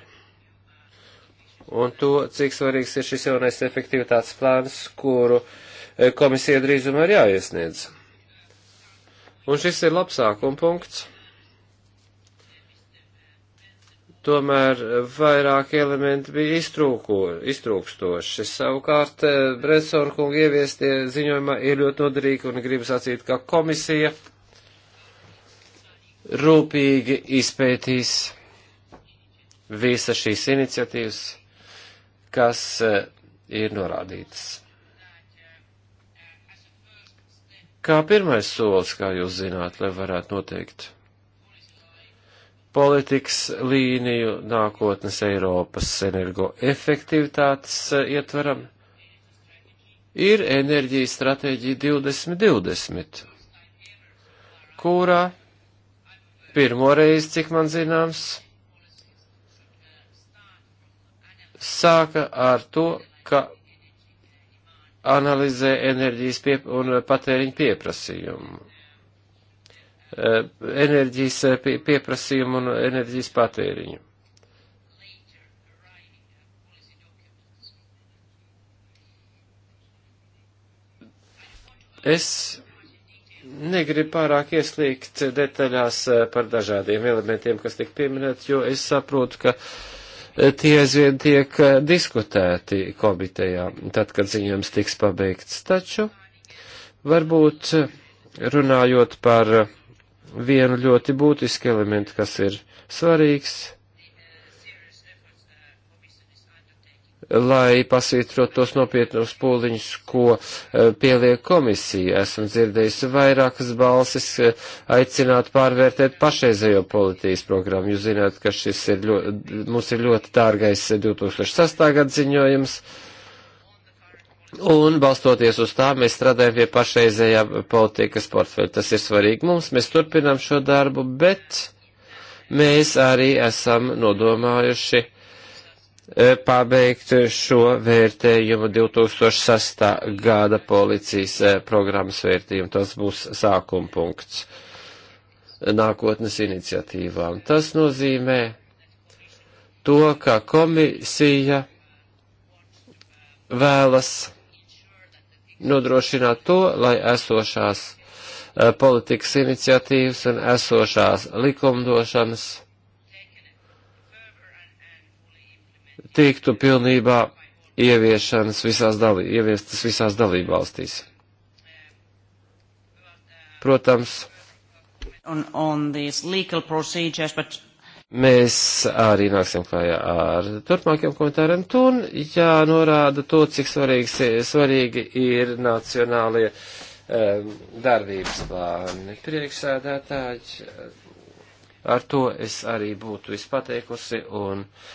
Un to, cik svarīgs ir šis jaunais efektivitātes plāns, kuru eh, komisija drīzumā ir jāiesniedz. Un šis ir labs sākuma punkts. Tomēr vairāk elementi bija iztrūko, iztrūkstoši. Savukārt, eh, Brensona kunga ieviestie ziņojumā ir ļoti noderīgi un gribu sacīt, ka komisija rūpīgi izpētīs visas šīs iniciatīvas, kas eh, ir norādītas. kā pirmais solis, kā jūs zināt, lai varētu noteikt politikas līniju nākotnes Eiropas energoefektivitātes eh, ietveram, ir enerģijas stratēģija 2020, kurā pirmoreiz, cik man zināms, sāka ar to, ka analizē enerģijas pie, un patēriņu pieprasījumu. E, enerģijas e, pie, pieprasījumu un enerģijas patēriņu. Es negribu pārāk ieslīgt detaļās e, par dažādiem elementiem, kas tik pieminēt, jo es saprotu, ka uh, tie aizvien tiek eh, diskutēti komitejā, tad, kad ziņojums tiks pabeigts. Taču varbūt runājot par vienu ļoti būtisku elementu, kas ir svarīgs, lai pasvītrot tos nopietnos pūliņus, ko e, pieliek komisija. Esmu dzirdējusi vairākas balsis e, aicināt pārvērtēt pašreizējo politijas programmu. Jūs zināt, ka šis ir ļoti, mums ir ļoti dārgais 2006. gada ziņojums. Un balstoties uz tā, mēs strādājam pie pašreizējā politikas portfeļa. Tas ir svarīgi mums, mēs turpinām šo darbu, bet mēs arī esam nodomājuši Eh, pabeigt šo vērtējumu 2006. gada policijas eh, programmas vērtējumu. Tas būs sākuma punkts nākotnes iniciatīvām. Tas nozīmē to, ka komisija vēlas nodrošināt to, lai esošās eh, politikas iniciatīvas un esošās likumdošanas tiktu pilnībā ieviešanas visās dalī, ieviestas visās dalībvalstīs. Protams, on, on but... mēs arī nāksim klājā ar turpmākiem komentāriem. Tun, jā, norāda to, cik svarīgs, svarīgi ir nacionālie um, darbības plāni. Priekšsēdētāji, ar to es arī būtu izpateikusi un. Uh,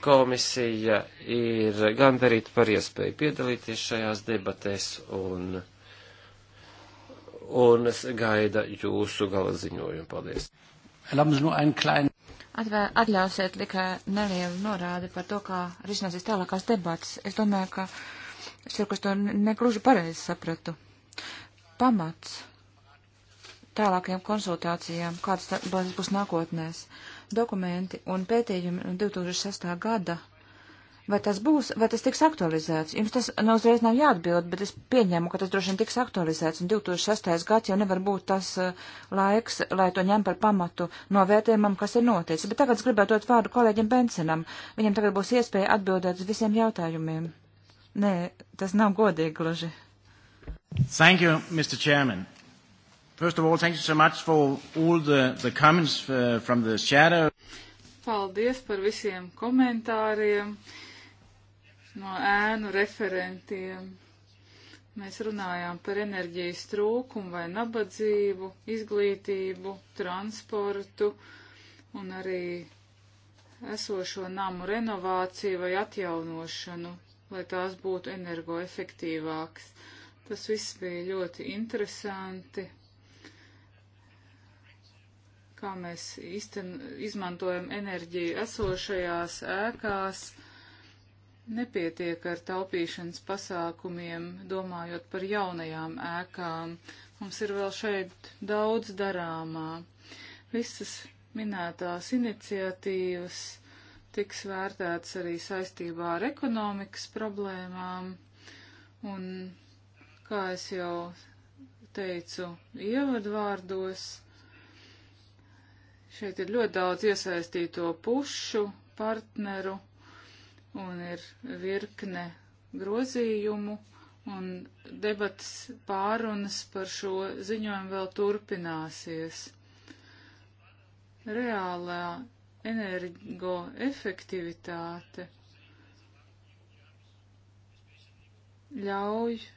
komisija ir gandarīta par iespēju piedalīties šajās debatēs un, un gaida jūsu gala ziņojumu. Paldies! Atvē, atļausiet tikai nelielu norādi par to, kā risināsies tālākās debatas. Es domāju, ka es ceru, ka es to negluži pareizi sapratu. Pamats tālākajām konsultācijām, kādas būs nākotnēs. Uh, dokumenti un pētījumi no 2006. gada. Vai tas būs, vai tas tiks aktualizēts? Jums tas nav uzreiz nav jāatbild, bet es pieņēmu, ka tas droši vien tiks aktualizēts, un 2006. gads jau nevar būt tas eh, laiks, lai to ņem par pamatu novērtējumam, kas ir noticis. Bet tagad es gribētu dot vārdu kolēģim Bensenam. Viņam tagad būs iespēja atbildēt uz visiem jautājumiem. Nē, tas nav godīgi gluži. Thank you, Mr. Chairman. First of all, thank you so much for all the, the comments uh, from the shadow. Paldies par visiem komentāriem no ēnu referentiem. Mēs runājām par enerģijas trūkumu vai nabadzību, izglītību, transportu un arī esošo namu renovāciju vai atjaunošanu, lai tās būtu energoefektīvākas. Tas viss bija ļoti interesanti kā mēs izten, izmantojam enerģiju esošajās ēkās. Nepietiek ar taupīšanas pasākumiem, domājot par jaunajām ēkām. Mums ir vēl šeit daudz darāmā. Visas minētās iniciatīvas tiks vērtētas arī saistībā ar ekonomikas problēmām. Un, kā es jau teicu ievadvārdos, Šeit ir ļoti daudz iesaistīto pušu, partneru un ir virkne grozījumu un debats pārunas par šo ziņojumu vēl turpināsies. Reālā energoefektivitāte ļauj uh,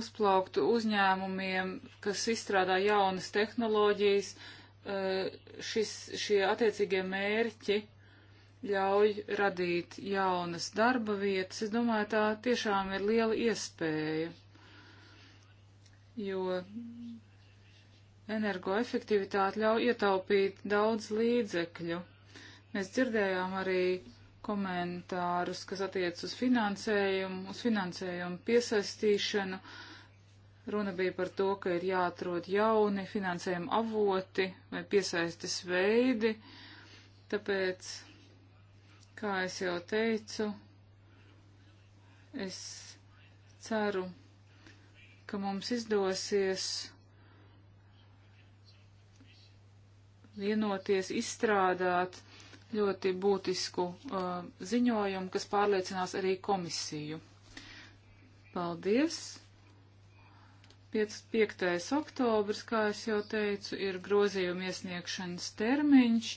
uzplaukt uzņēmumiem, kas izstrādā jaunas tehnoloģijas, uh, Eh, šis, šie attiecīgie mērķi ļauj radīt jaunas darba vietas. Es domāju, tā tiešām ir liela iespēja, jo energoefektivitāte ļauj ietaupīt daudz līdzekļu. Mēs dzirdējām arī komentārus, kas attiec uz finansējumu, uz finansējumu piesaistīšanu. Uh, Runa bija par to, ka ir jāatrod jauni finansējuma avoti vai piesaistes veidi, tāpēc, kā es jau teicu, es ceru, ka mums izdosies vienoties, izstrādāt ļoti būtisku uh, ziņojumu, kas pārliecinās arī komisiju. Paldies! 5. oktobrs, kā es jau teicu, ir grozījuma iesniegšanas termiņš.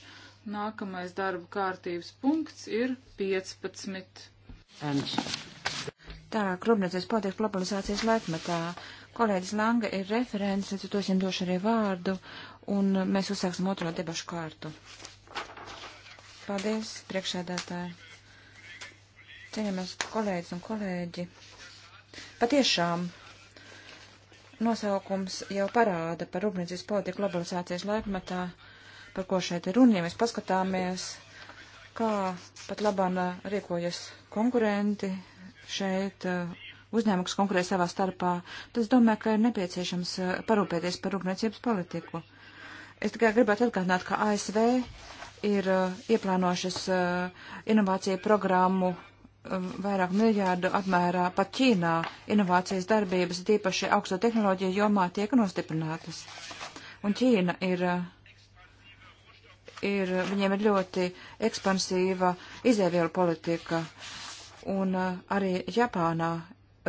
Nākamais darba kārtības punkts ir 15. And... Tālāk, krūpniecības politikas globalizācijas laikmetā. Kolēģis Langa ir referents, līdz ar to es viņam došu arī vārdu, un mēs uzsāksim otro debašu kārtu. Paldies, priekšēdētāji. Cienījamies kolēģis un kolēģi. Patiešām nosaukums jau parāda par rūpniecības politiku globalizācijas laikmetā, par ko šeit ir runa, ja mēs paskatāmies, kā pat labāk uh, rīkojas konkurenti šeit, uh, uzņēmumi, kas konkurē savā starpā, tad es domāju, ka ir nepieciešams uh, parūpēties par rūpniecības politiku. Es tikai gribētu atgādināt, ka ASV ir ieplānošas inovāciju programmu Um, vairāk miljārdu apmērā pat Ķīnā inovācijas darbības, tīpaši augsto tehnoloģiju jomā, tiek nostiprinātas. Un Ķīna ir, uh, ir viņiem ir ļoti ekspansīva izēvielu politika, un uh, arī Japānā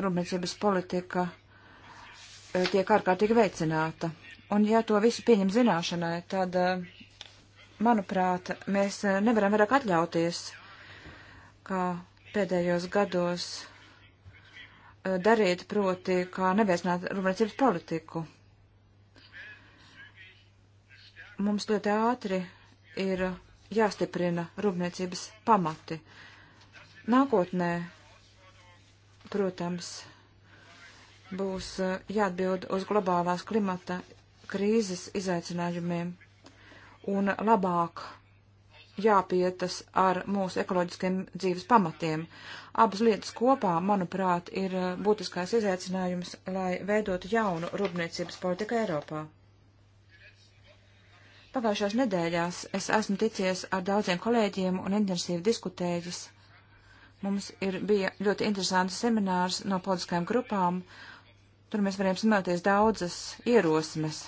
rūpniecības politika uh, tiek ārkārtīgi veicināta. Un ja to visu pieņem zināšanai, tad, manuprāt, mēs nevaram vairāk atļauties, ka pēdējos gados eh, darīt, proti, kā neveicināt rūpniecības politiku. Mums ļoti ātri ir jāstiprina rūpniecības pamati. Nākotnē, protams, būs eh, jāatbild uz globālās klimata krīzes izaicinājumiem un labāk jāpietas ar mūsu ekoloģiskiem dzīves pamatiem. Abas lietas kopā, manuprāt, ir eh, būtiskais izaicinājums, lai veidotu jaunu rūpniecības politiku Eiropā. Pagājušās nedēļās es esmu ticies ar daudziem kolēģiem un intensīvi diskutējis. Mums ir bija ļoti interesants seminārs no politiskajām grupām. Tur mēs varējām smelties daudzas ierosmes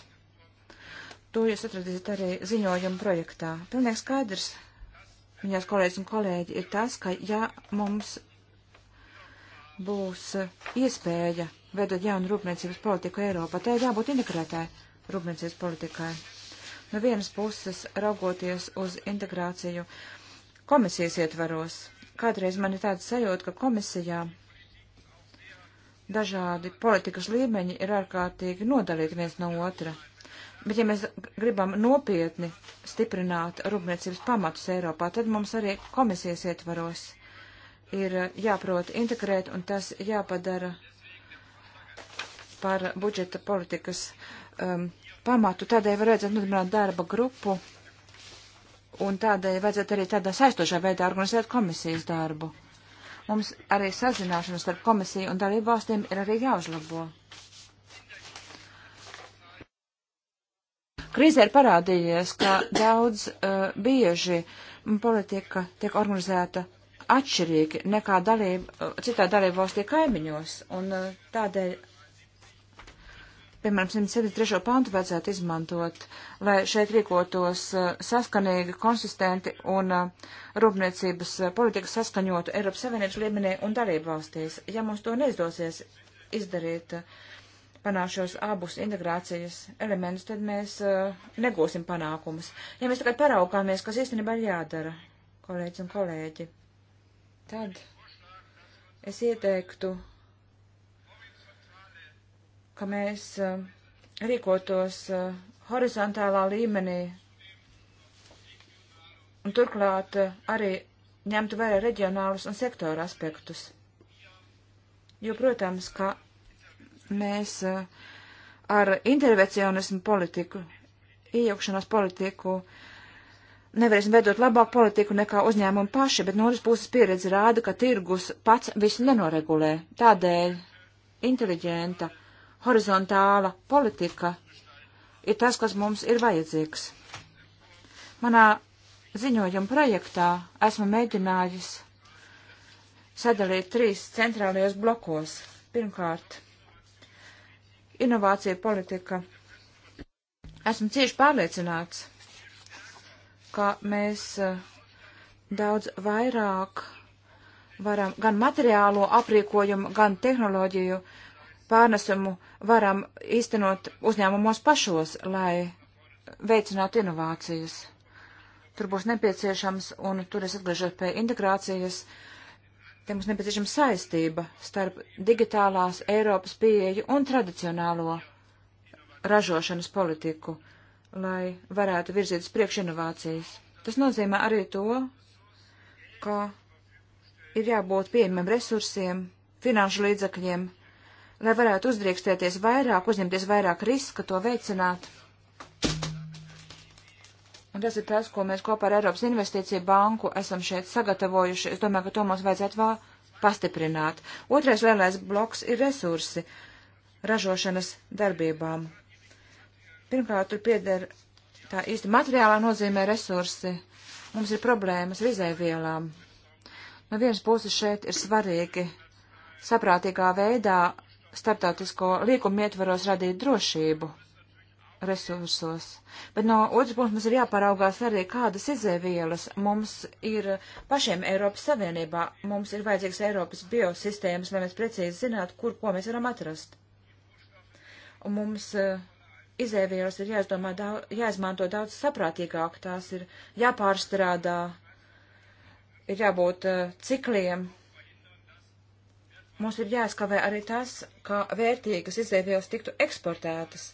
To jūs atradīsiet arī ziņojuma projektā. Pilnīgi skaidrs, viņās kolēģis un kolēģi, ir tas, ka ja mums būs iespēja veidot jaunu rūpniecības politiku Eiropā, tai ir jābūt integrētai rūpniecības politikai. No vienas puses, raugoties uz integrāciju komisijas ietvaros, kādreiz man ir tāda sajūta, ka komisijā dažādi politikas līmeņi ir ārkārtīgi nodalīti viens no otra Bet ja mēs gribam nopietni stiprināt rūpniecības pamatus Eiropā, tad mums arī komisijas ietvaros ir jāprot integrēt un tas jāpadara par budžeta politikas um, pamatu. Tādēļ vajadzētu nodibināt darba grupu un tādēļ vajadzētu arī tādā saistošā veidā organizēt komisijas darbu. Mums arī sazināšanas starp komisiju un dalību valstīm ir arī jāuzlabo. Krīzē ir parādījies, ka daudz uh, bieži politika tiek organizēta atšķirīgi nekā dalība, eh, citā dalība valstī kaimiņos, un uh, tādēļ, piemēram, 173. pantu vajadzētu izmantot, lai šeit rīkotos uh, saskanīgi, konsistenti un uh, rūpniecības politika saskaņotu Eiropas Savienības līmenī un dalību valstīs. Ja mums to neizdosies izdarīt, uh, panāšos abus integrācijas elementus, tad mēs uh, negūsim panākumus. Ja mēs tagad paraugāmies, kas īstenībā ir jādara, kolēģis un kolēģi, tad es ieteiktu, ka mēs uh, rīkotos uh, horizontālā līmenī un turklāt uh, arī ņemtu vērā reģionālus un sektoru aspektus. Jo, protams, ka mēs eh, ar intervencionismu politiku, iejaukšanās politiku, nevarēsim veidot labāku politiku nekā uzņēmumi paši, bet no otras puses pieredze rāda, ka tirgus pats visu nenoregulē. Tādēļ inteliģenta, horizontāla politika ir tas, kas mums ir vajadzīgs. Manā ziņojuma projektā esmu mēģinājis sadalīt trīs centrālajos blokos. Pirmkārt, inovācija politika. Esmu cieši pārliecināts, ka mēs eh, daudz vairāk varam gan materiālo aprīkojumu, gan tehnoloģiju pārnesumu varam īstenot uzņēmumos pašos, lai veicinātu inovācijas. Tur būs nepieciešams, un tur es atgriežos pie integrācijas, uh, Te mums nepieciešama saistība starp digitālās Eiropas pieeju un tradicionālo ražošanas politiku, lai varētu virzīt uz priekšu inovācijas. Tas nozīmē arī to, ka ir jābūt pieejamiem resursiem, finanšu līdzakļiem, lai varētu uzdrīkstēties vairāk, uzņemties vairāk riska, to veicināt. Un tas ir tas, ko mēs kopā ar Eiropas Investīciju banku esam šeit sagatavojuši. Es domāju, ka to mums vajadzētu vēl pastiprināt. Otrais lielais bloks ir resursi ražošanas darbībām. Pirmkārt, tur pieder tā īsti materiālā nozīmē resursi. Mums ir problēmas ar izēvielām. No vienas puses šeit ir svarīgi saprātīgā veidā starptautisko līkumu ietvaros radīt drošību resursos. Bet no otras puses mums ir jāparaugās arī, kādas izēvielas mums ir pašiem Eiropas Savienībā. Mums ir vajadzīgs Eiropas biosistēmas, lai mēs precīzi zinātu, kur ko mēs varam atrast. Un mums uh, eh, izēvielas ir jāizdomā, daudz, jāizmanto daudz saprātīgāk, tās ir jāpārstrādā, ir jābūt uh, cikliem. Mums ir jāskavē arī tas, kā vērtīgas izēvielas tiktu eksportētas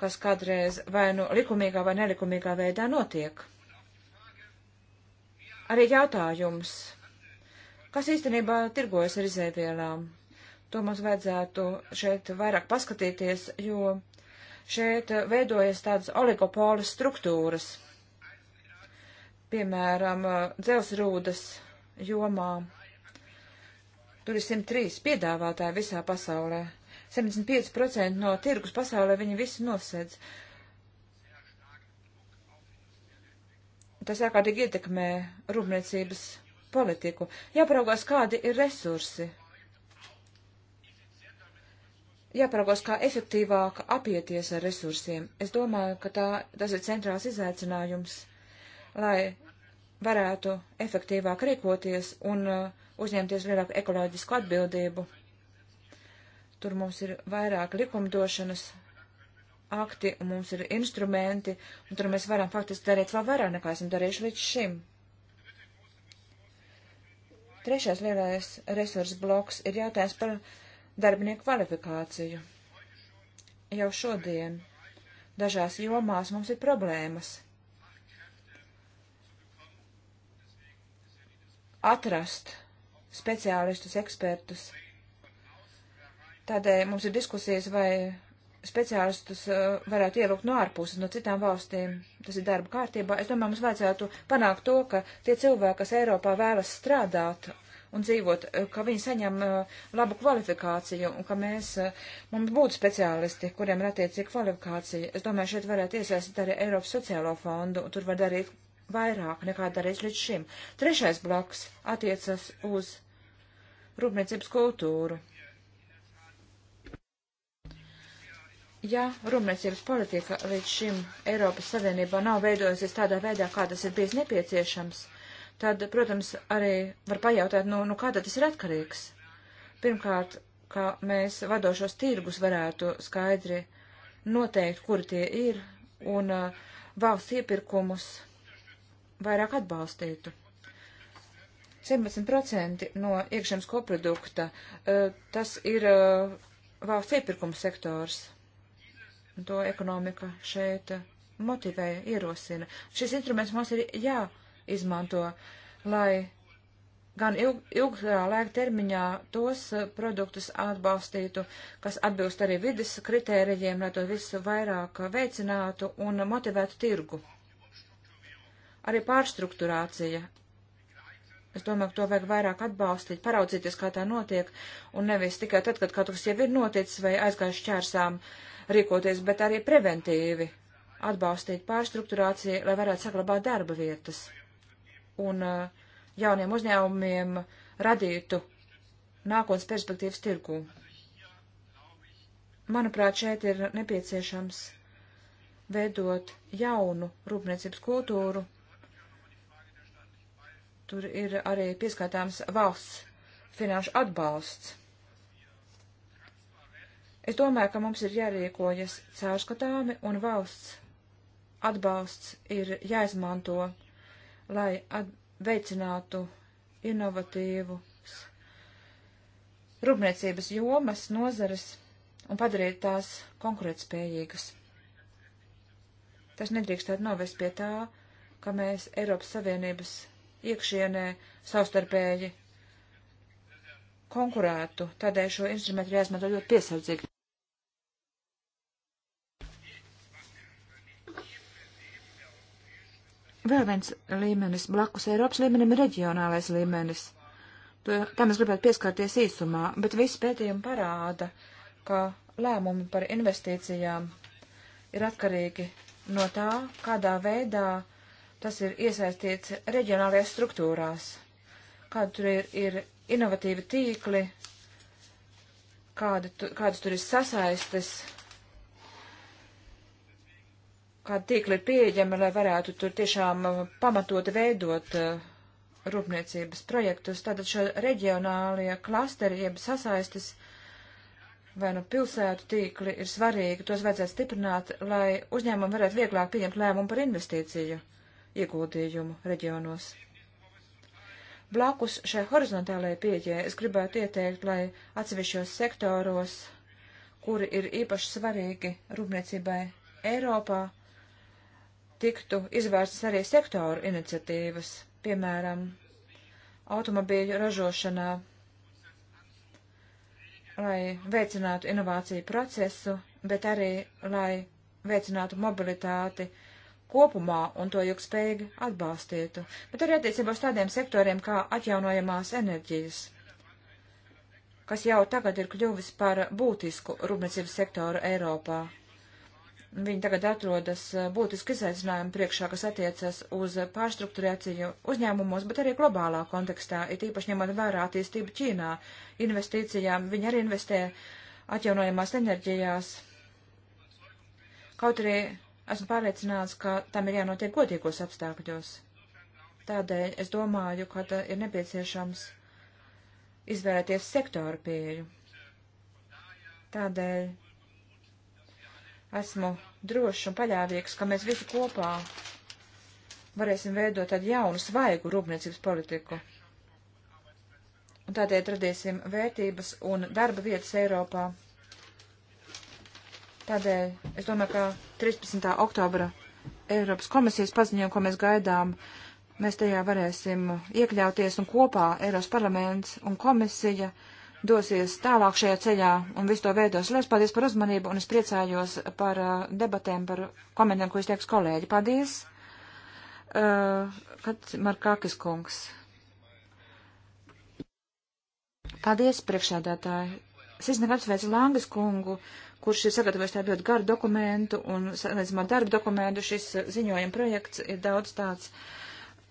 kas kādreiz vai nu likumīgā vai nelikumīgā veidā notiek. Arī jautājums, kas īstenībā tirgojas ar izēvielām? To mums vajadzētu šeit vairāk paskatīties, jo šeit veidojas tādas oligopolas struktūras, piemēram, dzelsrūdas jomā. Tur ir 103 piedāvātāji visā pasaulē. 75% no tirgus pasaulē viņi visi nosedz. Tas ārkārtīgi ietekmē rūpniecības politiku. Jāparaugās, kādi ir resursi. Jāparaugās, kā efektīvāk apieties ar resursiem. Es domāju, ka tā, tas ir centrāls izaicinājums, lai varētu efektīvāk rīkoties un uh, uzņemties lielāku ekoloģisku atbildību. Tur mums ir vairāk likumdošanas akti, un mums ir instrumenti, un tur mēs varam faktiski darīt vēl vairāk nekā esam darījuši līdz šim. Trešais lielais resursu bloks ir jautājums par darbinieku kvalifikāciju. Jau šodien dažās jomās mums ir problēmas. Atrast speciālistus, ekspertus, Tādēļ mums ir diskusijas, vai speciālistus uh, varētu ielūgt no ārpuses, no citām valstīm. Tas ir darba kārtībā. Es domāju, mums vajadzētu panākt to, ka tie cilvēki, kas Eiropā vēlas strādāt un dzīvot, eh, ka viņi saņem uh, labu kvalifikāciju un ka mēs, uh, mums būtu speciālisti, kuriem ir attiecīga kvalifikācija. Es domāju, šeit varētu iesaistīt arī Eiropas sociālo fondu, un tur var darīt vairāk nekā darīt līdz šim. Trešais bloks attiecas uz rūpniecības kultūru Ja rūpniecības politika līdz šim Eiropas Savienībā nav veidojusies tādā veidā, kā tas ir bijis nepieciešams, tad, protams, arī var pajautāt, nu, nu kā tas ir atkarīgs. Pirmkārt, kā mēs vadošos tirgus varētu skaidri noteikt, kur tie ir, un uh, valsts iepirkumus vairāk atbalstītu. 17% no iekšzemes koprodukta uh, tas ir uh, valsts iepirkuma sektors to ekonomika šeit motivē, ierosina. Šis instruments mums ir jāizmanto, lai gan ilg, ilgā laika termiņā tos eh, produktus atbalstītu, kas atbilst arī vidas kritērijiem, lai to visu vairāk veicinātu un motivētu tirgu. Arī pārstruktūrācija. Es domāju, ka to vajag vairāk atbalstīt, paraudzīties, kā tā notiek, un nevis tikai tad, kad kaut kas jau ir noticis vai aizgājuši šķērsām. Uh, rīkoties, bet arī preventīvi atbalstīt pārstrukturāciju, lai varētu saglabāt darba vietas un uh, jauniem uzņēmumiem radītu nākotnes perspektīvas tirgū. Manuprāt, šeit ir nepieciešams veidot jaunu rūpniecības kultūru. Tur ir arī pieskaitāms valsts finanšu atbalsts. Es domāju, ka mums ir jārīkojas caurskatāmi un valsts atbalsts ir jāizmanto, lai veicinātu inovatīvus rūpniecības jomas, nozares un padarīt tās konkurētspējīgas. Tas nedrīkstētu novest pie tā, ka mēs Eiropas Savienības iekšienē savstarpēji konkurētu, tādēļ šo instrumentu jāizmanto ļoti piesardzīgi. Vēl viens līmenis blakus Eiropas līmenim ir reģionālais līmenis. Tam es gribētu pieskarties īsumā, bet visi pētījumi parāda, ka lēmumi par investīcijām ir atkarīgi no tā, kādā veidā tas ir iesaistīts reģionālajās struktūrās, kāda tur ir, ir inovatīva tīkli, kāda, tu, kādas tur ir sasaistes kāda tīkla ir pieejama, lai varētu tur tiešām uh, pamatot veidot uh, rūpniecības projektus. Tātad šo reģionālie klasteri, jeb sasaistes vai nu pilsētu tīkli ir svarīgi, tos vajadzētu stiprināt, lai uzņēmumi varētu vieglāk pieņemt lēmumu par investīciju ieguldījumu reģionos. Blakus šai horizontālajai pieejai es gribētu ieteikt, lai atsevišķos sektoros, kuri ir īpaši svarīgi rūpniecībai Eiropā, tiktu izvērstas arī sektoru iniciatīvas, piemēram, automobīļu ražošanā, lai veicinātu inovāciju procesu, bet arī, lai veicinātu mobilitāti kopumā un to ilgspējīgi atbalstītu, bet arī attiecībā uz tādiem sektoriem kā atjaunojamās enerģijas, kas jau tagad ir kļuvis par būtisku rūpniecības sektoru Eiropā. Viņi tagad atrodas eh, būtiski izaicinājumu priekšā, kas attiecas uz pārstruktūrēciju uzņēmumos, bet arī globālā kontekstā, it īpaši ņemot vērā attīstību Ķīnā, investīcijām. Viņi arī investē atjaunojamās enerģijās. Kaut arī esmu pārliecināts, ka tam ir jānotiek godīgos apstākļos. Tādēļ es domāju, ka ir nepieciešams izvēlēties sektoru pieeju. Tādēļ Esmu drošs un paļāvīgs, ka mēs visi kopā varēsim veidot tādu jaunu, svaigu rūpniecības politiku. Un tādēļ radīsim vērtības un darba vietas Eiropā. Tādēļ es domāju, ka 13. oktobra Eiropas komisijas paziņojumu, ko mēs gaidām, mēs tajā varēsim iekļauties un kopā Eiropas parlaments un komisija uh, dosies tālāk šajā ceļā un visu to veidos. Lielas paldies par uzmanību un es priecājos par uh, debatēm, par komentiem, ko izteiks kolēģi. Paldies! Uh, kad Markakis kungs. Paldies, priekšādātāji. Sisnieks apsveic Langas kungu, kurš ir sagatavojis tādu ļoti garu dokumentu un, salīdzinām, darba dokumentu. Šis ziņojuma projekts ir daudz tāds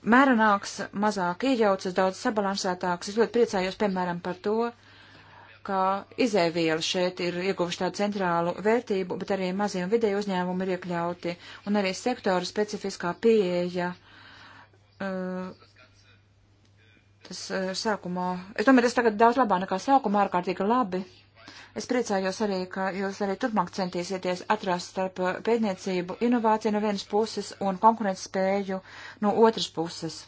mērenāks, mazāk iejaucas, daudz sabalansētāks. Es ļoti priecājos, piemēram, par to, uh, kā izēviela šeit ir ieguvuši tādu centrālu vērtību, bet arī mazie un vidēji uzņēmumi ir iekļauti, un arī sektora specifiskā pieeja. Uh, tas uh, sākumā, es domāju, tas tagad daudz labāk nekā sākumā, ārkārtīgi labi. Es priecājos arī, ka jūs arī turpmāk centīsieties atrast starp pētniecību, inovāciju no vienas puses un konkurētspēju no otras puses.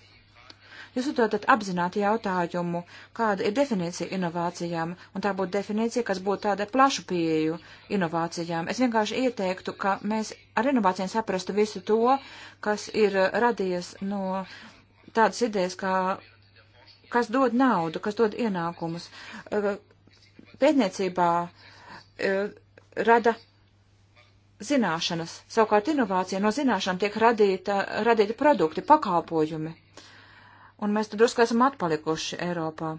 Jūs uzdodat apzināti jautājumu, kāda ir definīcija inovācijām, un tā būtu definīcija, kas būtu tāda plašu pieeju inovācijām. Es vienkārši ieteiktu, ka mēs ar inovācijām saprastu visu to, kas ir radies no tādas idejas, kā kas dod naudu, kas dod ienākumus. Eh, pētniecībā eh, rada zināšanas, savukārt inovācija no zināšanām tiek radīta, radīti produkti, pakalpojumi. Un mēs tad drusku esam atpalikuši Eiropā.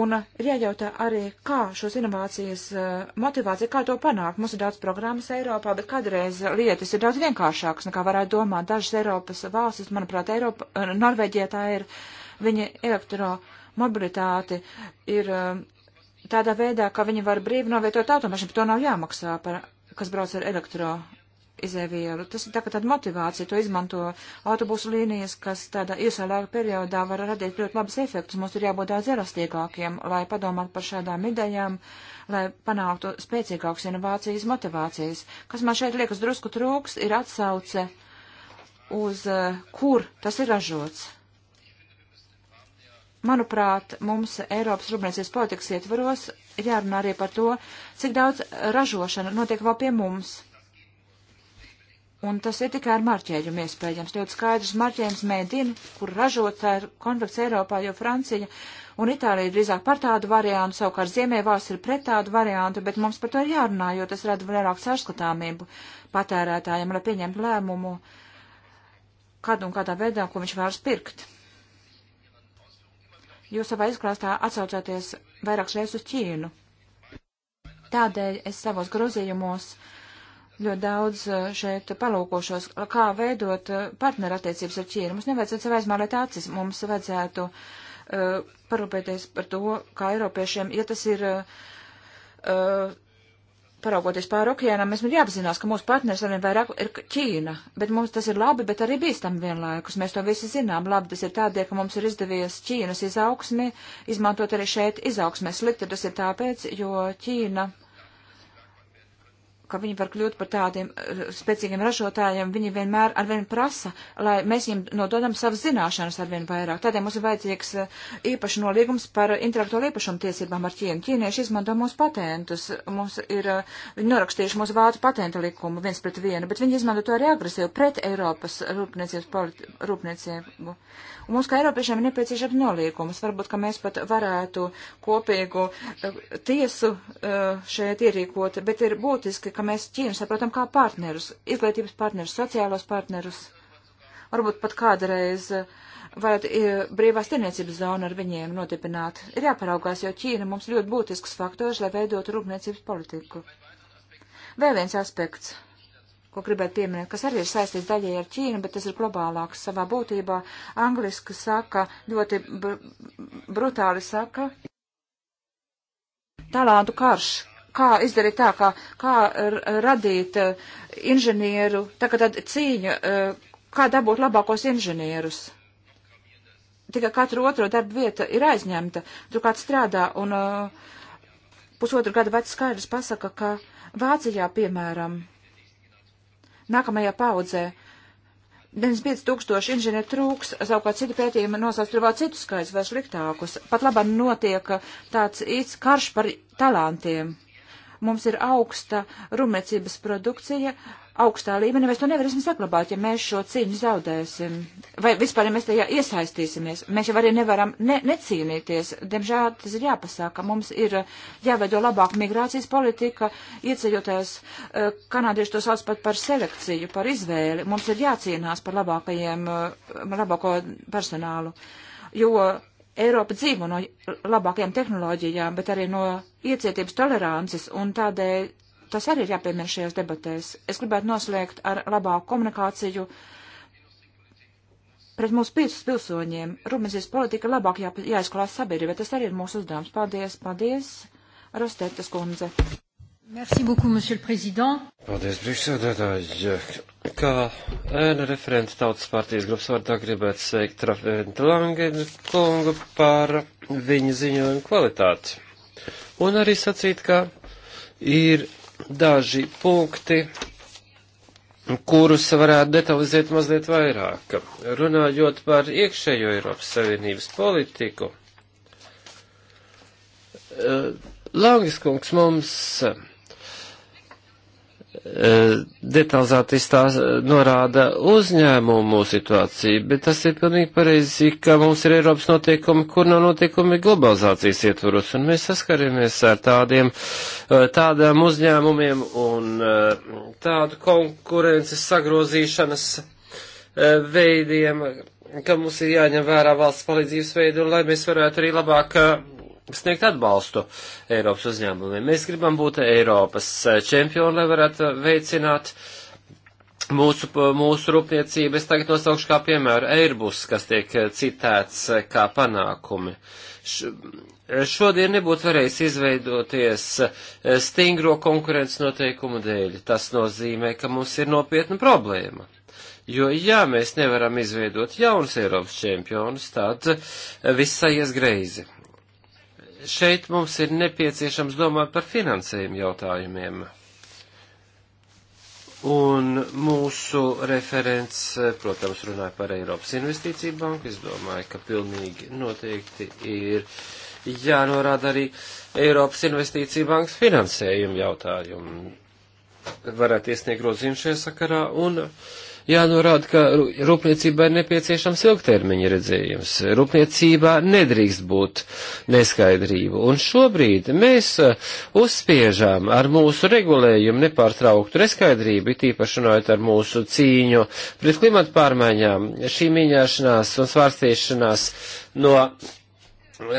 Un ir jājautā arī, kā šos inovācijas eh, motivācija, kā to panākt. Mums ir daudz programmas Eiropā, bet kādreiz lietas ir daudz vienkāršākas, nekā varētu domāt. Dažas Eiropas valstis, manuprāt, Eiropa, eh, Norvēģija tā ir, viņa elektromobilitāti ir eh, tādā veidā, ka viņi var brīvi novietot automašīnu, bet to nav jāmaksā par, kas brauc ar elektro izēvielu. Tas ir tā kā tāda motivācija, to izmanto autobusu līnijas, kas tādā īsā laika periodā var radīt ļoti labus efektus. Mums ir jābūt daudz elastīgākiem, lai padomātu par šādām idejām, lai panāktu spēcīgākas inovācijas motivācijas. Kas man šeit liekas drusku trūks, ir atsauce uz eh, kur tas ir ražots. Manuprāt, mums Eiropas rūpniecības politikas ietvaros ir jārunā arī par to, cik daudz ražošana notiek vēl pie mums Un tas ir tikai ar marķējumu iespējams. Ļoti skaidrs marķējums mēdina, kur ražots ir konflikts Eiropā, jo Francija un Itālija ir drīzāk par tādu variantu, savukārt Ziemēvalsts ir pret tādu variantu, bet mums par to ir jārunā, jo tas rada vairāk sarskatāmību patērētājiem, lai pieņemtu lēmumu, kad un kādā veidā, ko viņš vēlas pirkt. Jūs savā izklāstā atsaucāties vairākas reizes uz Ķīnu. Tādēļ es savos grozījumos uh, ļoti daudz eh, šeit palūkošos, kā veidot eh, partnerattiecības ar Ķīnu. Mums nevajadzētu sev aizmālēt acis, mums vajadzētu uh, parūpēties par to, kā Eiropiešiem, ja tas ir. Uh, paraugoties pāri okeānam, mēs jāapzinās, ka mūsu partners arvien vairāk ir Ķīna, bet mums tas ir labi, bet arī bīstami vienlaikus. Mēs to visi zinām. Labi, tas ir tādēļ, ka mums ir izdevies Ķīnas izaugsmi, izmantot arī šeit izaugsmē slikti. Tas ir tāpēc, jo Ķīna ka viņi var kļūt par tādiem eh, spēcīgiem ražotājiem, viņi vienmēr arvien prasa, lai mēs viņiem nododam savas zināšanas arvien vairāk. Tādēļ mums ir vajadzīgs eh, īpaši nolīgums par intelektuālo īpašumu tiesībām ar Ķīnu. Ķīnieši izmanto mūsu patentus, mums ir, eh, viņi norakstījuši mūsu vācu patenta likumu viens pret vienu, bet viņi izmanto to arī agresīvi pret Eiropas rūpniecības rūpniecību. Un mums, kā Eiropiešiem, ir nepieciešams nolīgums. Varbūt, ka mēs pat varētu kopīgu eh, tiesu eh, šeit ierīkot, bet ir būtiski, ka mēs Ķīnu saprotam kā partnerus, izglītības partnerus, sociālos partnerus. Varbūt pat kādreiz eh, varētu brīvās tirniecības zonu ar viņiem notipināt. Ir jāparaugās, jo Ķīna mums ļoti būtisks faktors, lai veidotu rūpniecības politiku. Vēl viens aspekts ko gribētu pieminēt, kas arī ir saistīts daļai ar Ķīnu, bet tas ir globālāks savā būtībā. Angliski saka, ļoti br brutāli saka, talantu karš. Kā izdarīt tā, kā, kā radīt uh, inženieru, tā kā tad cīņa, uh, eh, kā dabūt labākos inženierus. Tikai katru otro darbu vieta ir aizņemta, tur kāds strādā, un uh, pusotru gadu vecs skaidrs pasaka, ka Vācijā, piemēram, uh, nākamajā paudzē. 95 tūkstoši inženieri trūks, savukārt citi pētījumi nosauc vēl citu skaidrs vēl sliktākus. Pat labāk notiek tāds īsts karš par talantiem. Mums ir augsta rūpniecības produkcija, augstā līmenī mēs to nevarēsim saglabāt, ja mēs šo cīņu zaudēsim. Vai vispār, ja mēs tajā iesaistīsimies, mēs jau arī nevaram ne, necīnīties. Diemžēl tas ir jāpasaka. Mums ir jāveido labāk migrācijas politika, ieceļoties, eh, kanādieši to sauc pat par selekciju, par izvēli. Mums ir jācīnās par labākajiem, eh, labāko personālu. Jo Eiropa dzīvo no labākajām tehnoloģijām, bet arī no iecietības tolerances, un tādēļ tas arī ir jāpiemēr šajās debatēs. Es gribētu noslēgt ar labāku komunikāciju pret mūsu piecus pilsoņiem. Rūpniecības politika labāk jā, jāizklās sabiedrībai. Tas arī ir mūsu uzdevums. Paldies, paldies, Rostetas kundze. Merci beaucoup, monsieur le président. Paldies, priekšsēdētāji. Kā ēna referenta tautas partijas grupas vārdā gribētu sveikt Rafaelu Langenu kungu par viņa ziņojumu kvalitāti. Un arī sacīt, ka ir daži punkti, kurus varētu detalizēt mazliet vairāk. Runājot par iekšējo Eiropas Savienības politiku, eh, Langiskungs mums Eh, detalizēti tās norāda uzņēmumu situāciju, bet tas ir pilnīgi pareizi, ka mums ir Eiropas noteikumi, kur nav noteikumi globalizācijas ietvaros, un mēs saskaramies ar tādiem, eh, tādām uzņēmumiem un eh, tādu konkurences sagrozīšanas veidiem, ka mums ir jāņem vērā valsts palīdzības veidi, un lai mēs varētu arī labāk sniegt atbalstu Eiropas uzņēmumiem. Mēs gribam būt Eiropas čempioni, lai varētu veicināt mūsu, mūsu rūpniecību. Es tagad nosaukšu kā piemēru Airbus, kas tiek citēts kā panākumi. Š, šodien nebūtu varējis izveidoties stingro konkurences noteikumu dēļ. Tas nozīmē, ka mums ir nopietna problēma. Jo, ja mēs nevaram izveidot jaunus Eiropas čempionus, tad viss aizies greizi šeit mums ir nepieciešams domāt par finansējumu jautājumiem. Un mūsu referents, protams, runāja par Eiropas investīciju banku. Es domāju, ka pilnīgi noteikti ir jānorāda arī Eiropas investīciju bankas finansējuma jautājumu. Varētu iesniegt grozījumu šajā sakarā un uh, jānorāda, ka rūpniecībā ir nepieciešams ilgtermiņa redzējums. Rūpniecībā nedrīkst būt neskaidrību. Un šobrīd mēs eh, uzspiežām ar mūsu regulējumu nepārtrauktu neskaidrību, tīpaši runājot ar mūsu cīņu pret klimatu pārmaiņām, šī mīņāšanās un svārstīšanās no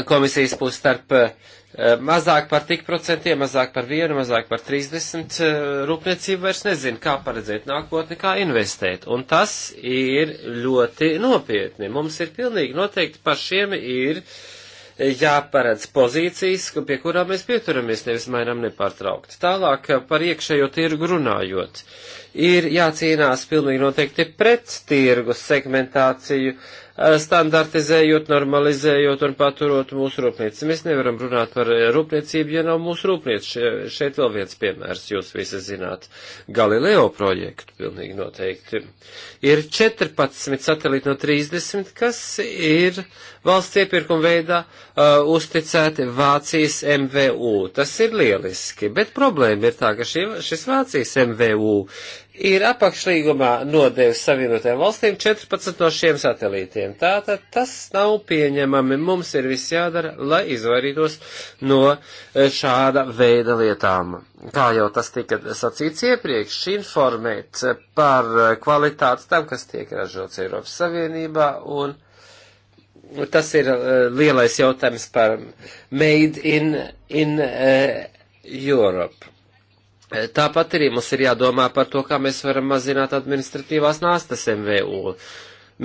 komisijas puses starp uh, Eh, mazāk par tik procentiem, mazāk par vienu, mazāk par 30 eh, rūpniecību vairs nezina, kā paredzēt nākotni, kā investēt. Un tas ir ļoti nopietni. Mums ir pilnīgi noteikti pašiem ir eh, jāparedz pozīcijas, pie kurām mēs pieturamies, nevis mainām nepārtraukti. Tālāk par iekšējo tirgu runājot. Ir jācīnās pilnīgi noteikti pret tirgus segmentāciju, uh, Eh, standartizējot, normalizējot un paturot mūsu rūpnieci. Mēs nevaram runāt par eh, rūpniecību, ja nav mūsu rūpnieci. Še, šeit vēl viens piemērs, jūs visi zināt, Galileo projektu pilnīgi noteikti. Ir 14 satelīti no 30, kas ir valsts iepirkuma veidā uh, uzticēti Vācijas MVU. Tas ir lieliski, bet problēma ir tā, ka šī, šis Vācijas MVU ir apakšlīgumā nodevis Savienotajām valstīm 14 no šiem satelītiem. Tātad tas nav pieņemami. Mums ir viss jādara, lai izvairītos no e, šāda veida lietām. Kā jau tas tika sacīts iepriekš, šī informēt par kvalitāti tam, kas tiek ražots Eiropas Savienībā un tas ir uh, lielais jautājums par Made in, in uh, Europe. Tāpat arī mums ir jādomā par to, kā mēs varam mazināt administratīvās nāstas MVU.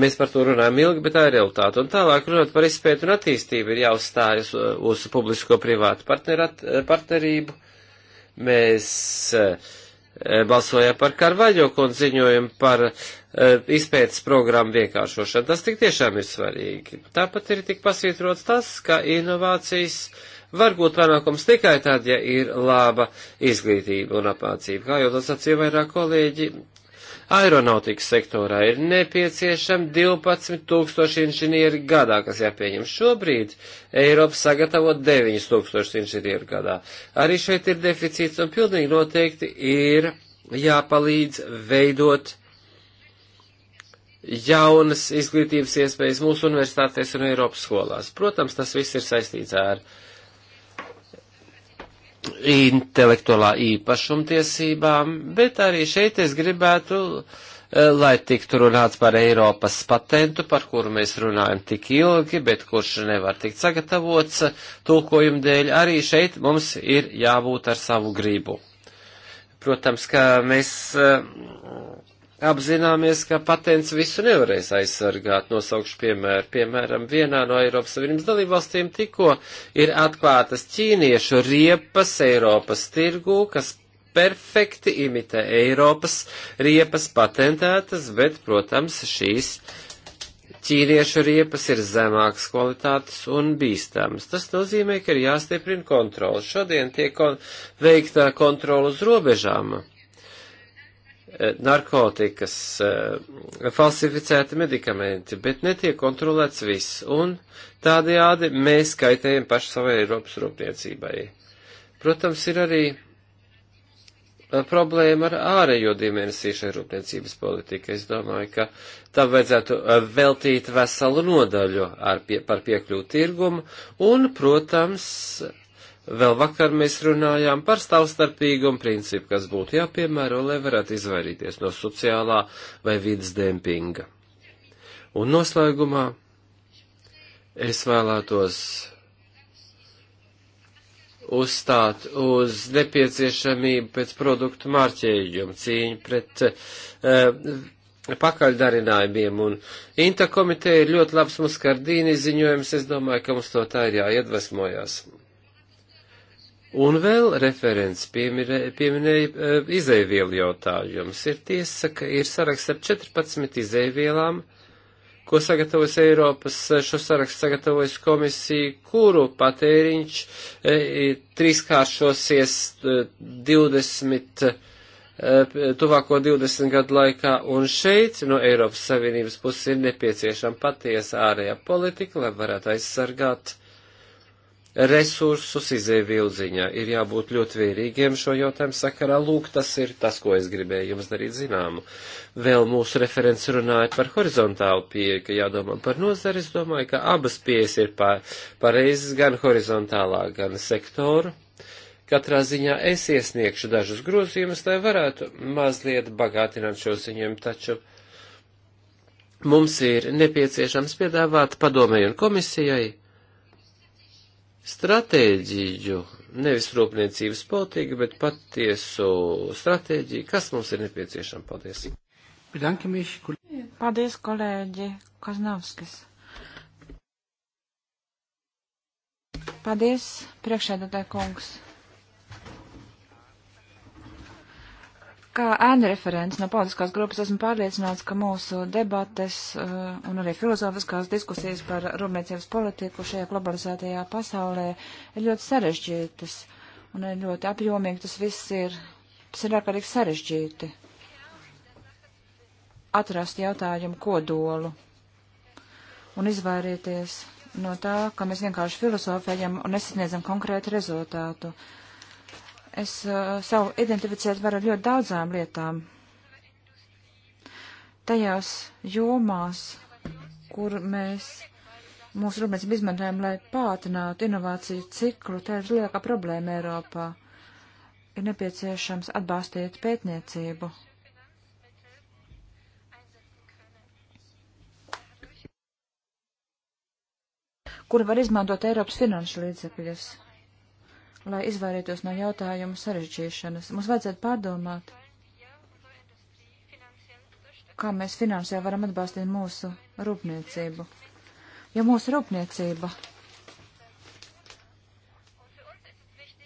Mēs par to runājam ilgi, bet tā ir realitāte. Un tālāk runāt par izpētu un attīstību ir jāuzstājas uz publisko privātu partnerat, partnerību. Mēs eh, balsojām par Karvaļo un ziņojam par eh, izpētes programmu vienkāršošanu. Tas tik tiešām ir svarīgi. Tāpat ir tik pasvītrots tas, ka inovācijas var būt panākums tikai tad, ja ir laba izglītība un apmācība. Kā jau tas sacīja vairāk kolēģi, aeronautikas sektorā ir nepieciešami 12 tūkstoši inženieri gadā, kas jāpieņem. Šobrīd Eiropa sagatavo 9 tūkstoši inženieru gadā. Arī šeit ir deficīts un pilnīgi noteikti ir jāpalīdz veidot jaunas izglītības iespējas mūsu universitātēs un Eiropas skolās. Protams, tas viss ir saistīts ar uh, intelektuālā īpašumtiesībām, bet arī šeit es gribētu, eh, lai tiktu runāts par Eiropas patentu, par kuru mēs runājam tik ilgi, bet kurš nevar tikt sagatavots tulkojuma dēļ, arī šeit mums ir jābūt ar savu gribu. Protams, ka mēs eh, apzināmies, ka patents visu nevarēs aizsargāt. Nosaukšu piemēru. Piemēram, vienā no Eiropas Savienības dalībvalstīm tikko ir atklātas ķīniešu riepas Eiropas tirgū, kas perfekti imitē Eiropas riepas patentētas, bet, protams, šīs ķīniešu riepas ir zemākas kvalitātes un bīstamas. Tas nozīmē, ka ir jāstieprina kontrola. Šodien tiek kon veikta kontrola uz robežām Eh, narkotikas, eh, falsificēti medikamenti, bet netiek kontrolēts viss, un tādējādi mēs kaitējam paši savai Eiropas rūpniecībai. Protams, ir arī eh, problēma ar ārējo dimensiju šai rūpniecības politikai. Es domāju, ka tam vajadzētu veltīt veselu nodaļu ar pie, par piekļūt tirgumu, un, protams, Vēl vakar mēs runājām par stāvstarpīgumu principu, kas būtu jāpiemēro, lai varētu izvairīties no sociālā vai vidas dempinga. Un noslēgumā es vēlētos uzstāt uz nepieciešamību pēc produktu mārķējumu, cīņu pret uh, pakaļdarinājumiem. Un Inta komiteja ir ļoti labs muskardīni ziņojums, es domāju, ka mums no tā ir jāiedvesmojas. Un vēl referents pieminē, pieminēja e, izēvielu jautājumus. Ir tiesa, ka ir saraksts ar 14 izēvielām, ko sagatavojas Eiropas, e, šo sarakstu sagatavojas komisija, kuru patēriņš e, trīskāršosies 20, e, e tuvāko 20 gadu laikā, un šeit no Eiropas Savienības puses ir nepieciešama patiesa ārējā politika, lai varētu aizsargāt resursus izēvielu ziņā. Ir jābūt ļoti vērīgiem šo jautājumu sakarā. Lūk, tas ir tas, ko es gribēju jums darīt zināmu. Vēl mūsu referents runāja par horizontālu pieeju, ka jādomā par nozari. Es domāju, ka abas pieejas ir pareizas, gan horizontālā, gan sektoru. Katrā ziņā es iesniegšu dažus grozījumus, lai varētu mazliet bagātināt šo ziņojumu, taču mums ir nepieciešams piedāvāt padomēju un komisijai stratēģiju, nevis rūpniecības politiku, bet patiesu stratēģiju, kas mums ir nepieciešama. Paldies! Paldies, kolēģi Kaznovskis! Paldies, priekšēdētāji kungs! Kā ēna referents no politiskās grupas esmu pārliecināts, ka mūsu debates uh, un arī filozofiskās diskusijas par rūpniecības politiku šajā globalizētajā pasaulē ir ļoti sarežģītas un ir ļoti apjomīgi. Tas viss ir, tas ir ārkārtīgi sarežģīti. Atrast jautājumu kodolu un izvairīties no tā, ka mēs vienkārši filozofējam un nesasniedzam konkrētu rezultātu. Uh, es uh, savu identificēt varu ļoti daudzām lietām. Tajās jomās, kur mēs mūsu rūpniecību izmantojam, lai pātrinātu inovāciju ciklu, tā ir lielākā problēma Eiropā. Ir nepieciešams atbalstīt pētniecību. kura var izmantot Eiropas finanšu līdzekļus lai izvairītos no jautājuma sarežģīšanas. Mums vajadzētu pārdomāt, kā mēs finansiāli varam atbalstīt mūsu rūpniecību. Ja mūsu rūpniecība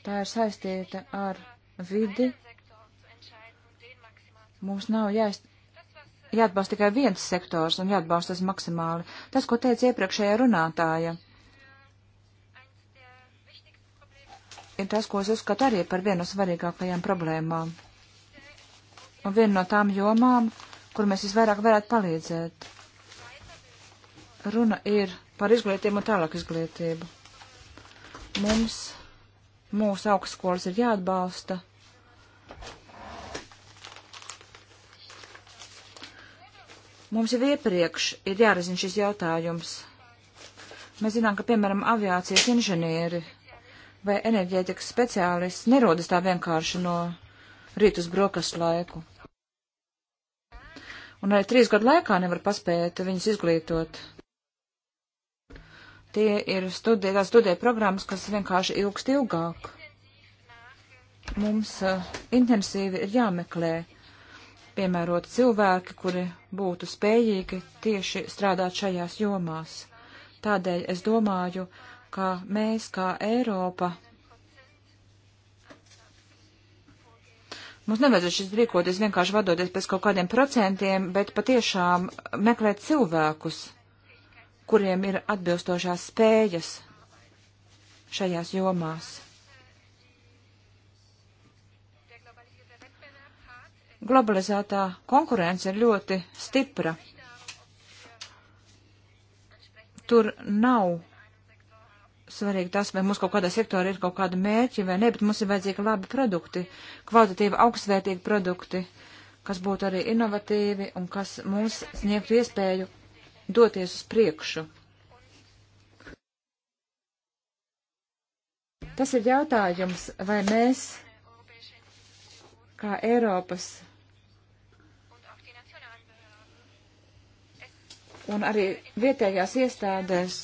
tā ir saistīta ar vidi, mums nav jāizt, jāatbalsta tikai viens sektors un jāatbalsta tas maksimāli. Tas, ko teica iepriekšējā runātāja ir tas, ko es uzskatu arī par vienu no svarīgākajām problēmām. Un viena no tām jomām, kur mēs visvairāk varētu palīdzēt. Runa ir par izglītību un tālāk izglītību. Mums, mūsu augstskolas ir jāatbalsta. Mums jau iepriekš ir jārisina šis jautājums. Mēs zinām, ka, piemēram, aviācijas inženieri vai enerģētikas speciālists nerodas tā vienkārši no rītus brokastu laiku. Un arī trīs gadu laikā nevar paspēt viņus izglītot. Tie ir studija, tā studija programmas, kas vienkārši ilgst ilgāk. Mums uh, intensīvi ir jāmeklē piemērot cilvēki, kuri būtu spējīgi tieši strādāt šajās jomās. Tādēļ es domāju, uh, ka mēs kā Eiropa. Mums nevajadzētu šis rīkoties vienkārši vadoties pēc kaut kādiem procentiem, bet patiešām meklēt cilvēkus, kuriem ir atbilstošās spējas šajās jomās. Globalizētā konkurence ir ļoti stipra. Tur nav svarīgi tas, vai mums kaut kādā sektorā ir kaut kāda mērķa vai nē, bet mums ir vajadzīgi labi produkti, kvalitatīvi augstsvērtīgi produkti, kas būtu arī inovatīvi un kas mums sniegtu iespēju doties uz priekšu. Tas ir jautājums, vai mēs, kā Eiropas un arī vietējās iestādēs,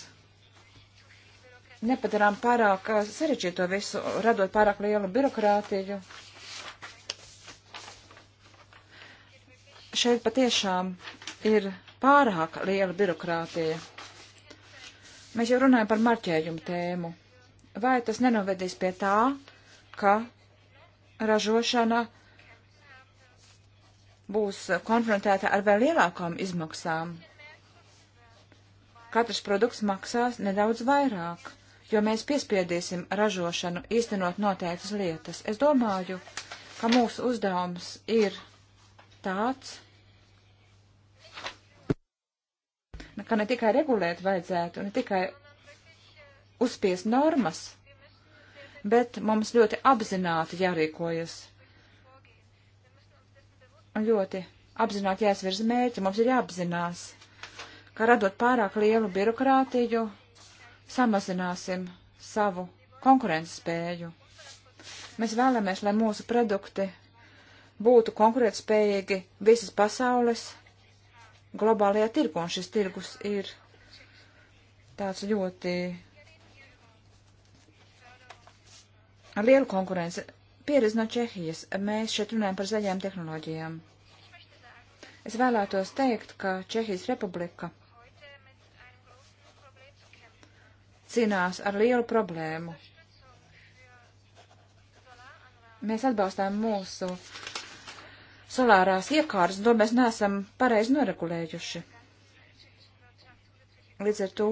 nepadarām pārāk sarežģīto visu, radot pārāk lielu birokrātiju. Šeit patiešām ir pārāk liela birokrātija. Mēs jau runājam par marķējumu tēmu. Vai tas nenovedīs pie tā, ka ražošana būs konfrontēta ar vēl lielākām izmaksām? Katrs produkts maksās nedaudz vairāk jo mēs piespiedīsim ražošanu īstenot noteiktas lietas. Es domāju, ka mūsu uzdevums ir tāds, ka ne tikai regulēt vajadzētu, ne tikai uzspies normas, bet mums ļoti apzināti jārīkojas. Un ļoti apzināti jāsvirz mērķi, mums ir jāapzinās, ka radot pārāk lielu birokrātiju, samazināsim savu konkurences spēju. Mēs vēlamies, lai mūsu produkti būtu konkurētspējīgi visas pasaules globālajā tirgu, un šis tirgus ir tāds ļoti ar lielu konkurenci. Pieredze no Čehijas. Mēs šeit runājam par zaļajām tehnoloģijām. Es vēlētos teikt, ka Čehijas republika cīnās ar lielu problēmu. Mēs atbalstām mūsu solārās iekārtas, to mēs neesam pareizi noregulējuši. Līdz ar to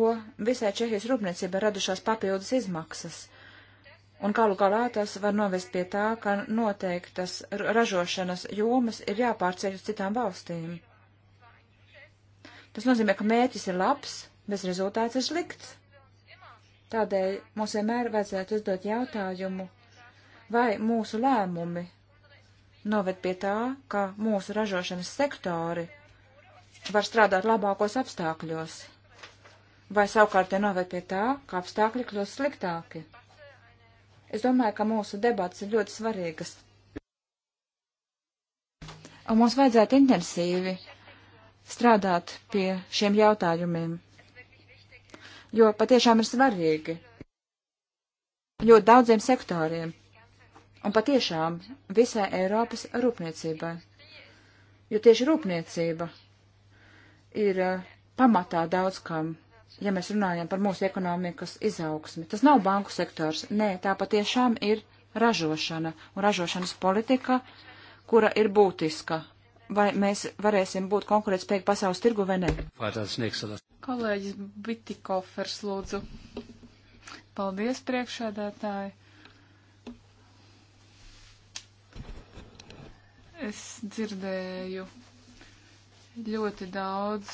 visai Čehijas rūpniecībai radušās papildus izmaksas, un galu galā tas var novest pie tā, ka noteiktas ražošanas jomas ir jāpārceļ uz citām valstīm. Tas nozīmē, ka mērķis ir labs, bez rezultāts ir slikts. Tādēļ mums vienmēr vajadzētu uzdot jautājumu, vai mūsu lēmumi noved pie tā, ka mūsu ražošanas sektori var strādāt labākos apstākļos, vai savukārt te noved pie tā, ka apstākļi kļūst sliktāki. Es domāju, ka mūsu debats ir ļoti svarīgas. Un mums vajadzētu intensīvi strādāt pie šiem jautājumiem jo patiešām ir svarīgi ļoti daudziem sektoriem un patiešām visai Eiropas rūpniecībai. Jo tieši rūpniecība ir eh, pamatā daudz kam, ja mēs runājam par mūsu ekonomikas izaugsmi. Tas nav banku sektors, nē, tā patiešām ir ražošana un ražošanas politika, kura ir būtiska vai mēs varēsim būt konkurētspējīgi pasaules tirgu vai nē. Kolēģis Bitikofers lūdzu. Paldies priekšēdētāji. Es dzirdēju ļoti daudz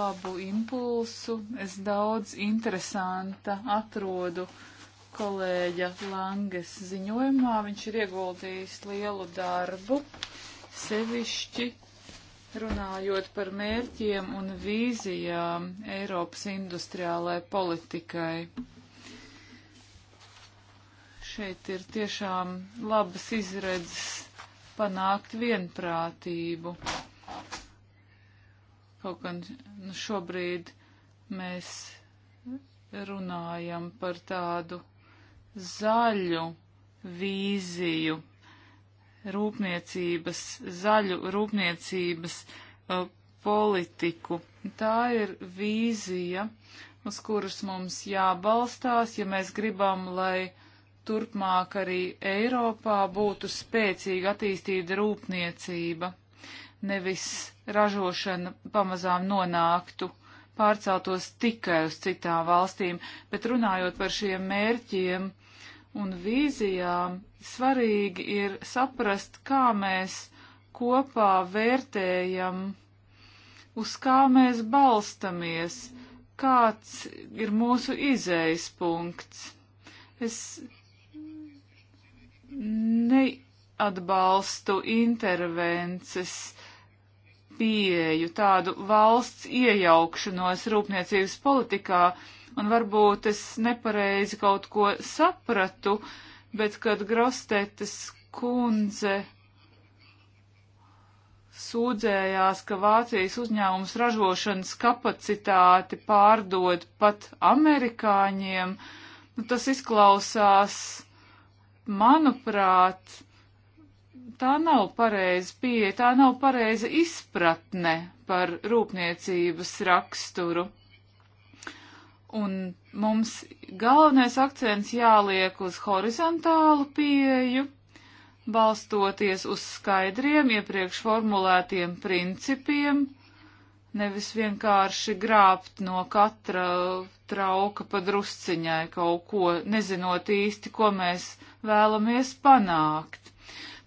labu impulsu. Es daudz interesanta atrodu kolēģa Langes ziņojumā. Viņš ir ieguldījis lielu darbu sevišķi runājot par mērķiem un vīzijām Eiropas industriālai politikai. Šeit ir tiešām labas izredzes panākt vienprātību. Kaut gan nu, šobrīd mēs runājam par tādu zaļu vīziju rūpniecības, zaļu rūpniecības uh, politiku. Tā ir vīzija, uz kuras mums jābalstās, ja mēs gribam, lai turpmāk arī Eiropā būtu spēcīga attīstīta rūpniecība, nevis ražošana pamazām nonāktu, pārceltos tikai uz citām valstīm, bet runājot par šiem mērķiem, un vīzijām, svarīgi ir saprast, kā mēs kopā vērtējam, uz kā mēs balstamies, kāds ir mūsu izējas punkts. Es neatbalstu intervences pieeju, tādu valsts iejaukšanos rūpniecības politikā, un varbūt es nepareizi kaut ko sapratu, bet kad Grostetes kundze sūdzējās, ka Vācijas uzņēmums ražošanas kapacitāti pārdod pat amerikāņiem, nu, tas izklausās, manuprāt, tā nav pareiza pieeja, tā nav pareiza izpratne par rūpniecības raksturu. Un mums galvenais akcents jāliek uz horizontālu pieeju, balstoties uz skaidriem iepriekš formulētiem principiem, nevis vienkārši grābt no katra trauka pa drusciņai kaut ko, nezinot īsti, ko mēs vēlamies panākt.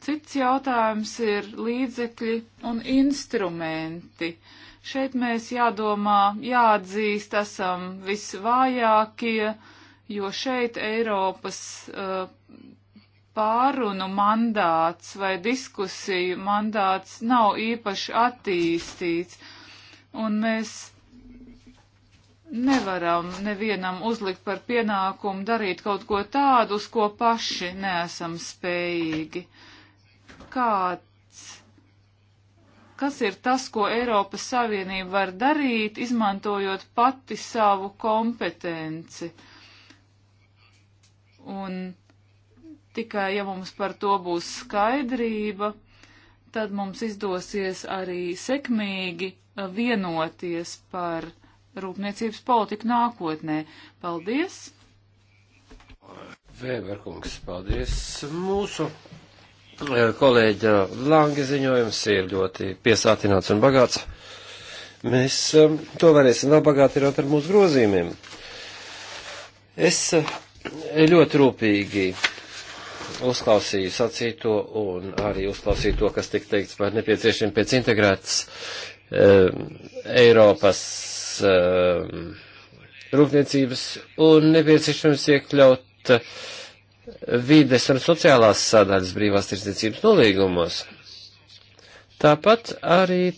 Cits jautājums ir līdzekļi un instrumenti. Uh, Šeit mēs jādomā, jāatzīst, esam visvājākie, jo šeit Eiropas uh, pārunu mandāts vai diskusiju mandāts nav īpaši attīstīts, un mēs nevaram nevienam uzlikt par pienākumu darīt kaut ko tādu, uz ko paši neesam spējīgi. Kā kas ir tas, ko Eiropas Savienība var darīt, izmantojot pati savu kompetenci. Un tikai, ja mums par to būs skaidrība, tad mums izdosies arī sekmīgi uh, vienoties par rūpniecības politiku nākotnē. Paldies! Vēberkungs, paldies! Mūsu Eh, kolēģa Langi ziņojums ir ļoti piesātināts un bagāts. Mēs eh, to varēsim vēl bagātināt ar mūsu grozījumiem. Es eh, ļoti rūpīgi uzklausīju sacīto un arī uzklausīju to, kas tika teikts par nepieciešamību pēc integrētas um, Eiropas um, rūpniecības un nepieciešams iekļaut uh, vides un sociālās sadaļas brīvās tirdzniecības nolīgumos. Tāpat arī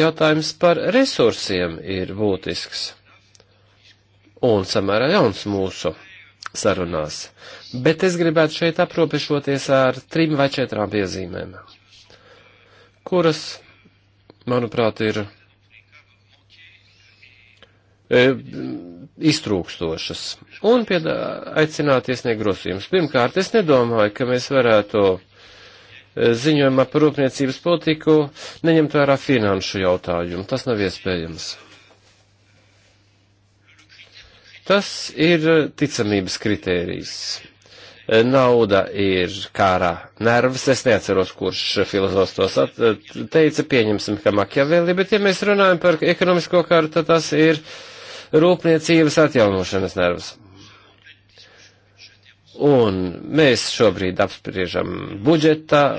jautājums par resursiem ir būtisks un samērā jauns mūsu sarunās. Bet es gribētu šeit aprobežoties ar trim vai četrām piezīmēm, kuras, manuprāt, ir e, iztrūkstošas un piedā, aicināt iesniegt grozījumus. Pirmkārt, es nedomāju, ka mēs varētu e, ziņojumā par rūpniecības politiku neņemt vērā finanšu jautājumu. Tas nav iespējams. Tas ir ticamības kritērijs. E, nauda ir kārā nervs, es neatceros, kurš filozofs tos e, teica, pieņemsim, ka Makjavēli, bet ja mēs runājam par ekonomisko kāru, tad tas ir rūpniecības atjaunošanas nervs. Un mēs šobrīd apspriežam budžeta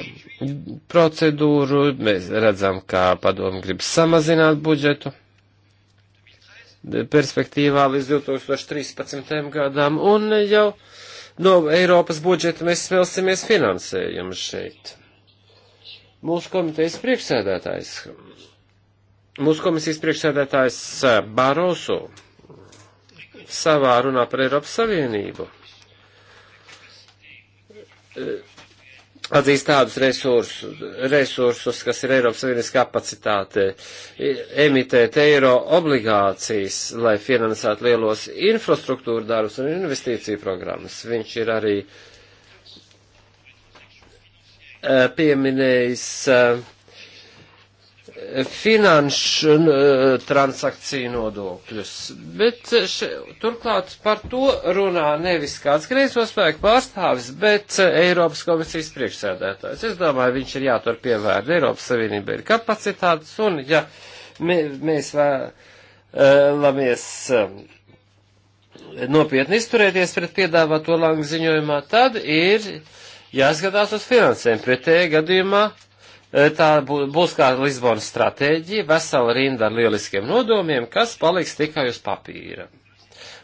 procedūru, mēs redzam, kā padomu grib samazināt budžetu perspektīvā līdz 2013. gadām, un jau no Eiropas budžeta mēs smelsimies finansējumu šeit. Mūsu komitejas priekšsēdētājs, mūsu komisijas priekšsēdētājs Baroso savā runā par Eiropas Savienību Eh, atzīst tādus resursus, resursus, kas ir Eiropas Savienības kapacitāte, emitēt eiro obligācijas, lai finansētu lielos infrastruktūra darbus un investīciju programmas. Viņš ir arī eh, pieminējis eh, finanšu eh, transakciju nodokļus. Bet še, turklāt par to runā nevis kāds kreiso spēku pārstāvis, bet eh, Eiropas komisijas priekšsēdētājs. Es domāju, viņš ir jātur pievērd. Eiropas Savienība ir kapacitātes un, ja mēs vēlamies eh, nopietni izturēties pret piedāvāto langu ziņojumā, tad ir jāskatās uz finansēm. Pretējā gadījumā Eh, tā būs kā Lisbonas stratēģija, vesela rinda ar lieliskiem nodomiem, kas paliks tikai uz papīra.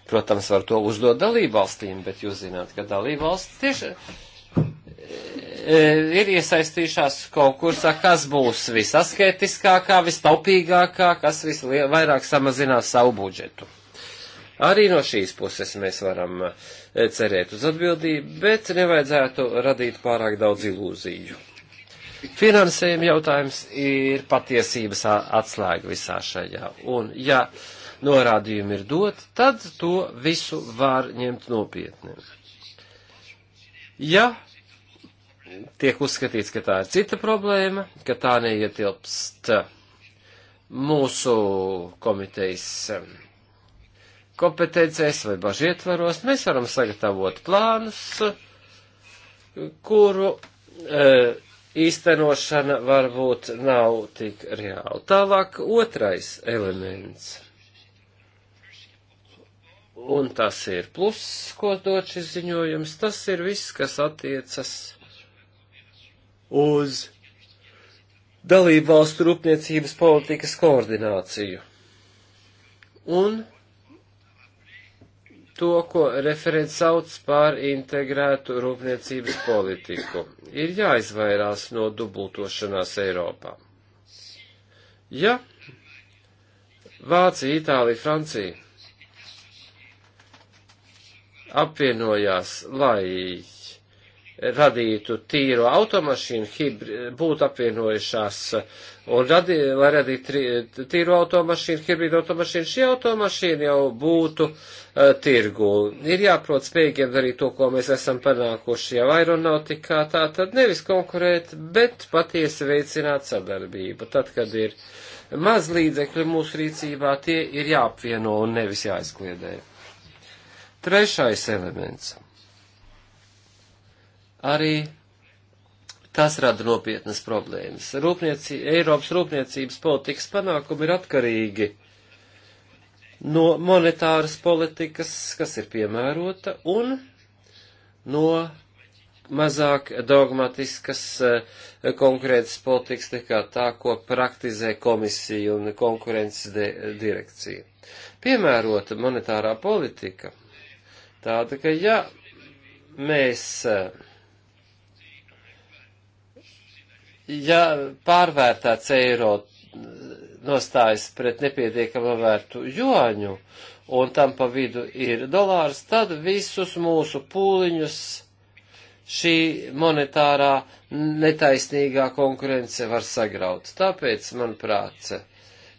Protams, var to uzdot dalībvalstīm, bet jūs zināt, ka dalībvalsts tieši eh, eh, ir iesaistījušās konkursā, kas būs visasketiskākā, vistaupīgākā, kas visvairāk samazinās savu budžetu. Arī no šīs puses mēs varam cerēt uz atbildību, bet nevajadzētu radīt pārāk daudz ilūziju. Finansējuma jautājums ir patiesības atslēga visā šajā. Un, ja norādījumi ir dot, tad to visu var ņemt nopietni. Ja tiek uzskatīts, ka tā ir cita problēma, ka tā neietilpst mūsu komitejas kompetencēs vai baži ietvaros, mēs varam sagatavot plānus, kuru e, īstenošana varbūt nav tik reāla. Tālāk otrais elements. Un tas ir pluss, ko dod šis ziņojums. Tas ir viss, kas attiecas uz dalību valstu rūpniecības politikas koordināciju. Un to, ko referents sauc par integrētu rūpniecības politiku. Ir jāizvairās no dubultošanās Eiropā. Ja Vācija, Itālija, Francija apvienojās, lai radītu tīru automašīnu, hibri, būtu apvienojušās un radī, lai radītu tīru automašīnu, hibrīdu automašīnu, šī automašīna jau būtu uh, tirgu. Ir jāprot spējīgiem darīt to, ko mēs esam panākuši jau aeronautikā, tā tad nevis konkurēt, bet patiesi veicināt sadarbību. Tad, kad ir maz līdzekļi mūsu rīcībā, tie ir jāapvieno un nevis jāizkliedē. Trešais elements arī tas rada nopietnas problēmas. Rūpnieci, Eiropas rūpniecības politikas panākumi ir atkarīgi no monetāras politikas, kas ir piemērota, un no mazāk dogmatiskas eh, konkurences politikas nekā tā, ko praktizē komisija un konkurences direkcija. Piemērota monetārā politika tāda, ka ja mēs eh, ja pārvērtāts eiro nostājas pret nepietiekamu vērtu juāņu, un tam pa vidu ir dolārs, tad visus mūsu pūliņus šī monetārā netaisnīgā konkurence var sagraut. Tāpēc, manuprāt,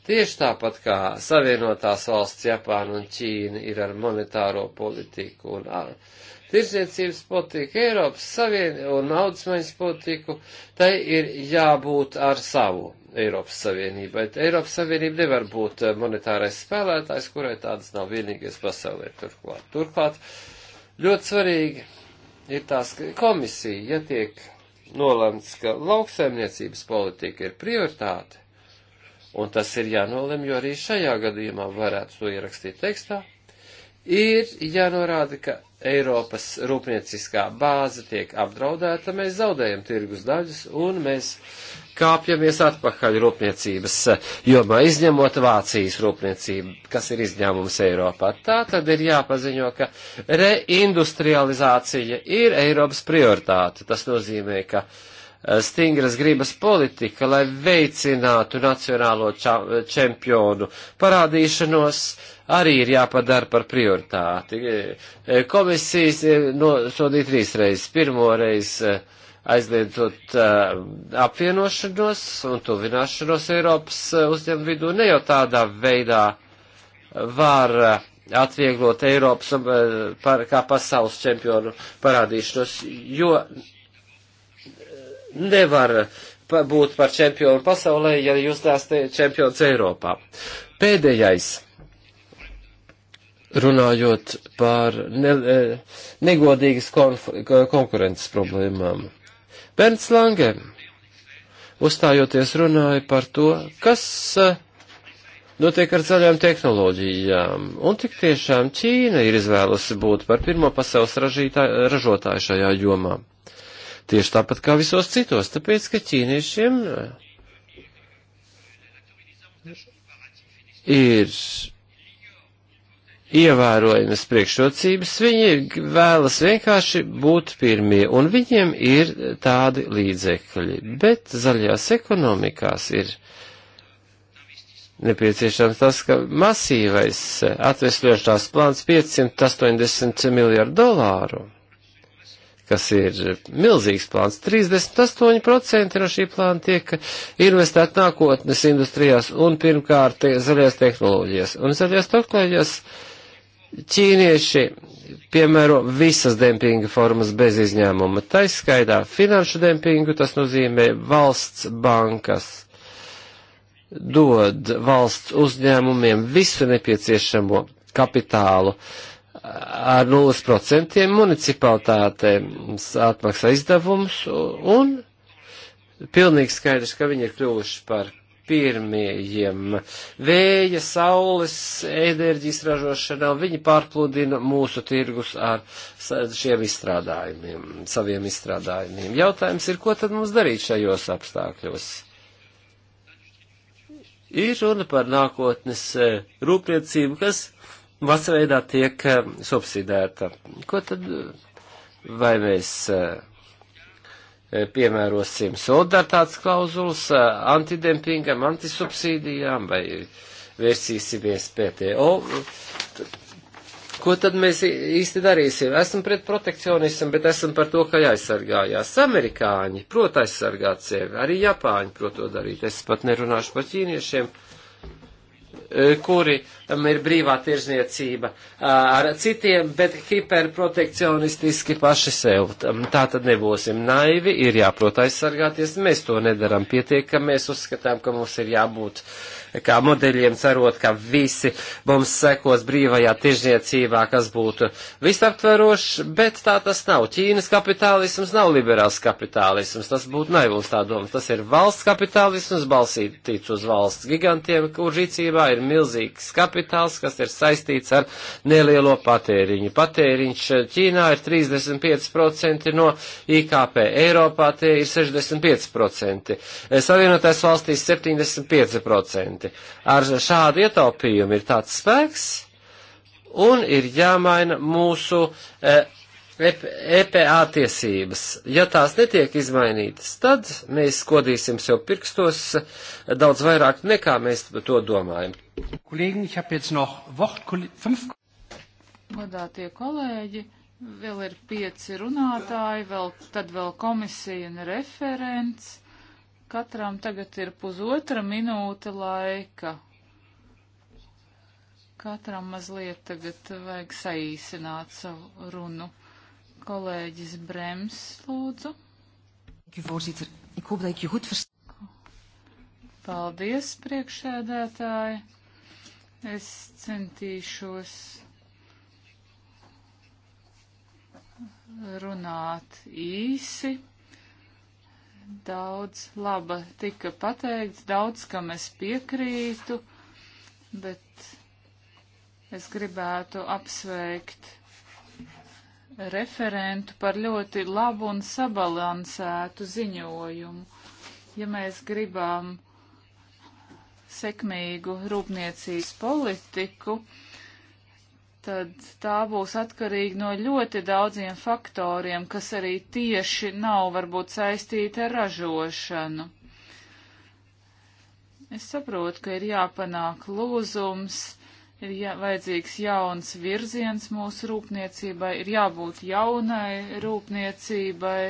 tieši tāpat kā Savienotās valsts Japāna un Ķīna ir ar monetāro politiku un tirzniecības politiku, Eiropas Savienību un naudas maiņas politiku, tai ir jābūt ar savu Eiropas Savienībai. Eiropas Savienība nevar būt eh, monetārais spēlētājs, kurai tādas nav vienīgais pasaulē turklāt. Turklāt ļoti svarīgi ir tās komisija, ja tiek nolemts, ka lauksaimniecības politika ir prioritāte, un tas ir jānolem, jo arī šajā gadījumā varētu to ierakstīt tekstā Ir jānorāda, ka Eiropas rūpnieciskā bāze tiek apdraudēta, mēs zaudējam tirgus daļas un mēs kāpjamies atpakaļ rūpniecības jomā, izņemot Vācijas rūpniecību, kas ir izņēmums Eiropā. Tā tad ir jāpaziņo, ka reindustrializācija ir Eiropas prioritāte. Tas nozīmē, ka uh, stingras gribas politika, lai veicinātu nacionālo čempionu parādīšanos, arī ir jāpadara par prioritāti. E, komisijas e, nosodīja trīs reizes. Pirmo reizi e, aizliedzot apvienošanos un tuvināšanos Eiropas uzņēmumu vidū, ne jau tādā veidā var atvieglot Eiropas par, kā pasaules čempionu parādīšanos, jo nevar būt par čempionu pasaulē, ja jūs tās te čempions Eiropā. Pēdējais, runājot par ne, e, negodīgas konf, konkurences problēmām. Bernts Lange, uzstājoties runāja par to, kas e, notiek ar zaļām tehnoloģijām. Un tik tiešām Ķīna ir izvēlusi būt par pirmo pasaules ražītā, ražotāju šajā jomā. Tieši tāpat kā visos citos, tāpēc, ka ķīniešiem eh, ir ievērojamas priekšrocības, viņi vēlas vienkārši būt pirmie, un viņiem ir tādi līdzekļi. Bet zaļās ekonomikās ir nepieciešams tas, ka masīvais atvesļošanās plāns 580 miljārdu dolāru kas ir milzīgs plāns. 38% no šī plāna tiek investēt nākotnes industrijās un pirmkārt te, zaļās tehnoloģijas. Un zaļās tehnoloģijas ķīnieši piemēro visas dempinga formas bez izņēmuma. Taiskaidā finanšu dempingu tas nozīmē valsts bankas dod valsts uzņēmumiem visu nepieciešamo kapitālu. Uh, ar 0% municipalitāte atmaksā izdevumus un pilnīgi skaidrs, ka viņi ir kļuvuši par pirmajiem vēja, saules, enerģijas ražošanā, viņi pārpludina mūsu tirgus ar šiem izstrādājumiem, saviem izstrādājumiem. Jautājums ir, ko tad mums darīt šajos apstākļos? Ir runa par nākotnes eh, rūpniecību, kas masveidā tiek eh, subsidēta. Ko tad, eh, vai mēs eh, piemērosim solidaritātes klauzulas antidempingam, antisubsīdijām vai vērsīsimies PTO? Ko tad mēs īsti darīsim? Esmu pret protekcionismu, bet esmu par to, ka jāaizsargājās. Amerikāņi prot aizsargāt sevi, arī Japāņi prot to darīt. Es pat nerunāšu par ķīniešiem, kuri uh, ir brīvā tirzniecība ar citiem, bet hiperprotekcionistiski paši sev. Tā tad nebūsim naivi, ir jāprot aizsargāties, mēs to nedaram pietiekami, mēs uzskatām, ka mums ir jābūt kā modeļiem cerot, ka visi mums sekos brīvajā tirzniecībā, kas būtu visaptverošs, bet tā tas nav. Ķīnas kapitālisms nav liberāls kapitālisms, tas būtu naivums tā doma. Tas ir valsts kapitālisms, balsītīts uz valsts gigantiem, kur rīcībā ir milzīgs kapitālisms kapitāls, kas ir saistīts ar nelielo patēriņu. Patēriņš Ķīnā ir 35% no IKP, Eiropā tie ir 65%, Savienotās valstīs 75%. Ar šādu ietaupījumu ir tāds spēks un ir jāmaina mūsu. Eh, EPA e tiesības. Ja tās netiek izmainītas, tad mēs skodīsim sev pirkstos daudz vairāk nekā mēs to domājam. Kolēģi, ich habe jetzt noch Wort, fünf. Godātie kolēģi, vēl ir pieci runātāji, vēl, tad vēl komisija un referents. Katram tagad ir pusotra minūte laika. Katram mazliet tagad vajag saīsināt savu runu. Kolēģis Brems, lūdzu. Paldies, priekšsēdētāji. Es centīšos runāt īsi. Daudz laba tika pateikts, daudz kam es piekrītu, bet es gribētu apsveikt referentu par ļoti labu un sabalansētu ziņojumu. Ja mēs gribam sekmīgu rūpniecības politiku, tad tā būs atkarīga no ļoti daudziem faktoriem, kas arī tieši nav varbūt saistīti ar ražošanu. Es saprotu, ka ir jāpanāk lūzums, ir jā, vajadzīgs jauns virziens mūsu rūpniecībai, ir jābūt jaunai rūpniecībai,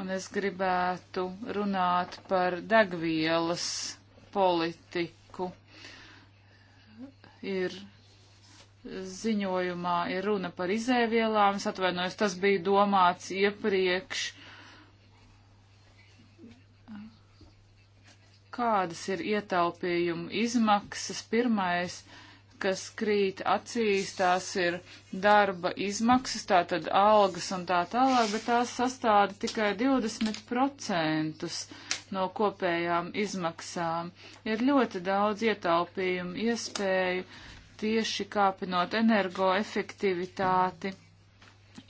un es gribētu runāt par degvielas politiku. Ir ziņojumā ir runa par izēvielām, es atvainojos, tas bija domāts iepriekš. Kādas ir ietaupījumu izmaksas? Pirmais, kas krīt acīs, tās ir darba izmaksas, tātad algas un tā tālāk, bet tās sastāda tikai 20% no kopējām izmaksām. Ir ļoti daudz ietaupījumu iespēju tieši kāpinot energoefektivitāti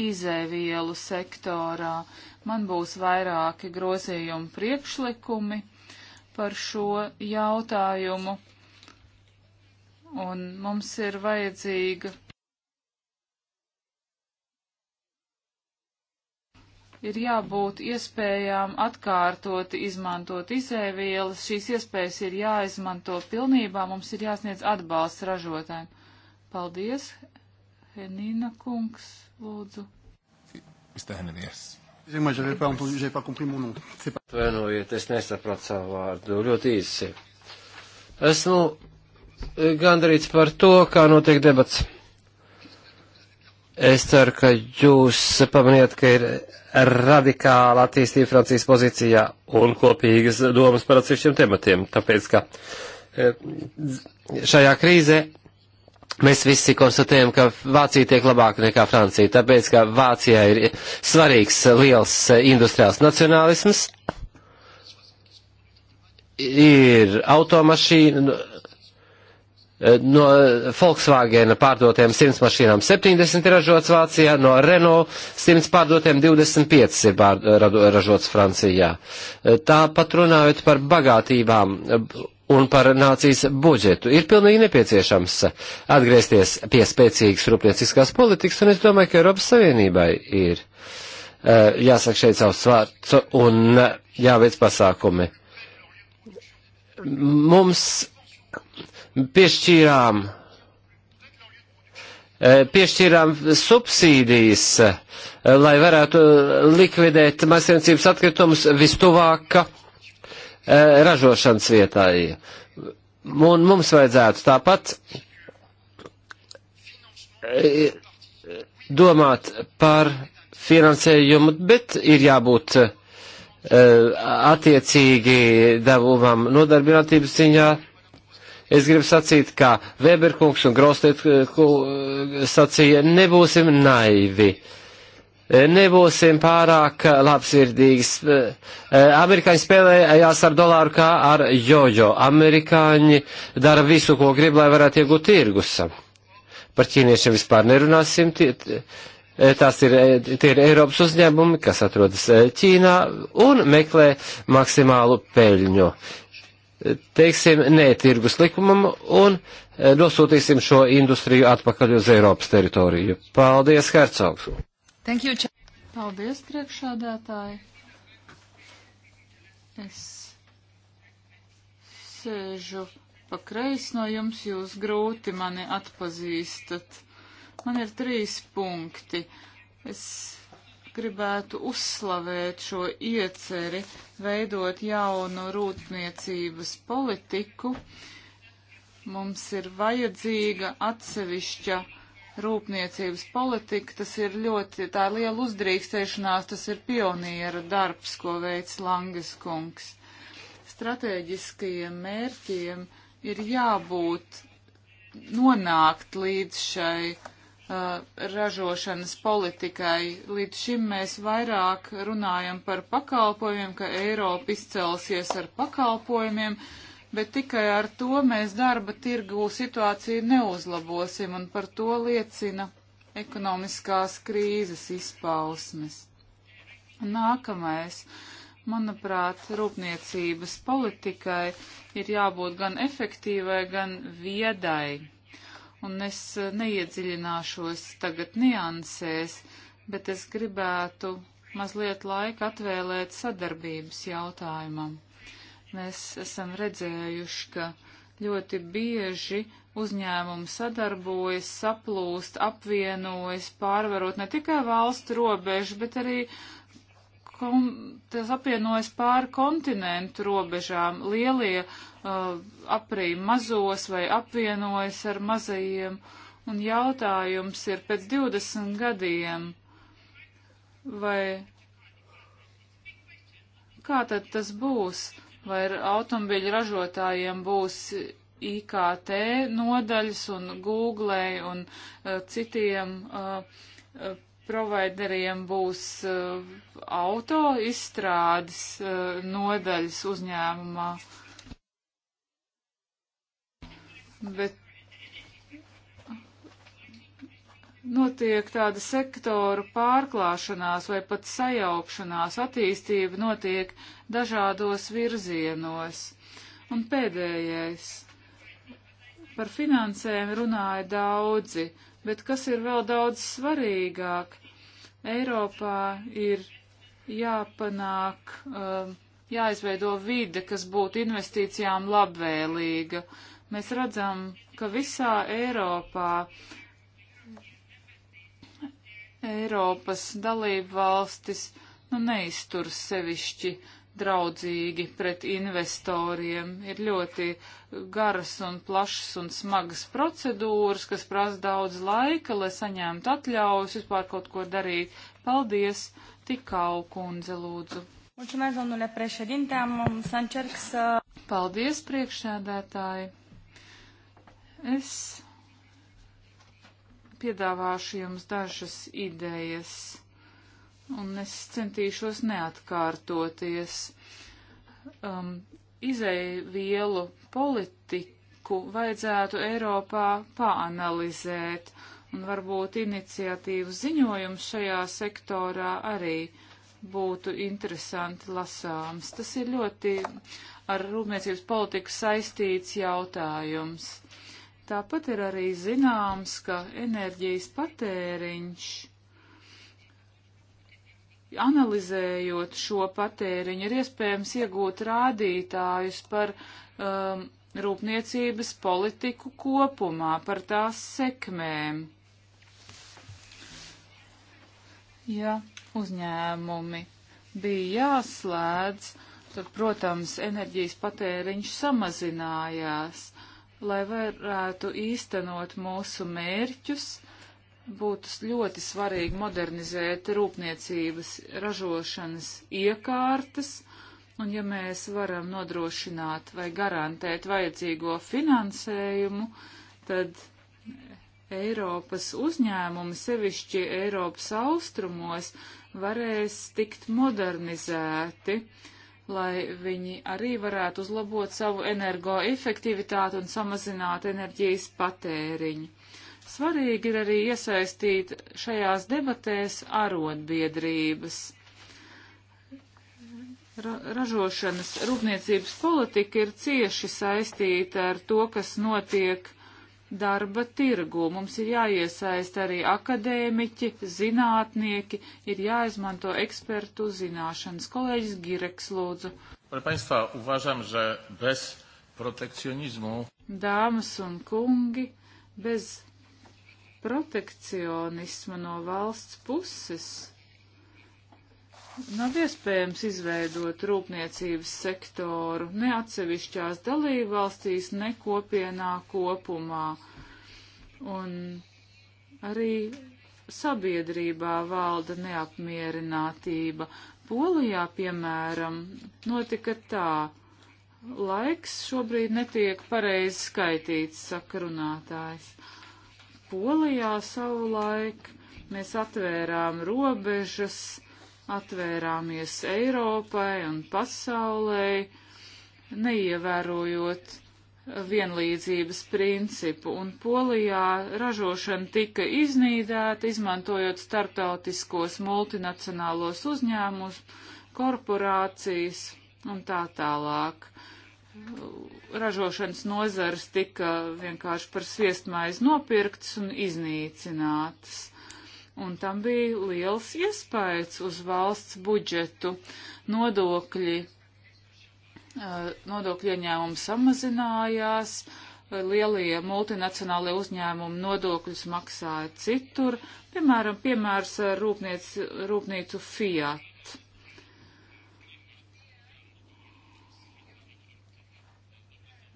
izēvielu sektorā. Man būs vairāki grozījumi priekšlikumi par šo jautājumu. Un mums ir vajadzīga ir jābūt iespējām atkārtot, izmantot izēvielas. Šīs iespējas ir jāizmanto pilnībā, mums ir jāsniedz atbalsts ražotājiem. Paldies, Henina kungs, lūdzu. Iztēninies. Atvainojiet, es nesapratu savu vārdu ļoti īsi. Esmu gandrīz par to, kā notiek debats. Es ceru, ka jūs pamanījat, ka ir radikāla attīstība Francijas pozīcijā un kopīgas domas par atsevišķiem tematiem, tāpēc, ka e, šajā krīzē mēs visi konstatējam, ka Vācija tiek labāk nekā Francija, tāpēc, ka Vācijā ir svarīgs liels e, industriāls nacionālisms, ir automašīna Eh, no eh, Volkswagena pārdotiem 100 mašīnām 70 ir ražots Vācijā, no Renault 100 pārdotiem 25 ir pār, eh, ražots Francijā. Tāpat runājot par bagātībām un par nācijas budžetu, ir pilnīgi nepieciešams atgriezties pie spēcīgas rūpnieciskās politikas, un es domāju, ka Eiropas Savienībai ir jāsaka šeit savs vārds un jāveic pasākumi. Mums piešķīrām, eh, piešķīrām subsīdijas, eh, lai varētu likvidēt mazsiencības atkritumus vistuvāka eh, ražošanas vietai. Un mums vajadzētu tāpat domāt par finansējumu, bet ir jābūt attiecīgi devumam nodarbinātības ziņā Es gribu sacīt, kā Weberkungs un Grostiet eh, eh, sacīja, nebūsim naivi. Eh, nebūsim pārāk labsirdīgs. Amerikāņi spēlējās ar dolāru kā ar jojo. Amerikāņi dara visu, ko grib, lai varētu iegūt tirgus. Par ķīniešiem vispār nerunāsim. Tie, Tās ir, tie ir Eiropas uzņēmumi, kas atrodas Ķīnā un meklē maksimālu peļņu teiksim, nē tirgus likumam un eh, nosūtīsim šo industriju atpakaļ uz Eiropas teritoriju. Paldies, Hercogs! Paldies, priekšādātāji! Es sēžu pa kreis no jums, jūs grūti mani atpazīstat. Man ir trīs punkti. Es gribētu uzslavēt šo ieceri, veidot jaunu rūpniecības politiku. Mums ir vajadzīga atsevišķa rūpniecības politika, tas ir ļoti tā liela uzdrīkstēšanās, tas ir pioniera darbs, ko veids Langas kungs. Stratēģiskajiem mērķiem ir jābūt nonākt līdz šai Uh, ražošanas politikai. Līdz šim mēs vairāk runājam par pakalpojumiem, ka Eiropa izcelsies ar pakalpojumiem, bet tikai ar to mēs darba tirgu situāciju neuzlabosim, un par to liecina ekonomiskās krīzes izpausmes. Nākamais. Manuprāt, rūpniecības politikai ir jābūt gan efektīvai, gan viedai un es eh, neiedziļināšos tagad niansēs, bet es gribētu mazliet laika atvēlēt sadarbības jautājumam. Mēs esam redzējuši, ka ļoti bieži uzņēmumi sadarbojas, saplūst, apvienojas, pārvarot ne tikai valstu robežu, bet arī kom, tas apvienojas pāri kontinentu robežām. Lielie uh, aprī mazos vai apvienojas ar mazajiem. Un jautājums ir pēc 20 gadiem, vai kā tad tas būs? Vai automobiļu ražotājiem būs IKT nodaļas un Google un uh, citiem uh, uh provideriem būs uh, auto izstrādes uh, nodaļas uzņēmumā. Bet notiek tāda sektoru pārklāšanās vai pat sajaukšanās, attīstība notiek dažādos virzienos. Un pēdējais. Par finansēm runāja daudzi. Uh, Bet kas ir vēl daudz svarīgāk? Eiropā ir jāpanāk, um, jāizveido vide, kas būtu investīcijām labvēlīga. Mēs redzam, ka visā Eiropā Eiropas dalību valstis nu, neiztur sevišķi uh, draudzīgi pret investoriem. Ir ļoti garas un plašas un smagas procedūras, kas prasa daudz laika, lai saņemtu atļaujas vispār kaut ko darīt. Paldies, tikau kundze lūdzu. Paldies, priekšsēdētāji. Es piedāvāšu jums dažas idejas un es centīšos neatkārtoties. Um, Izēvielu politiku vajadzētu Eiropā paanalizēt, un varbūt iniciatīvu ziņojums šajā sektorā arī būtu interesanti lasāms. Tas ir ļoti ar rūpniecības politiku saistīts jautājums. Tāpat ir arī zināms, ka enerģijas patēriņš analizējot šo patēriņu, ir iespējams iegūt rādītājus par um, rūpniecības politiku kopumā, par tās sekmēm. Ja uzņēmumi bija jāslēdz, tad, protams, enerģijas patēriņš samazinājās, lai varētu īstenot mūsu mērķus būtu ļoti svarīgi modernizēt rūpniecības ražošanas iekārtas, un ja mēs varam nodrošināt vai garantēt vajadzīgo finansējumu, tad Eiropas uzņēmumi, sevišķi Eiropas austrumos, varēs tikt modernizēti, lai viņi arī varētu uzlabot savu energoefektivitāti un samazināt enerģijas patēriņu. Svarīgi ir arī iesaistīt šajās debatēs arotbiedrības. Ra ražošanas rūpniecības politika ir cieši saistīta ar to, kas notiek darba tirgu. Mums ir jāiesaist arī akadēmiķi, zinātnieki, ir jāizmanto ekspertu zināšanas. Kolēģis Gireks, lūdzu. Państwa, uvažam, že bez protekcionizmu. Dāmas un kungi, bez protekcionisma no valsts puses. Nav iespējams izveidot rūpniecības sektoru ne atsevišķās dalību valstīs, ne kopienā kopumā. Un arī sabiedrībā valda neapmierinātība. Polijā, piemēram, notika tā. Laiks šobrīd netiek pareizi skaitīts, saka runātājs. Uh, Polijā savulaik mēs atvērām robežas, atvērāmies Eiropai un pasaulē, neievērojot vienlīdzības principu, un Polijā ražošana tika iznīdēta, izmantojot starptautiskos multinacionālos uzņēmumus, korporācijas un tā tālāk. Uh, ražošanas nozars tika vienkārši par sviestmaizi nopirktas un iznīcinātas. Un tam bija liels iespējas uz valsts budžetu. Nodokļi, nodokļu ieņēmumi samazinājās, lielie multinacionālie uzņēmumi nodokļus maksāja citur, piemēram, piemērs ar rūpniec, rūpnīcu Fiat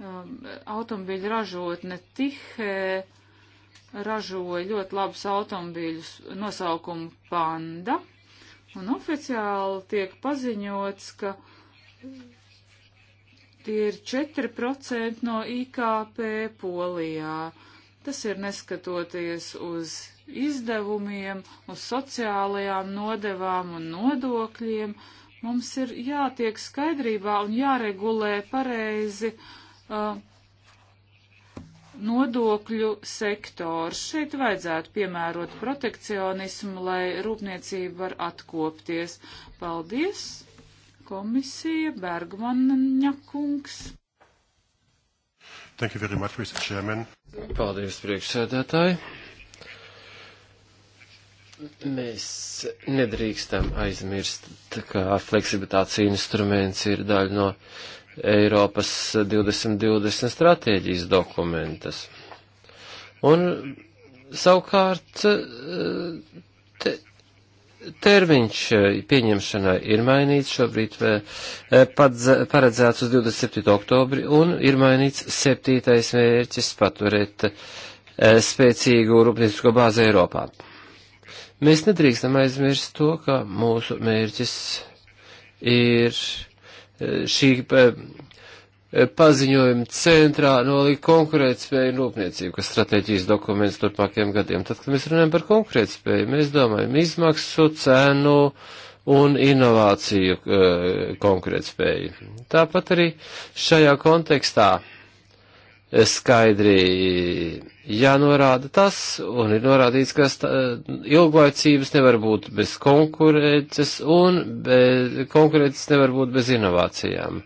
Um, automobīļu ražotne Tihē ražoja ļoti labus automobīļus nosaukumu Panda, un oficiāli tiek paziņots, ka tie ir 4% no IKP Polijā. Tas ir neskatoties uz izdevumiem, uz sociālajām nodevām un nodokļiem. Mums ir jātiek skaidrībā un jāregulē pareizi uh, uh, nodokļu sektors. Šeit vajadzētu piemērot protekcionismu, lai rūpniecība var atkopties. Paldies! Komisija Bergmanņa kungs. Thank you very much, Mr. Chairman. Paldies, priekšsēdētāji. Mēs nedrīkstam aizmirst, ka fleksibilitātes instruments ir daļa no Eiropas 2020 stratēģijas dokumentas. Un savukārt eh, te, termiņš eh, pieņemšanai ir mainīts šobrīd eh, padz, paredzēts uz 27. oktobri un ir mainīts septītais mērķis paturēt spēcīgu rūpniecisko bāzi Eiropā. Mēs nedrīkstam aizmirst to, ka mūsu mērķis ir Eh, šī eh, eh, paziņojuma centrā nolika konkurētspēju un rūpniecību, kas strateģijas dokuments turpmākajiem gadiem. Tad, kad mēs runājam par konkurētspēju, mēs domājam izmaksu, cenu un inovāciju konkurētspēju. Tāpat arī šajā kontekstā skaidri jānorāda tas, un ir norādīts, ka ilglaicības nevar būt bez konkurences, un bez, konkurences nevar būt bez inovācijām.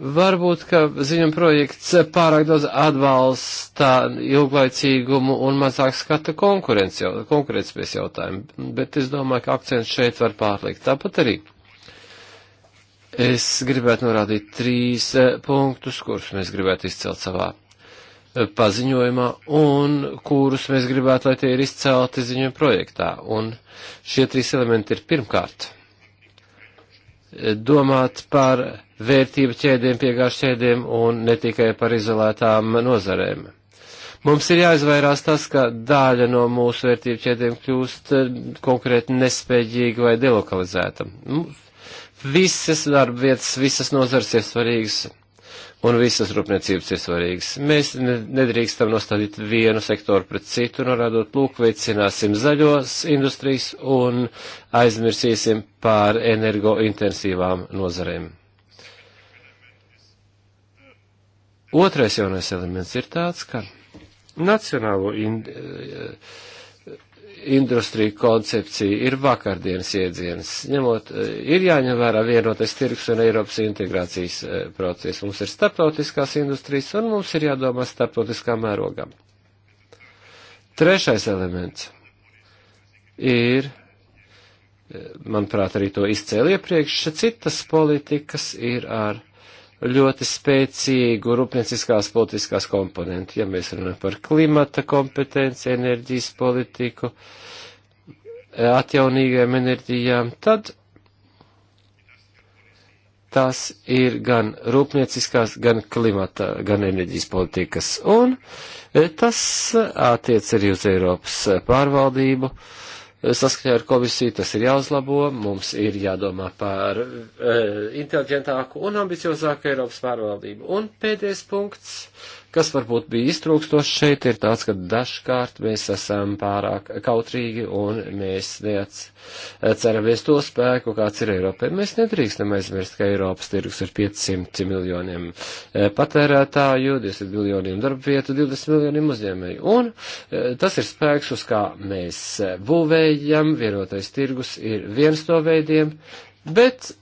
Varbūt, ka ziņam projekts pārāk daudz atbalsta ilglaicīgumu un mazāk skata konkurences jau, konkurence jautājumu, bet es domāju, ka akcents šeit var pārlikt. Tāpat arī Es gribētu norādīt trīs eh, punktus, kurus mēs gribētu izcelt savā eh, paziņojumā un kurus mēs gribētu, lai tie ir izcelti ziņojuma projektā. Un šie trīs elementi ir pirmkārt eh, domāt par vērtību ķēdiem, piegāžu ķēdiem un ne tikai par izolētām nozarēm. Mums ir jāizvairās tas, ka daļa no mūsu vērtību ķēdiem kļūst konkrēti nespējīga vai delokalizēta. Mums Visas darba vietas, visas nozars ir svarīgas un visas rūpniecības ir svarīgas. Mēs nedrīkstam nostādīt vienu sektoru pret citu, norādot, lūk, veicināsim zaļos industrijas un aizmirsīsim pār energointensīvām nozarēm. Otrais jaunais elements ir tāds, ka nacionālo in, industrija koncepcija ir vakardienas iedziens. Ņemot, eh, ir jāņem vērā vienotais tirgus un Eiropas integrācijas eh, process. Mums ir starptautiskās industrijas un mums ir jādomā starptautiskā mērogā. Trešais elements ir, eh, manuprāt, arī to izcēl iepriekš, citas politikas ir ar ļoti spēcīgu rūpnieciskās politiskās komponentu, ja mēs runājam par klimata kompetenci, enerģijas politiku, atjaunīgajām enerģijām, tad tās ir gan rūpnieciskās, gan klimata, gan enerģijas politikas. Un tas attiec arī uz Eiropas pārvaldību. Uh, saskaņā ar komisiju tas ir jāuzlabo, mums ir jādomā par e, inteliģentāku un ambiciozāku Eiropas pārvaldību. Un pēdējais punkts kas varbūt bija iztrūkstošs šeit, ir tāds, ka dažkārt mēs esam pārāk kautrīgi un mēs neatceramies to spēku, kāds ir Eiropai. Mēs nedrīkstam aizmirst, ka Eiropas tirgus ir 500 miljoniem eh, patērētāju, 10 miljoniem darba vietu, 20 miljoniem uzņēmēju. Un eh, tas ir spēks, uz kā mēs būvējam, vienotais tirgus ir viens no veidiem, bet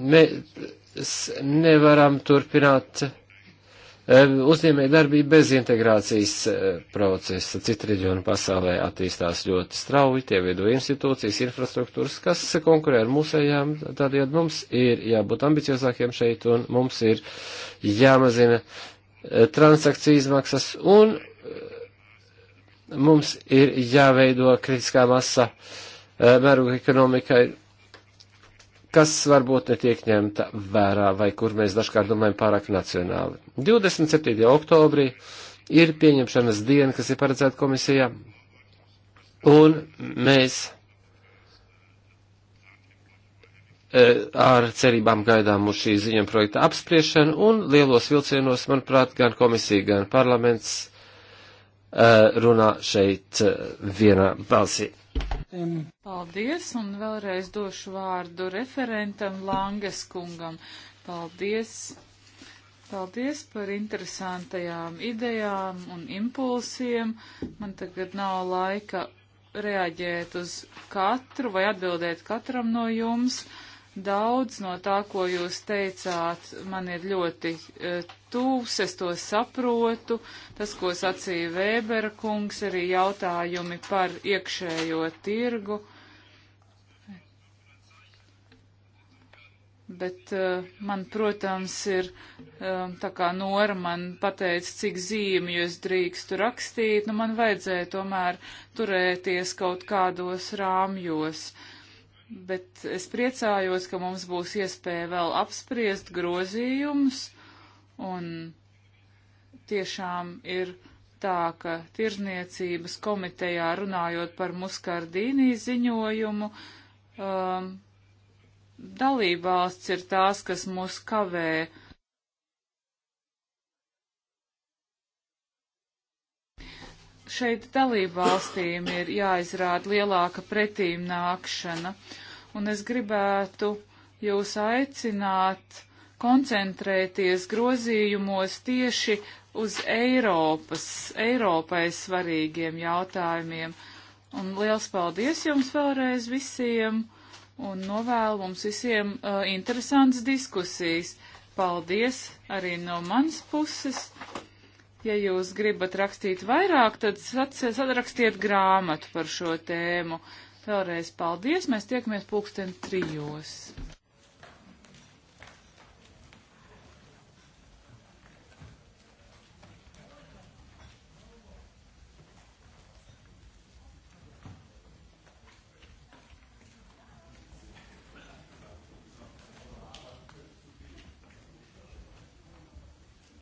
mēs nevaram turpināt uzņēmē darbība bez integrācijas e, procesa. Citi reģioni pasaulē attīstās ļoti strauji, tie veido institūcijas, infrastruktūras, kas konkurē ar mūsējām, tādējādi mums ir jābūt ambiciozākiem šeit un mums ir jāmazina e, transakciju izmaksas un e, mums ir jāveido kritiskā masa mēroga ekonomikai kas varbūt netiek ņemta vērā vai kur mēs dažkārt domājam pārāk nacionāli. 27. oktobrī ir pieņemšanas diena, kas ir paredzēta komisijā, un mēs e, ar cerībām gaidām uz šī ziņam projekta apspriešanu, un lielos vilcienos, manuprāt, gan komisija, gan parlaments e, runā šeit e, vienā balsī. Paldies, un vēlreiz došu vārdu referentam Langes kungam. Paldies! Paldies par interesantajām idejām un impulsiem. Man tagad nav laika reaģēt uz katru vai atbildēt katram no jums. Daudz no tā, ko jūs teicāt, man ir ļoti uh, tūvs, es to saprotu. Tas, ko sacīja Vēbera kungs, arī jautājumi par iekšējo tirgu. Bet uh, man, protams, ir um, tā kā Nora man pateica, cik zīmi jūs drīkstu rakstīt, nu man vajadzēja tomēr turēties kaut kādos rāmjos. Bet es priecājos, ka mums būs iespēja vēl apspriest grozījumus Un tiešām ir tā, ka tirzniecības komitejā runājot par muskardīnī ziņojumu, um, dalībvalsts ir tās, kas mūs kavē. Šeit dalībvalstīm ir jāizrāda lielāka pretīm nākšana, un es gribētu jūs aicināt, koncentrēties grozījumos tieši uz Eiropas, Eiropai svarīgiem jautājumiem. Un liels paldies jums vēlreiz visiem un novēlu mums visiem uh, interesants diskusijas. Paldies arī no manas puses. Ja jūs gribat rakstīt vairāk, tad sadrakstiet grāmatu par šo tēmu. Vēlreiz paldies, mēs tiekamies pulksten trijos.